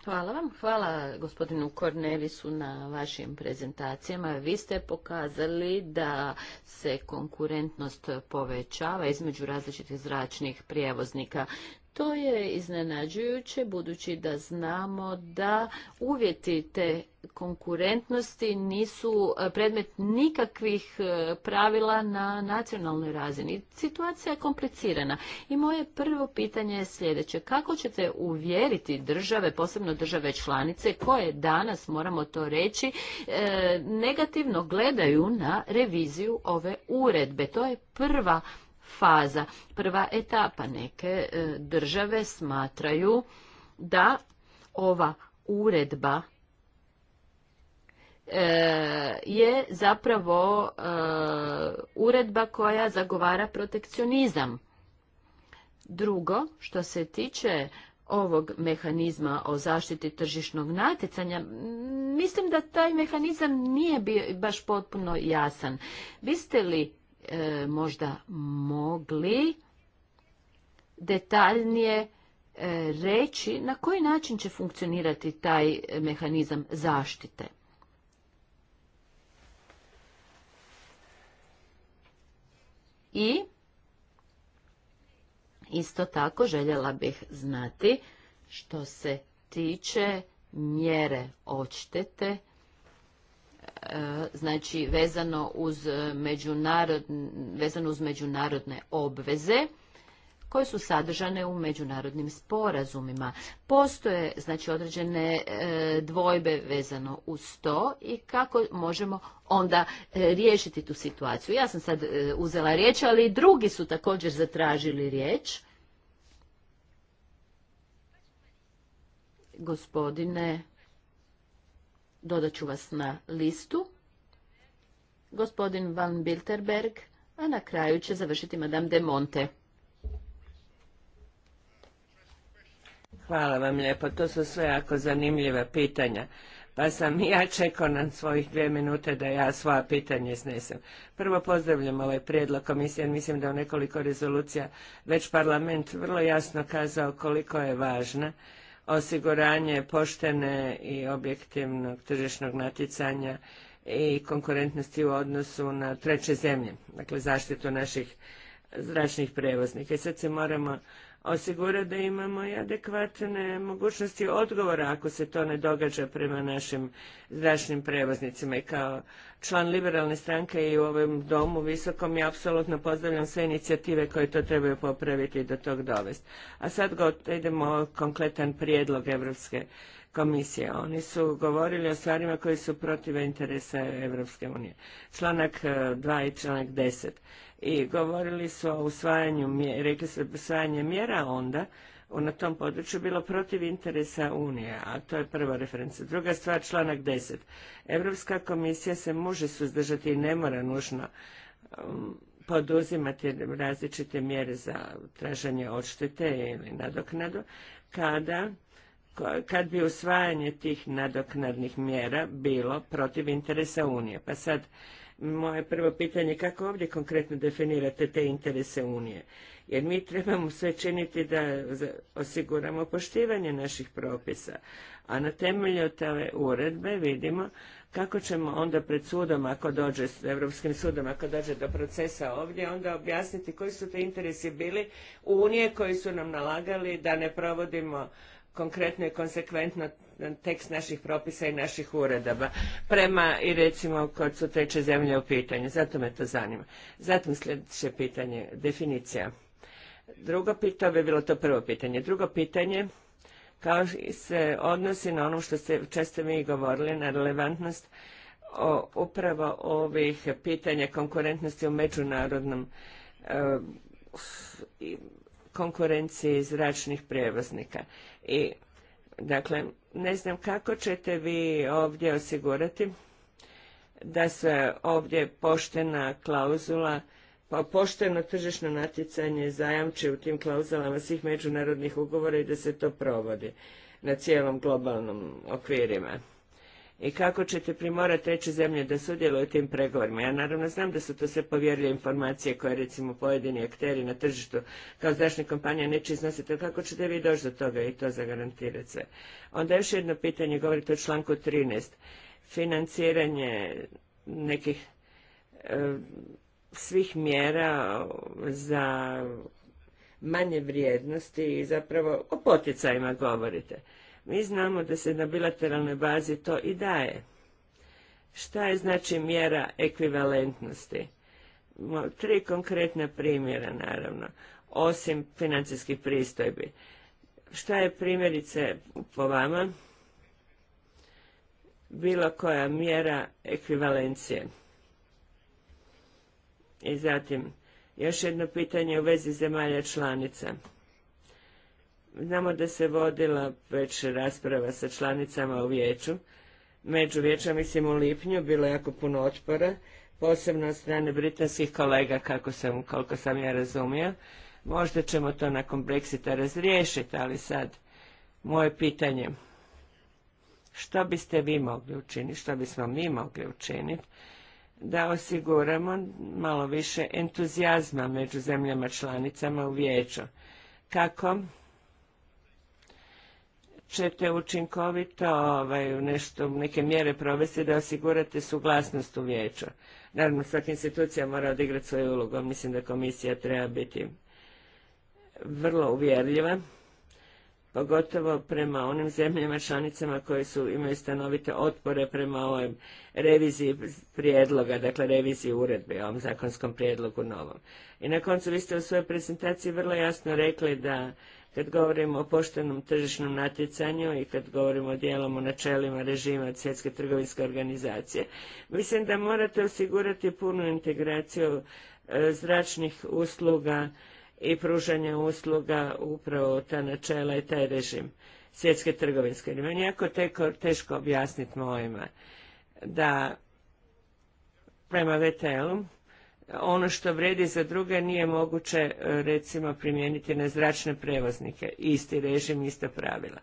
Hvala vam. Hvala gospodinu Kornelisu na vašim prezentacijama. Vi ste pokazali da se konkurentnost povećava između različitih zračnih prijevoznika. To je iznenađujuće budući da znamo da uvjeti te konkurentnosti nisu e, predmet nikakvih e, pravila na nacionalnoj razini. Situacija je komplicirana i moje prvo pitanje je sljedeće. Kako ćete uvjeriti države, posebno države članice, koje danas, moramo to reći, e, negativno gledaju na reviziju ove uredbe? To je prva faza. Prva etapa neke e, države smatraju da ova uredba e, je zapravo e, uredba koja zagovara protekcionizam. Drugo, što se tiče ovog mehanizma o zaštiti tržišnog natjecanja, mislim da taj mehanizam nije bio baš potpuno jasan. Biste li E, možda mogli detaljnije e, reći na koji način će funkcionirati taj mehanizam zaštite. I isto tako željela bih znati što se tiče mjere odštete E, znači vezano uz, vezano uz međunarodne obveze koje su sadržane u međunarodnim sporazumima. Postoje znači određene e, dvojbe vezano uz to i kako možemo onda e, riješiti tu situaciju. Ja sam sad uzela riječ, ali i drugi su također zatražili riječ. Gospodine Dodat ću vas na listu. Gospodin Van Bilterberg, a na kraju će završiti Madame de Monte. Hvala vam lijepo, to su sve jako zanimljiva pitanja. Pa sam ja čekao na svojih dvije minute da ja svoja pitanje snesem. Prvo pozdravljam ovaj prijedlog komisije, mislim da u nekoliko rezolucija već parlament vrlo jasno kazao koliko je važna osiguranje poštene i objektivnog tržišnog natjecanja i konkurentnosti u odnosu na treće zemlje, dakle zaštitu naših zračnih prevoznika. I sad se moramo osigura da imamo i adekvatne mogućnosti odgovora ako se to ne događa prema našim zračnim prevoznicima. I kao član liberalne stranke i u ovom domu visokom ja apsolutno pozdravljam sve inicijative koje to trebaju popraviti i do tog dovesti. A sad idemo idemo konkretan prijedlog Evropske komisije. Oni su govorili o stvarima koji su protiv interesa Evropske unije. Članak 2 e, i članak 10 i govorili su o usvajanju, rekli su usvajanje mjera onda na tom području bilo protiv interesa Unije, a to je prva referenca. Druga stvar, članak 10. Europska komisija se može suzdržati i ne mora nužno um, poduzimati različite mjere za traženje odštete ili nadoknadu, kada kad bi usvajanje tih nadoknadnih mjera bilo protiv interesa Unije. Pa sad moje prvo pitanje kako ovdje konkretno definirate te interese Unije? Jer mi trebamo sve činiti da osiguramo poštivanje naših propisa. A na temelju te uredbe vidimo kako ćemo onda pred sudom, ako dođe, s Europskim sudom, ako dođe do procesa ovdje, onda objasniti koji su te interesi bili Unije koji su nam nalagali da ne provodimo konkretno i konsekventno tekst naših propisa i naših uredaba prema i recimo kod su treće zemlje u pitanju. Zato me to zanima. Zatim sljedeće pitanje, definicija. Drugo pitanje bi bilo to prvo pitanje. Drugo pitanje kao se odnosi na ono što ste često mi govorili, na relevantnost o, upravo ovih pitanja konkurentnosti u međunarodnom e, konkurenciji zračnih prijevoznika. I, dakle, ne znam kako ćete vi ovdje osigurati da se ovdje poštena klauzula, pa pošteno tržišno natjecanje zajamče u tim klauzulama svih međunarodnih ugovora i da se to provodi na cijelom globalnom okvirima i kako ćete primorati treće zemlje da sudjeluju u tim pregovorima. Ja naravno znam da su to sve povjerljive informacije koje recimo pojedini akteri na tržištu kao zračne kompanije neće iznositi, kako ćete vi doći do toga i to zagarantirati sve? Onda još jedno pitanje, govorite o članku 13. Financiranje nekih e, svih mjera za manje vrijednosti i zapravo o poticajima govorite. Mi znamo da se na bilateralnoj bazi to i daje. Šta je znači mjera ekvivalentnosti? Tri konkretna primjera, naravno, osim financijskih pristojbi. Šta je primjerice po vama bilo koja mjera ekvivalencije? I zatim, još jedno pitanje u vezi zemalja članica. Znamo da se vodila već rasprava sa članicama u vijeću. Među vijeća, mislim, u lipnju bilo jako puno otpora, posebno od strane britanskih kolega, kako sam, koliko sam ja razumio. Možda ćemo to nakon Brexita razriješiti, ali sad moje pitanje. Što biste vi mogli učiniti, što bismo mi mogli učiniti da osiguramo malo više entuzijazma među zemljama članicama u vijeću? Kako ćete učinkovito ovaj, nešto, neke mjere provesti da osigurate suglasnost u vijeću. Naravno, svaka institucija mora odigrati svoju ulogu, mislim da komisija treba biti vrlo uvjerljiva, pogotovo prema onim zemljama članicama koje su, imaju stanovite otpore prema ovoj reviziji prijedloga, dakle reviziji uredbe, ovom zakonskom prijedlogu novom. I na koncu vi ste u svojoj prezentaciji vrlo jasno rekli da kad govorimo o poštenom tržišnom natjecanju i kad govorimo o dijelom o načelima režima svjetske trgovinske organizacije, mislim da morate osigurati punu integraciju e, zračnih usluga i pružanja usluga upravo ta načela i taj režim svjetske trgovinske. Meni jako teško objasniti mojima da prema VTL-u ono što vredi za druge nije moguće e, recimo primijeniti na zračne prevoznike. Isti režim, ista pravila.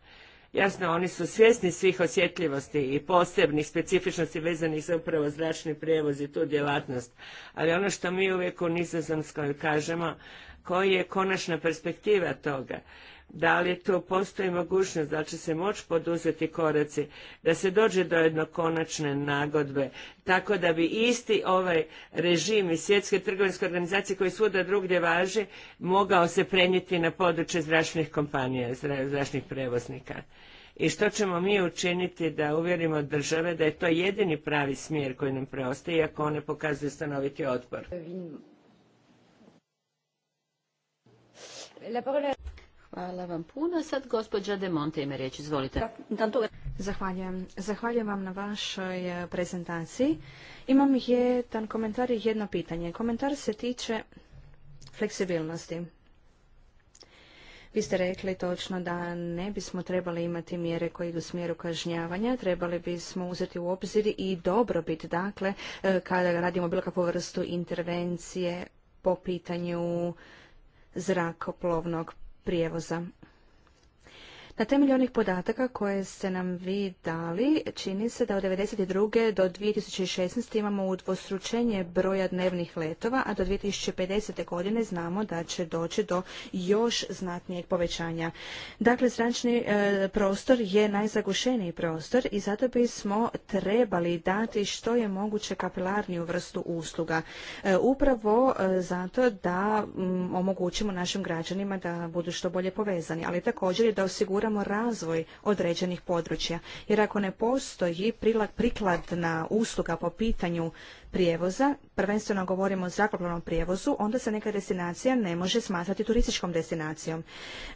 Jasno, oni su svjesni svih osjetljivosti i posebnih specifičnosti vezanih za upravo zračni prijevoz i tu djelatnost. Ali ono što mi uvijek u Nizozemskoj kažemo, koji je konačna perspektiva toga da li tu postoji mogućnost, da će se moći poduzeti koraci, da se dođe do jedno konačne nagodbe, tako da bi isti ovaj režim i svjetske trgovinske organizacije koji svuda drugdje važe, mogao se prenijeti na područje zračnih kompanija, zračnih prevoznika. I što ćemo mi učiniti da uvjerimo države da je to jedini pravi smjer koji nam preostaje, iako one pokazuju stanoviti otpor. Hvala vam puno. Sad gospođa De Monte ima riječ. Izvolite. Zahvaljujem. Zahvaljujem vam na vašoj eh, prezentaciji. Imam jedan komentar i jedno pitanje. Komentar se tiče fleksibilnosti. Vi ste rekli točno da ne bismo trebali imati mjere koje idu u smjeru kažnjavanja, trebali bismo uzeti u obzir i dobrobit, dakle, eh, kada radimo bilo kakvu vrstu intervencije po pitanju zrakoplovnog prijevoza. Na temelju onih podataka koje ste nam vi dali, čini se da od 1992. do 2016. imamo udvostručenje broja dnevnih letova, a do 2050. godine znamo da će doći do još znatnijeg povećanja. Dakle, zračni e, prostor je najzagušeniji prostor i zato bismo trebali dati što je moguće kapilarniju vrstu usluga. E, upravo e, zato da omogućimo našim građanima da budu što bolje povezani, ali također i da osiguramo razvoj određenih područja. Jer ako ne postoji prikladna usluga po pitanju prijevoza, prvenstveno govorimo o zrakoplovnom prijevozu, onda se neka destinacija ne može smatrati turističkom destinacijom.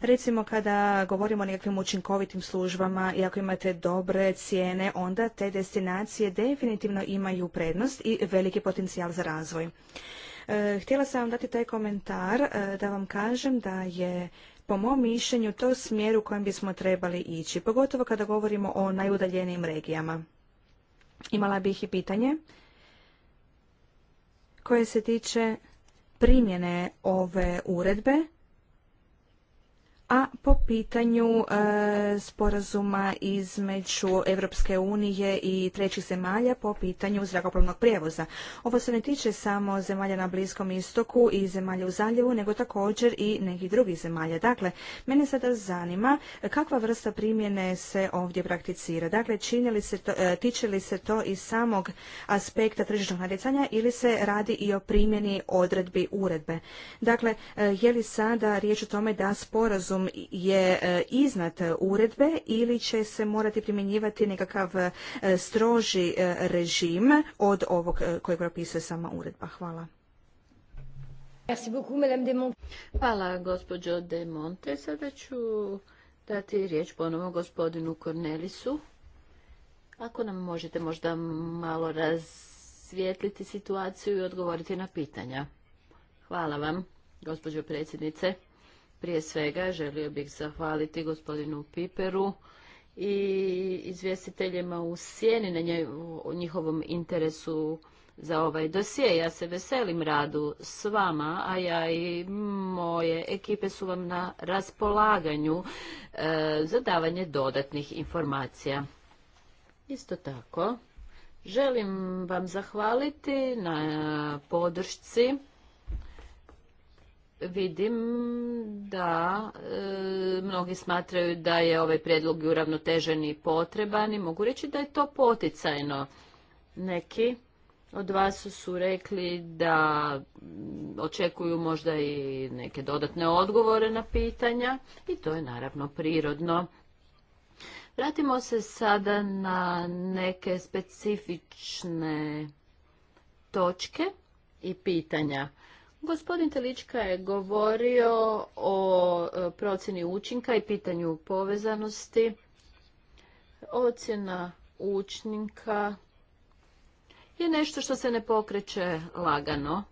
Recimo kada govorimo o nekakvim učinkovitim službama i ako imate dobre cijene, onda te destinacije definitivno imaju prednost i veliki potencijal za razvoj. E, htjela sam vam dati taj komentar e, da vam kažem da je po mom mišljenju to smjer u kojem bismo trebali ići, pogotovo kada govorimo o najudaljenijim regijama. Imala bih i pitanje koje se tiče primjene ove uredbe a po pitanju e, sporazuma između Europske unije i trećih zemalja po pitanju zrakoplovnog prijevoza. Ovo se ne tiče samo zemalja na Bliskom istoku i zemalja u zaljevu, nego također i nekih drugih zemalja. Dakle, mene sada zanima kakva vrsta primjene se ovdje prakticira. Dakle, se e, tiče li se to i samog aspekta tržišnog natjecanja ili se radi i o primjeni odredbi uredbe. Dakle, e, je li sada riječ o tome da sporazum je e, iznad uredbe ili će se morati primjenjivati nekakav e, stroži e, režim od ovog koji propisuje sama uredba? Hvala. Hvala gospođo De Monte. Sada ću dati riječ ponovo gospodinu Cornelisu. Ako nam možete možda malo razsvijetliti situaciju i odgovoriti na pitanja. Hvala vam, gospođo predsjednice. Prije svega želio bih zahvaliti gospodinu Piperu i izvjestiteljima u sjeni na njihovom interesu za ovaj dosije. Ja se veselim radu s vama, a ja i moje ekipe su vam na raspolaganju e, za davanje dodatnih informacija. Isto tako, želim vam zahvaliti na podršci vidim da e, mnogi smatraju da je ovaj prijedlog uravnotežen i potreban i mogu reći da je to poticajno. Neki od vas su rekli da očekuju možda i neke dodatne odgovore na pitanja i to je naravno prirodno. Vratimo se sada na neke specifične točke i pitanja. Gospodin Telička je govorio o e, procjeni učinka i pitanju povezanosti. Ocjena učinka je nešto što se ne pokreće lagano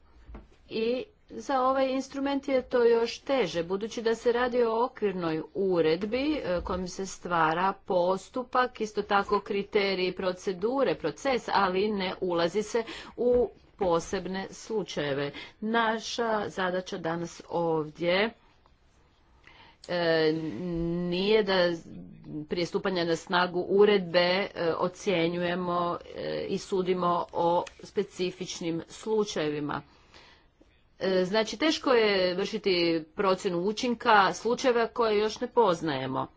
i za ovaj instrument je to još teže, budući da se radi o okvirnoj uredbi e, kojom se stvara postupak, isto tako kriteriji procedure, proces, ali ne ulazi se u posebne slučajeve. Naša zadaća danas ovdje e, nije da prije stupanja na snagu uredbe e, ocjenjujemo e, i sudimo o specifičnim slučajevima. Znači, teško je vršiti procjenu učinka slučajeva koje još ne poznajemo.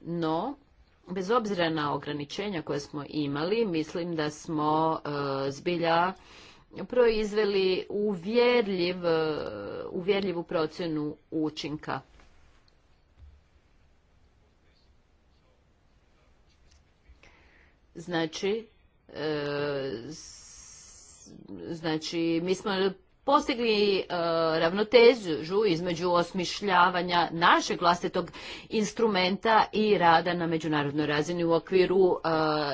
No, bez obzira na ograničenja koje smo imali, mislim da smo zbilja proizveli uvjerljiv, e, uvjerljivu procjenu učinka. Znači, e, znači mi smo postigli e, ravnotežu između osmišljavanja našeg vlastitog instrumenta i rada na međunarodnoj razini u okviru e,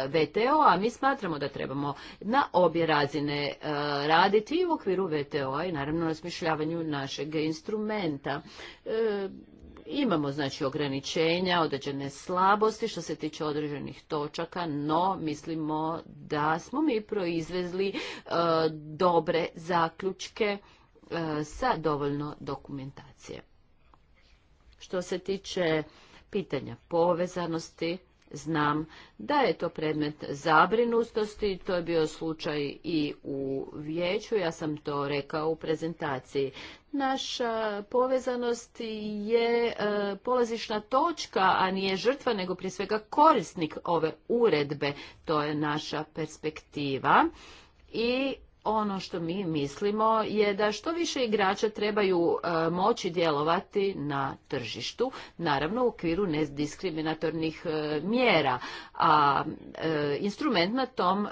VTO, a mi smatramo da trebamo na obje razine e, raditi i u okviru VTO-a i naravno na osmišljavanju našeg instrumenta imamo znači ograničenja, određene slabosti što se tiče određenih točaka, no mislimo da smo mi proizvezli e, dobre zaključke e, sa dovoljno dokumentacije. Što se tiče pitanja povezanosti, znam da je to predmet zabrinutosti, to je bio slučaj i u vijeću, ja sam to rekao u prezentaciji. Naša povezanost je e, polazišna točka, a nije žrtva, nego prije svega korisnik ove uredbe. To je naša perspektiva i ono što mi mislimo je da što više igrača trebaju e, moći djelovati na tržištu, naravno u okviru nediskriminatornih e, mjera, a e, instrument na tom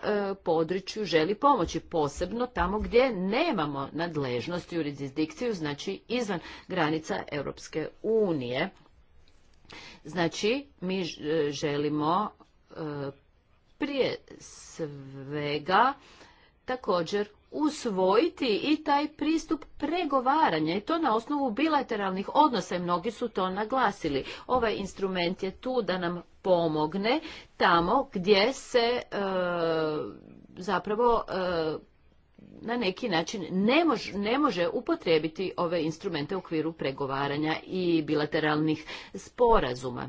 području želi pomoći posebno tamo gdje nemamo nadležnost i jurisdikciju, znači izvan granica Europske unije. Znači, mi želimo prije svega također usvojiti i taj pristup pregovaranja i to na osnovu bilateralnih odnosa i mnogi su to naglasili. Ovaj instrument je tu da nam pomogne tamo gdje se e, zapravo e, na neki način ne može, ne može upotrijebiti ove instrumente u okviru pregovaranja i bilateralnih sporazuma.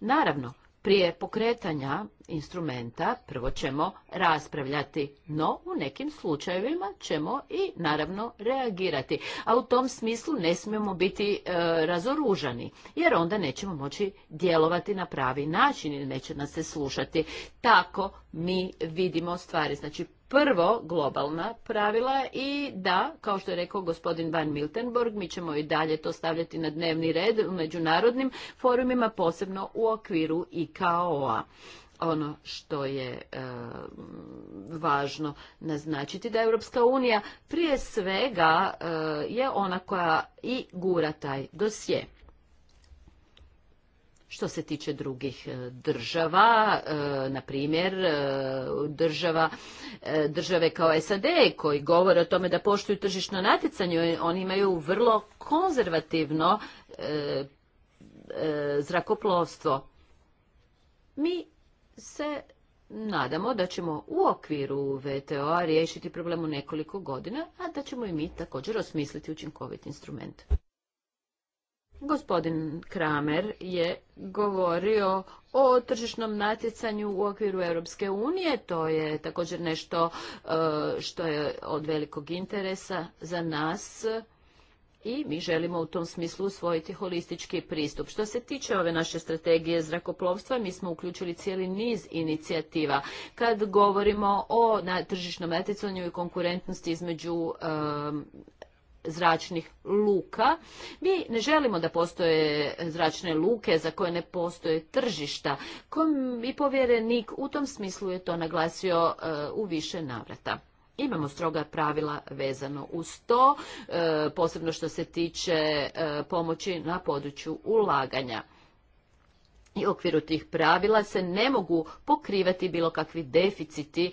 Naravno, prije pokretanja instrumenta prvo ćemo raspravljati, no u nekim slučajevima ćemo i naravno reagirati. A u tom smislu ne smijemo biti e, razoružani, jer onda nećemo moći djelovati na pravi način i neće nas se slušati. Tako mi vidimo stvari. Znači Prvo, globalna pravila i da, kao što je rekao gospodin Van Miltenborg, mi ćemo i dalje to stavljati na dnevni red u međunarodnim forumima, posebno u okviru IKO-a ono što je e, važno naznačiti da Europska unija prije svega e, je ona koja i gura taj dosje. Što se tiče drugih e, država, e, na primjer e, država, države kao SAD koji govore o tome da poštuju tržišno natjecanje, oni imaju vrlo konzervativno zrakoplovstvo. Mi se nadamo da ćemo u okviru VTO-a riješiti problem u nekoliko godina, a da ćemo i mi također osmisliti učinkovit instrument. Gospodin Kramer je govorio o tržišnom natjecanju u okviru Europske unije. To je također nešto e, što je od velikog interesa za nas i mi želimo u tom smislu usvojiti holistički pristup. Što se tiče ove naše strategije zrakoplovstva, mi smo uključili cijeli niz inicijativa. Kad govorimo o tržišnom natjecanju i konkurentnosti između e, zračnih luka. Mi ne želimo da postoje zračne luke za koje ne postoje tržišta. Kom i povjerenik u tom smislu je to naglasio e, u više navrata. Imamo stroga pravila vezano uz to, e, posebno što se tiče e, pomoći na području ulaganja. I u okviru tih pravila se ne mogu pokrivati bilo kakvi deficiti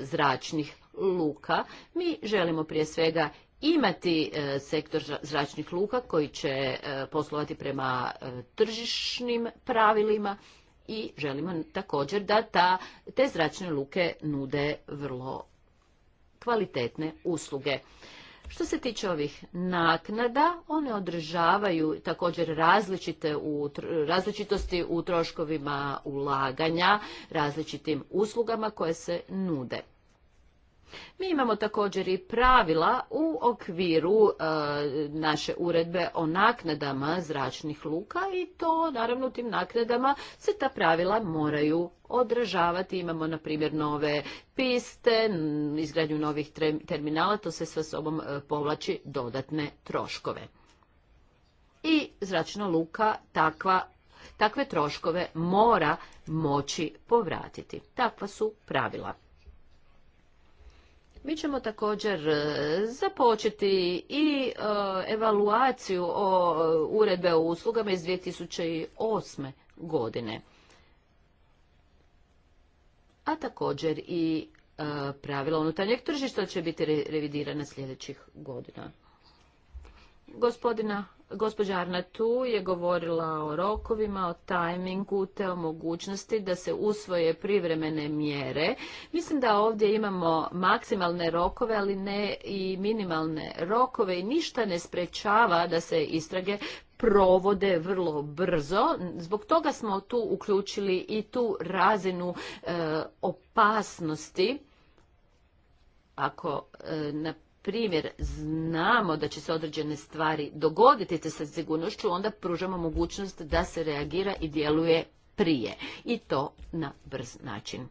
zračnih luka. Mi želimo prije svega imati e, sektor zračnih luka koji će e, poslovati prema e, tržišnim pravilima i želimo također da ta, te zračne luke nude vrlo kvalitetne usluge. Što se tiče ovih naknada, one održavaju također različite u, različitosti u troškovima ulaganja, različitim uslugama koje se nude. Mi imamo također i pravila u okviru e, naše uredbe o naknadama zračnih luka i to naravno tim naknadama se ta pravila moraju odražavati. Imamo na primjer nove piste, izgradnju novih terminala, to se sa sobom e, povlači dodatne troškove. I zračna luka takva takve troškove mora moći povratiti. Takva su pravila. Mi ćemo također e, započeti i e, evaluaciju o e, uredbe o uslugama iz 2008. godine. A također i pravila unutarnjeg tržišta će biti revidirana sljedećih godina. Gospodina Gospođa Arnatu je govorila o rokovima, o tajmingu, te o mogućnosti da se usvoje privremene mjere. Mislim da ovdje imamo maksimalne rokove, ali ne i minimalne rokove i ništa ne sprečava da se istrage provode vrlo brzo. Zbog toga smo tu uključili i tu razinu e, opasnosti. Ako, e, na primjer znamo da će se određene stvari dogoditi sa sigurnošću, onda pružamo mogućnost da se reagira i djeluje prije. I to na brz način.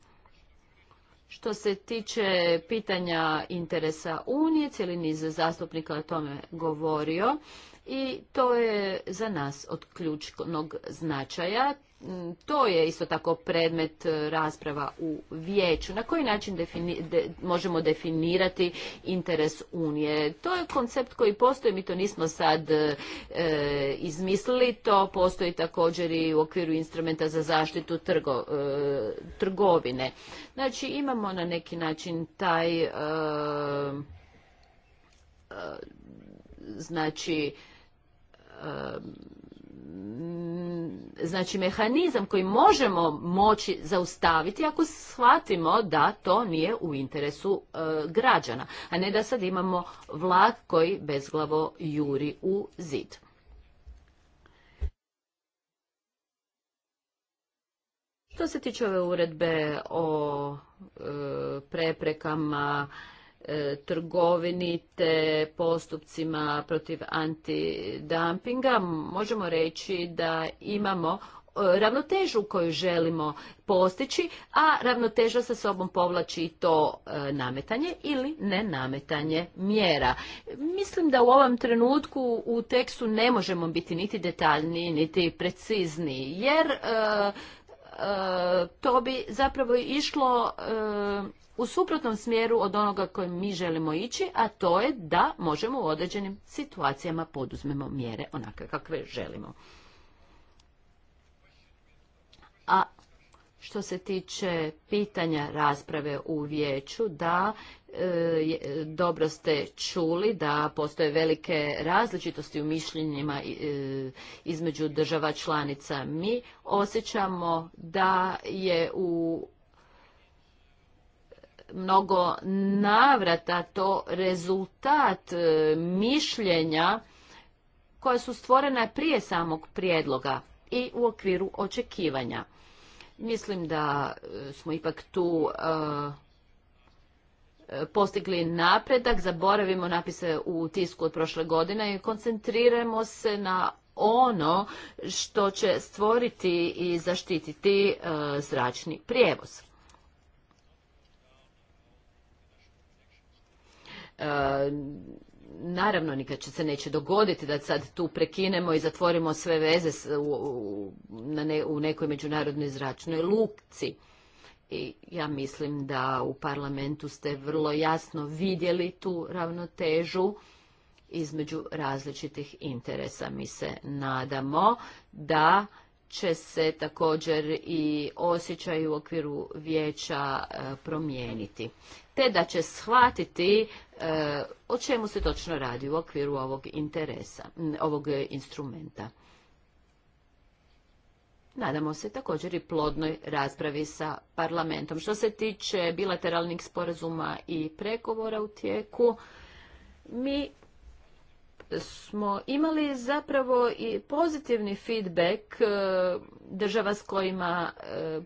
Što se tiče pitanja interesa Unije, cijeli niz zastupnika o tome govorio i to je za nas od ključnog značaja. Mm, to je isto tako predmet e, rasprava u vijeću. Na koji način možemo definirati interes Unije? To je koncept koji postoji, mi to nismo sad e, e, izmislili, to postoji također i u okviru instrumenta za zaštitu trgovine. Znači imamo na neki način taj znači Mm, znači mehanizam koji možemo moći zaustaviti ako shvatimo da to nije u interesu e, građana, a ne da sad imamo vlak koji bezglavo juri u zid. Što se tiče ove uredbe o e, preprekama trgovinite trgovini te postupcima protiv antidumpinga možemo reći da imamo e, ravnotežu koju želimo postići, a ravnoteža sa sobom povlači i to e, nametanje ili nenametanje mjera. Mislim da u ovom trenutku u tekstu ne možemo biti niti detaljniji, niti precizniji, jer e, to bi zapravo išlo u suprotnom smjeru od onoga kojim mi želimo ići, a to je da možemo u određenim situacijama poduzmemo mjere onakve kakve želimo. A što se tiče pitanja rasprave u vijeću, da e, dobro ste čuli da postoje velike različitosti u mišljenjima e, između država članica. Mi osjećamo da je u mnogo navrata to rezultat e, mišljenja koje su stvorena prije samog prijedloga i u okviru očekivanja. Mislim da e, smo ipak tu e, postigli napredak, zaboravimo napise u tisku od prošle godine i koncentriramo se na ono što će stvoriti i zaštititi zračni prijevoz. E, naravno nikad će se neće dogoditi da sad tu prekinemo i zatvorimo sve veze u, ne, u nekoj međunarodnoj zračnoj lukci. I ja mislim da u parlamentu ste vrlo jasno vidjeli tu ravnotežu između različitih interesa. Mi se nadamo da će se također i osjećaj u okviru vijeća e, promijeniti, te da će shvatiti e, o čemu se točno radi u okviru ovog interesa, ovog instrumenta. Nadamo se također i plodnoj raspravi sa parlamentom. Što se tiče bilateralnih sporazuma i pregovora u tijeku, mi smo imali zapravo i pozitivni feedback e, država s kojima e,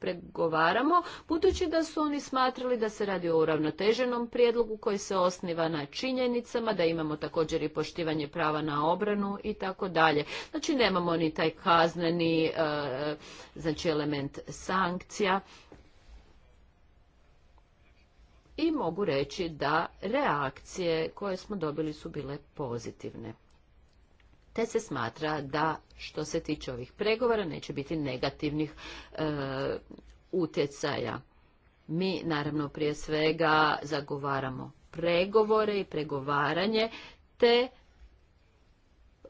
pregovaramo, budući da su oni smatrali da se radi o uravnoteženom prijedlogu koji se osniva na činjenicama, da imamo također i poštivanje prava na obranu i tako dalje. Znači nemamo ni taj kazneni e, znači element sankcija i mogu reći da reakcije koje smo dobili su bile pozitivne. Te se smatra da što se tiče ovih pregovora neće biti negativnih e, utjecaja. Mi naravno prije svega zagovaramo pregovore i pregovaranje te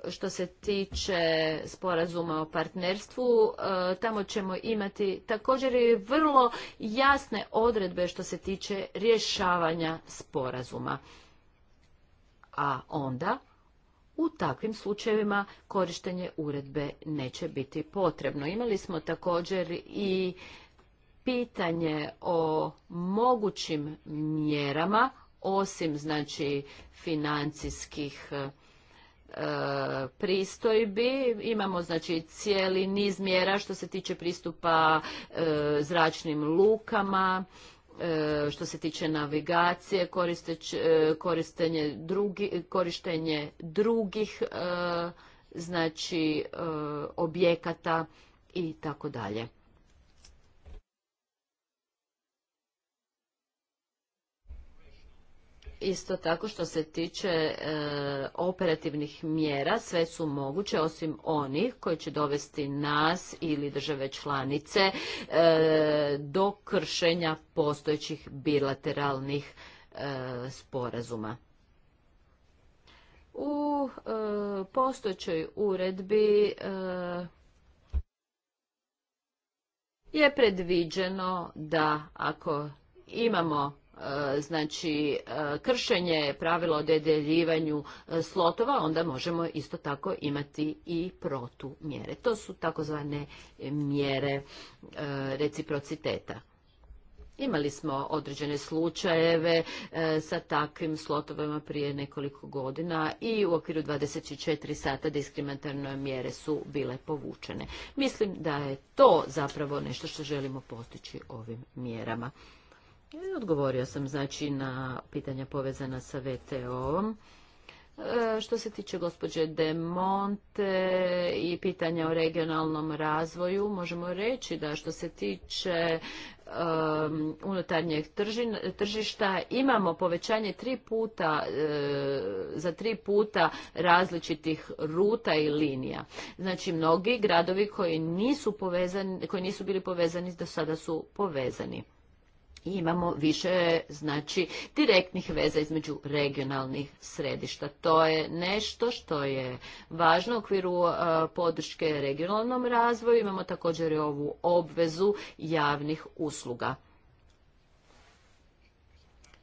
što se tiče sporazuma o partnerstvu, e, tamo ćemo imati također i vrlo jasne odredbe što se tiče rješavanja sporazuma. A onda u takvim slučajevima korištenje uredbe neće biti potrebno. Imali smo također i pitanje o mogućim mjerama osim znači financijskih E, pristojbi. Imamo znači cijeli niz mjera što se tiče pristupa e, zračnim lukama, e, što se tiče navigacije, korištenje drugih znači objekata i tako dalje. Isto tako što se tiče e, operativnih mjera, sve su moguće osim onih koji će dovesti nas ili države članice e, do kršenja postojećih bilateralnih e, sporazuma. U postojećoj uredbi je predviđeno da ako imamo E, znači e, kršenje pravila o dedeljivanju e, slotova, onda možemo isto tako imati i protu mjere. To su takozvane mjere reciprociteta. Imali smo određene slučajeve sa takvim slotovima prije nekoliko godina i u okviru 24 sata diskriminatorne mjere su bile povučene. Mislim da je to zapravo nešto što želimo postići ovim mjerama. E, odgovorio sam znači na pitanja povezana sa VTO-om. E, što se tiče gospođe De Monte i pitanja o regionalnom razvoju, možemo reći da što se tiče unutarnjeg tržišta imamo povećanje tri puta, e, za tri puta različitih ruta i linija. Znači mnogi gradovi koji nisu, povezani, koji nisu bili povezani do sada su povezani imamo više znači direktnih veza između regionalnih središta. To je nešto što je važno u okviru e, podrške regionalnom razvoju. Imamo također i ovu obvezu javnih usluga.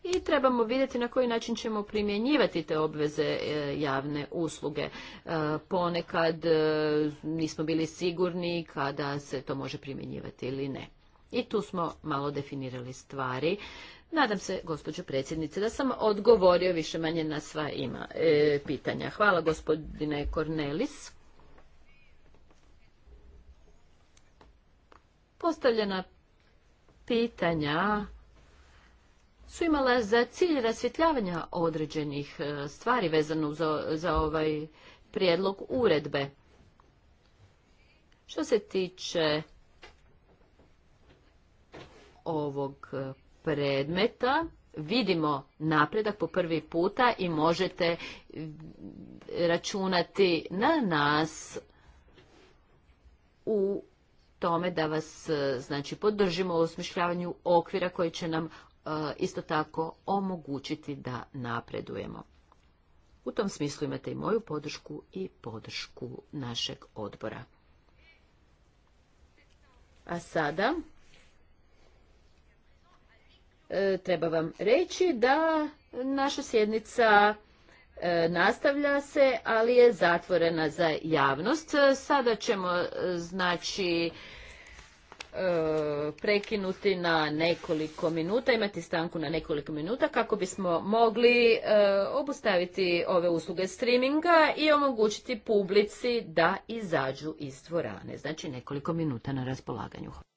I trebamo vidjeti na koji način ćemo primjenjivati te obveze e, javne usluge. E, ponekad nismo bili sigurni kada se to može primjenjivati ili ne. I tu smo malo definirali stvari. Nadam se, gospođo predsjednice, da sam odgovorio više manje na sva ima e, pitanja. Hvala gospodine Kornelis. Postavljena pitanja su imala za cilj rasvjetljavanja određenih e, stvari vezano za, za ovaj prijedlog uredbe. Što se tiče ovog e, predmeta vidimo napredak po prvi puta i možete e, računati na nas u tome da vas e, znači podržimo u osmišljavanju okvira koji će nam isto tako omogućiti da napredujemo. U tom smislu imate i moju podršku i podršku našeg odbora. A sada E, treba vam reći da naša sjednica e, nastavlja se, ali je zatvorena za javnost. Sada ćemo e, znači prekinuti na nekoliko minuta, imati stanku na nekoliko minuta kako bismo mogli obustaviti ove usluge streaminga i omogućiti publici da izađu iz dvorane. Znači nekoliko minuta na raspolaganju.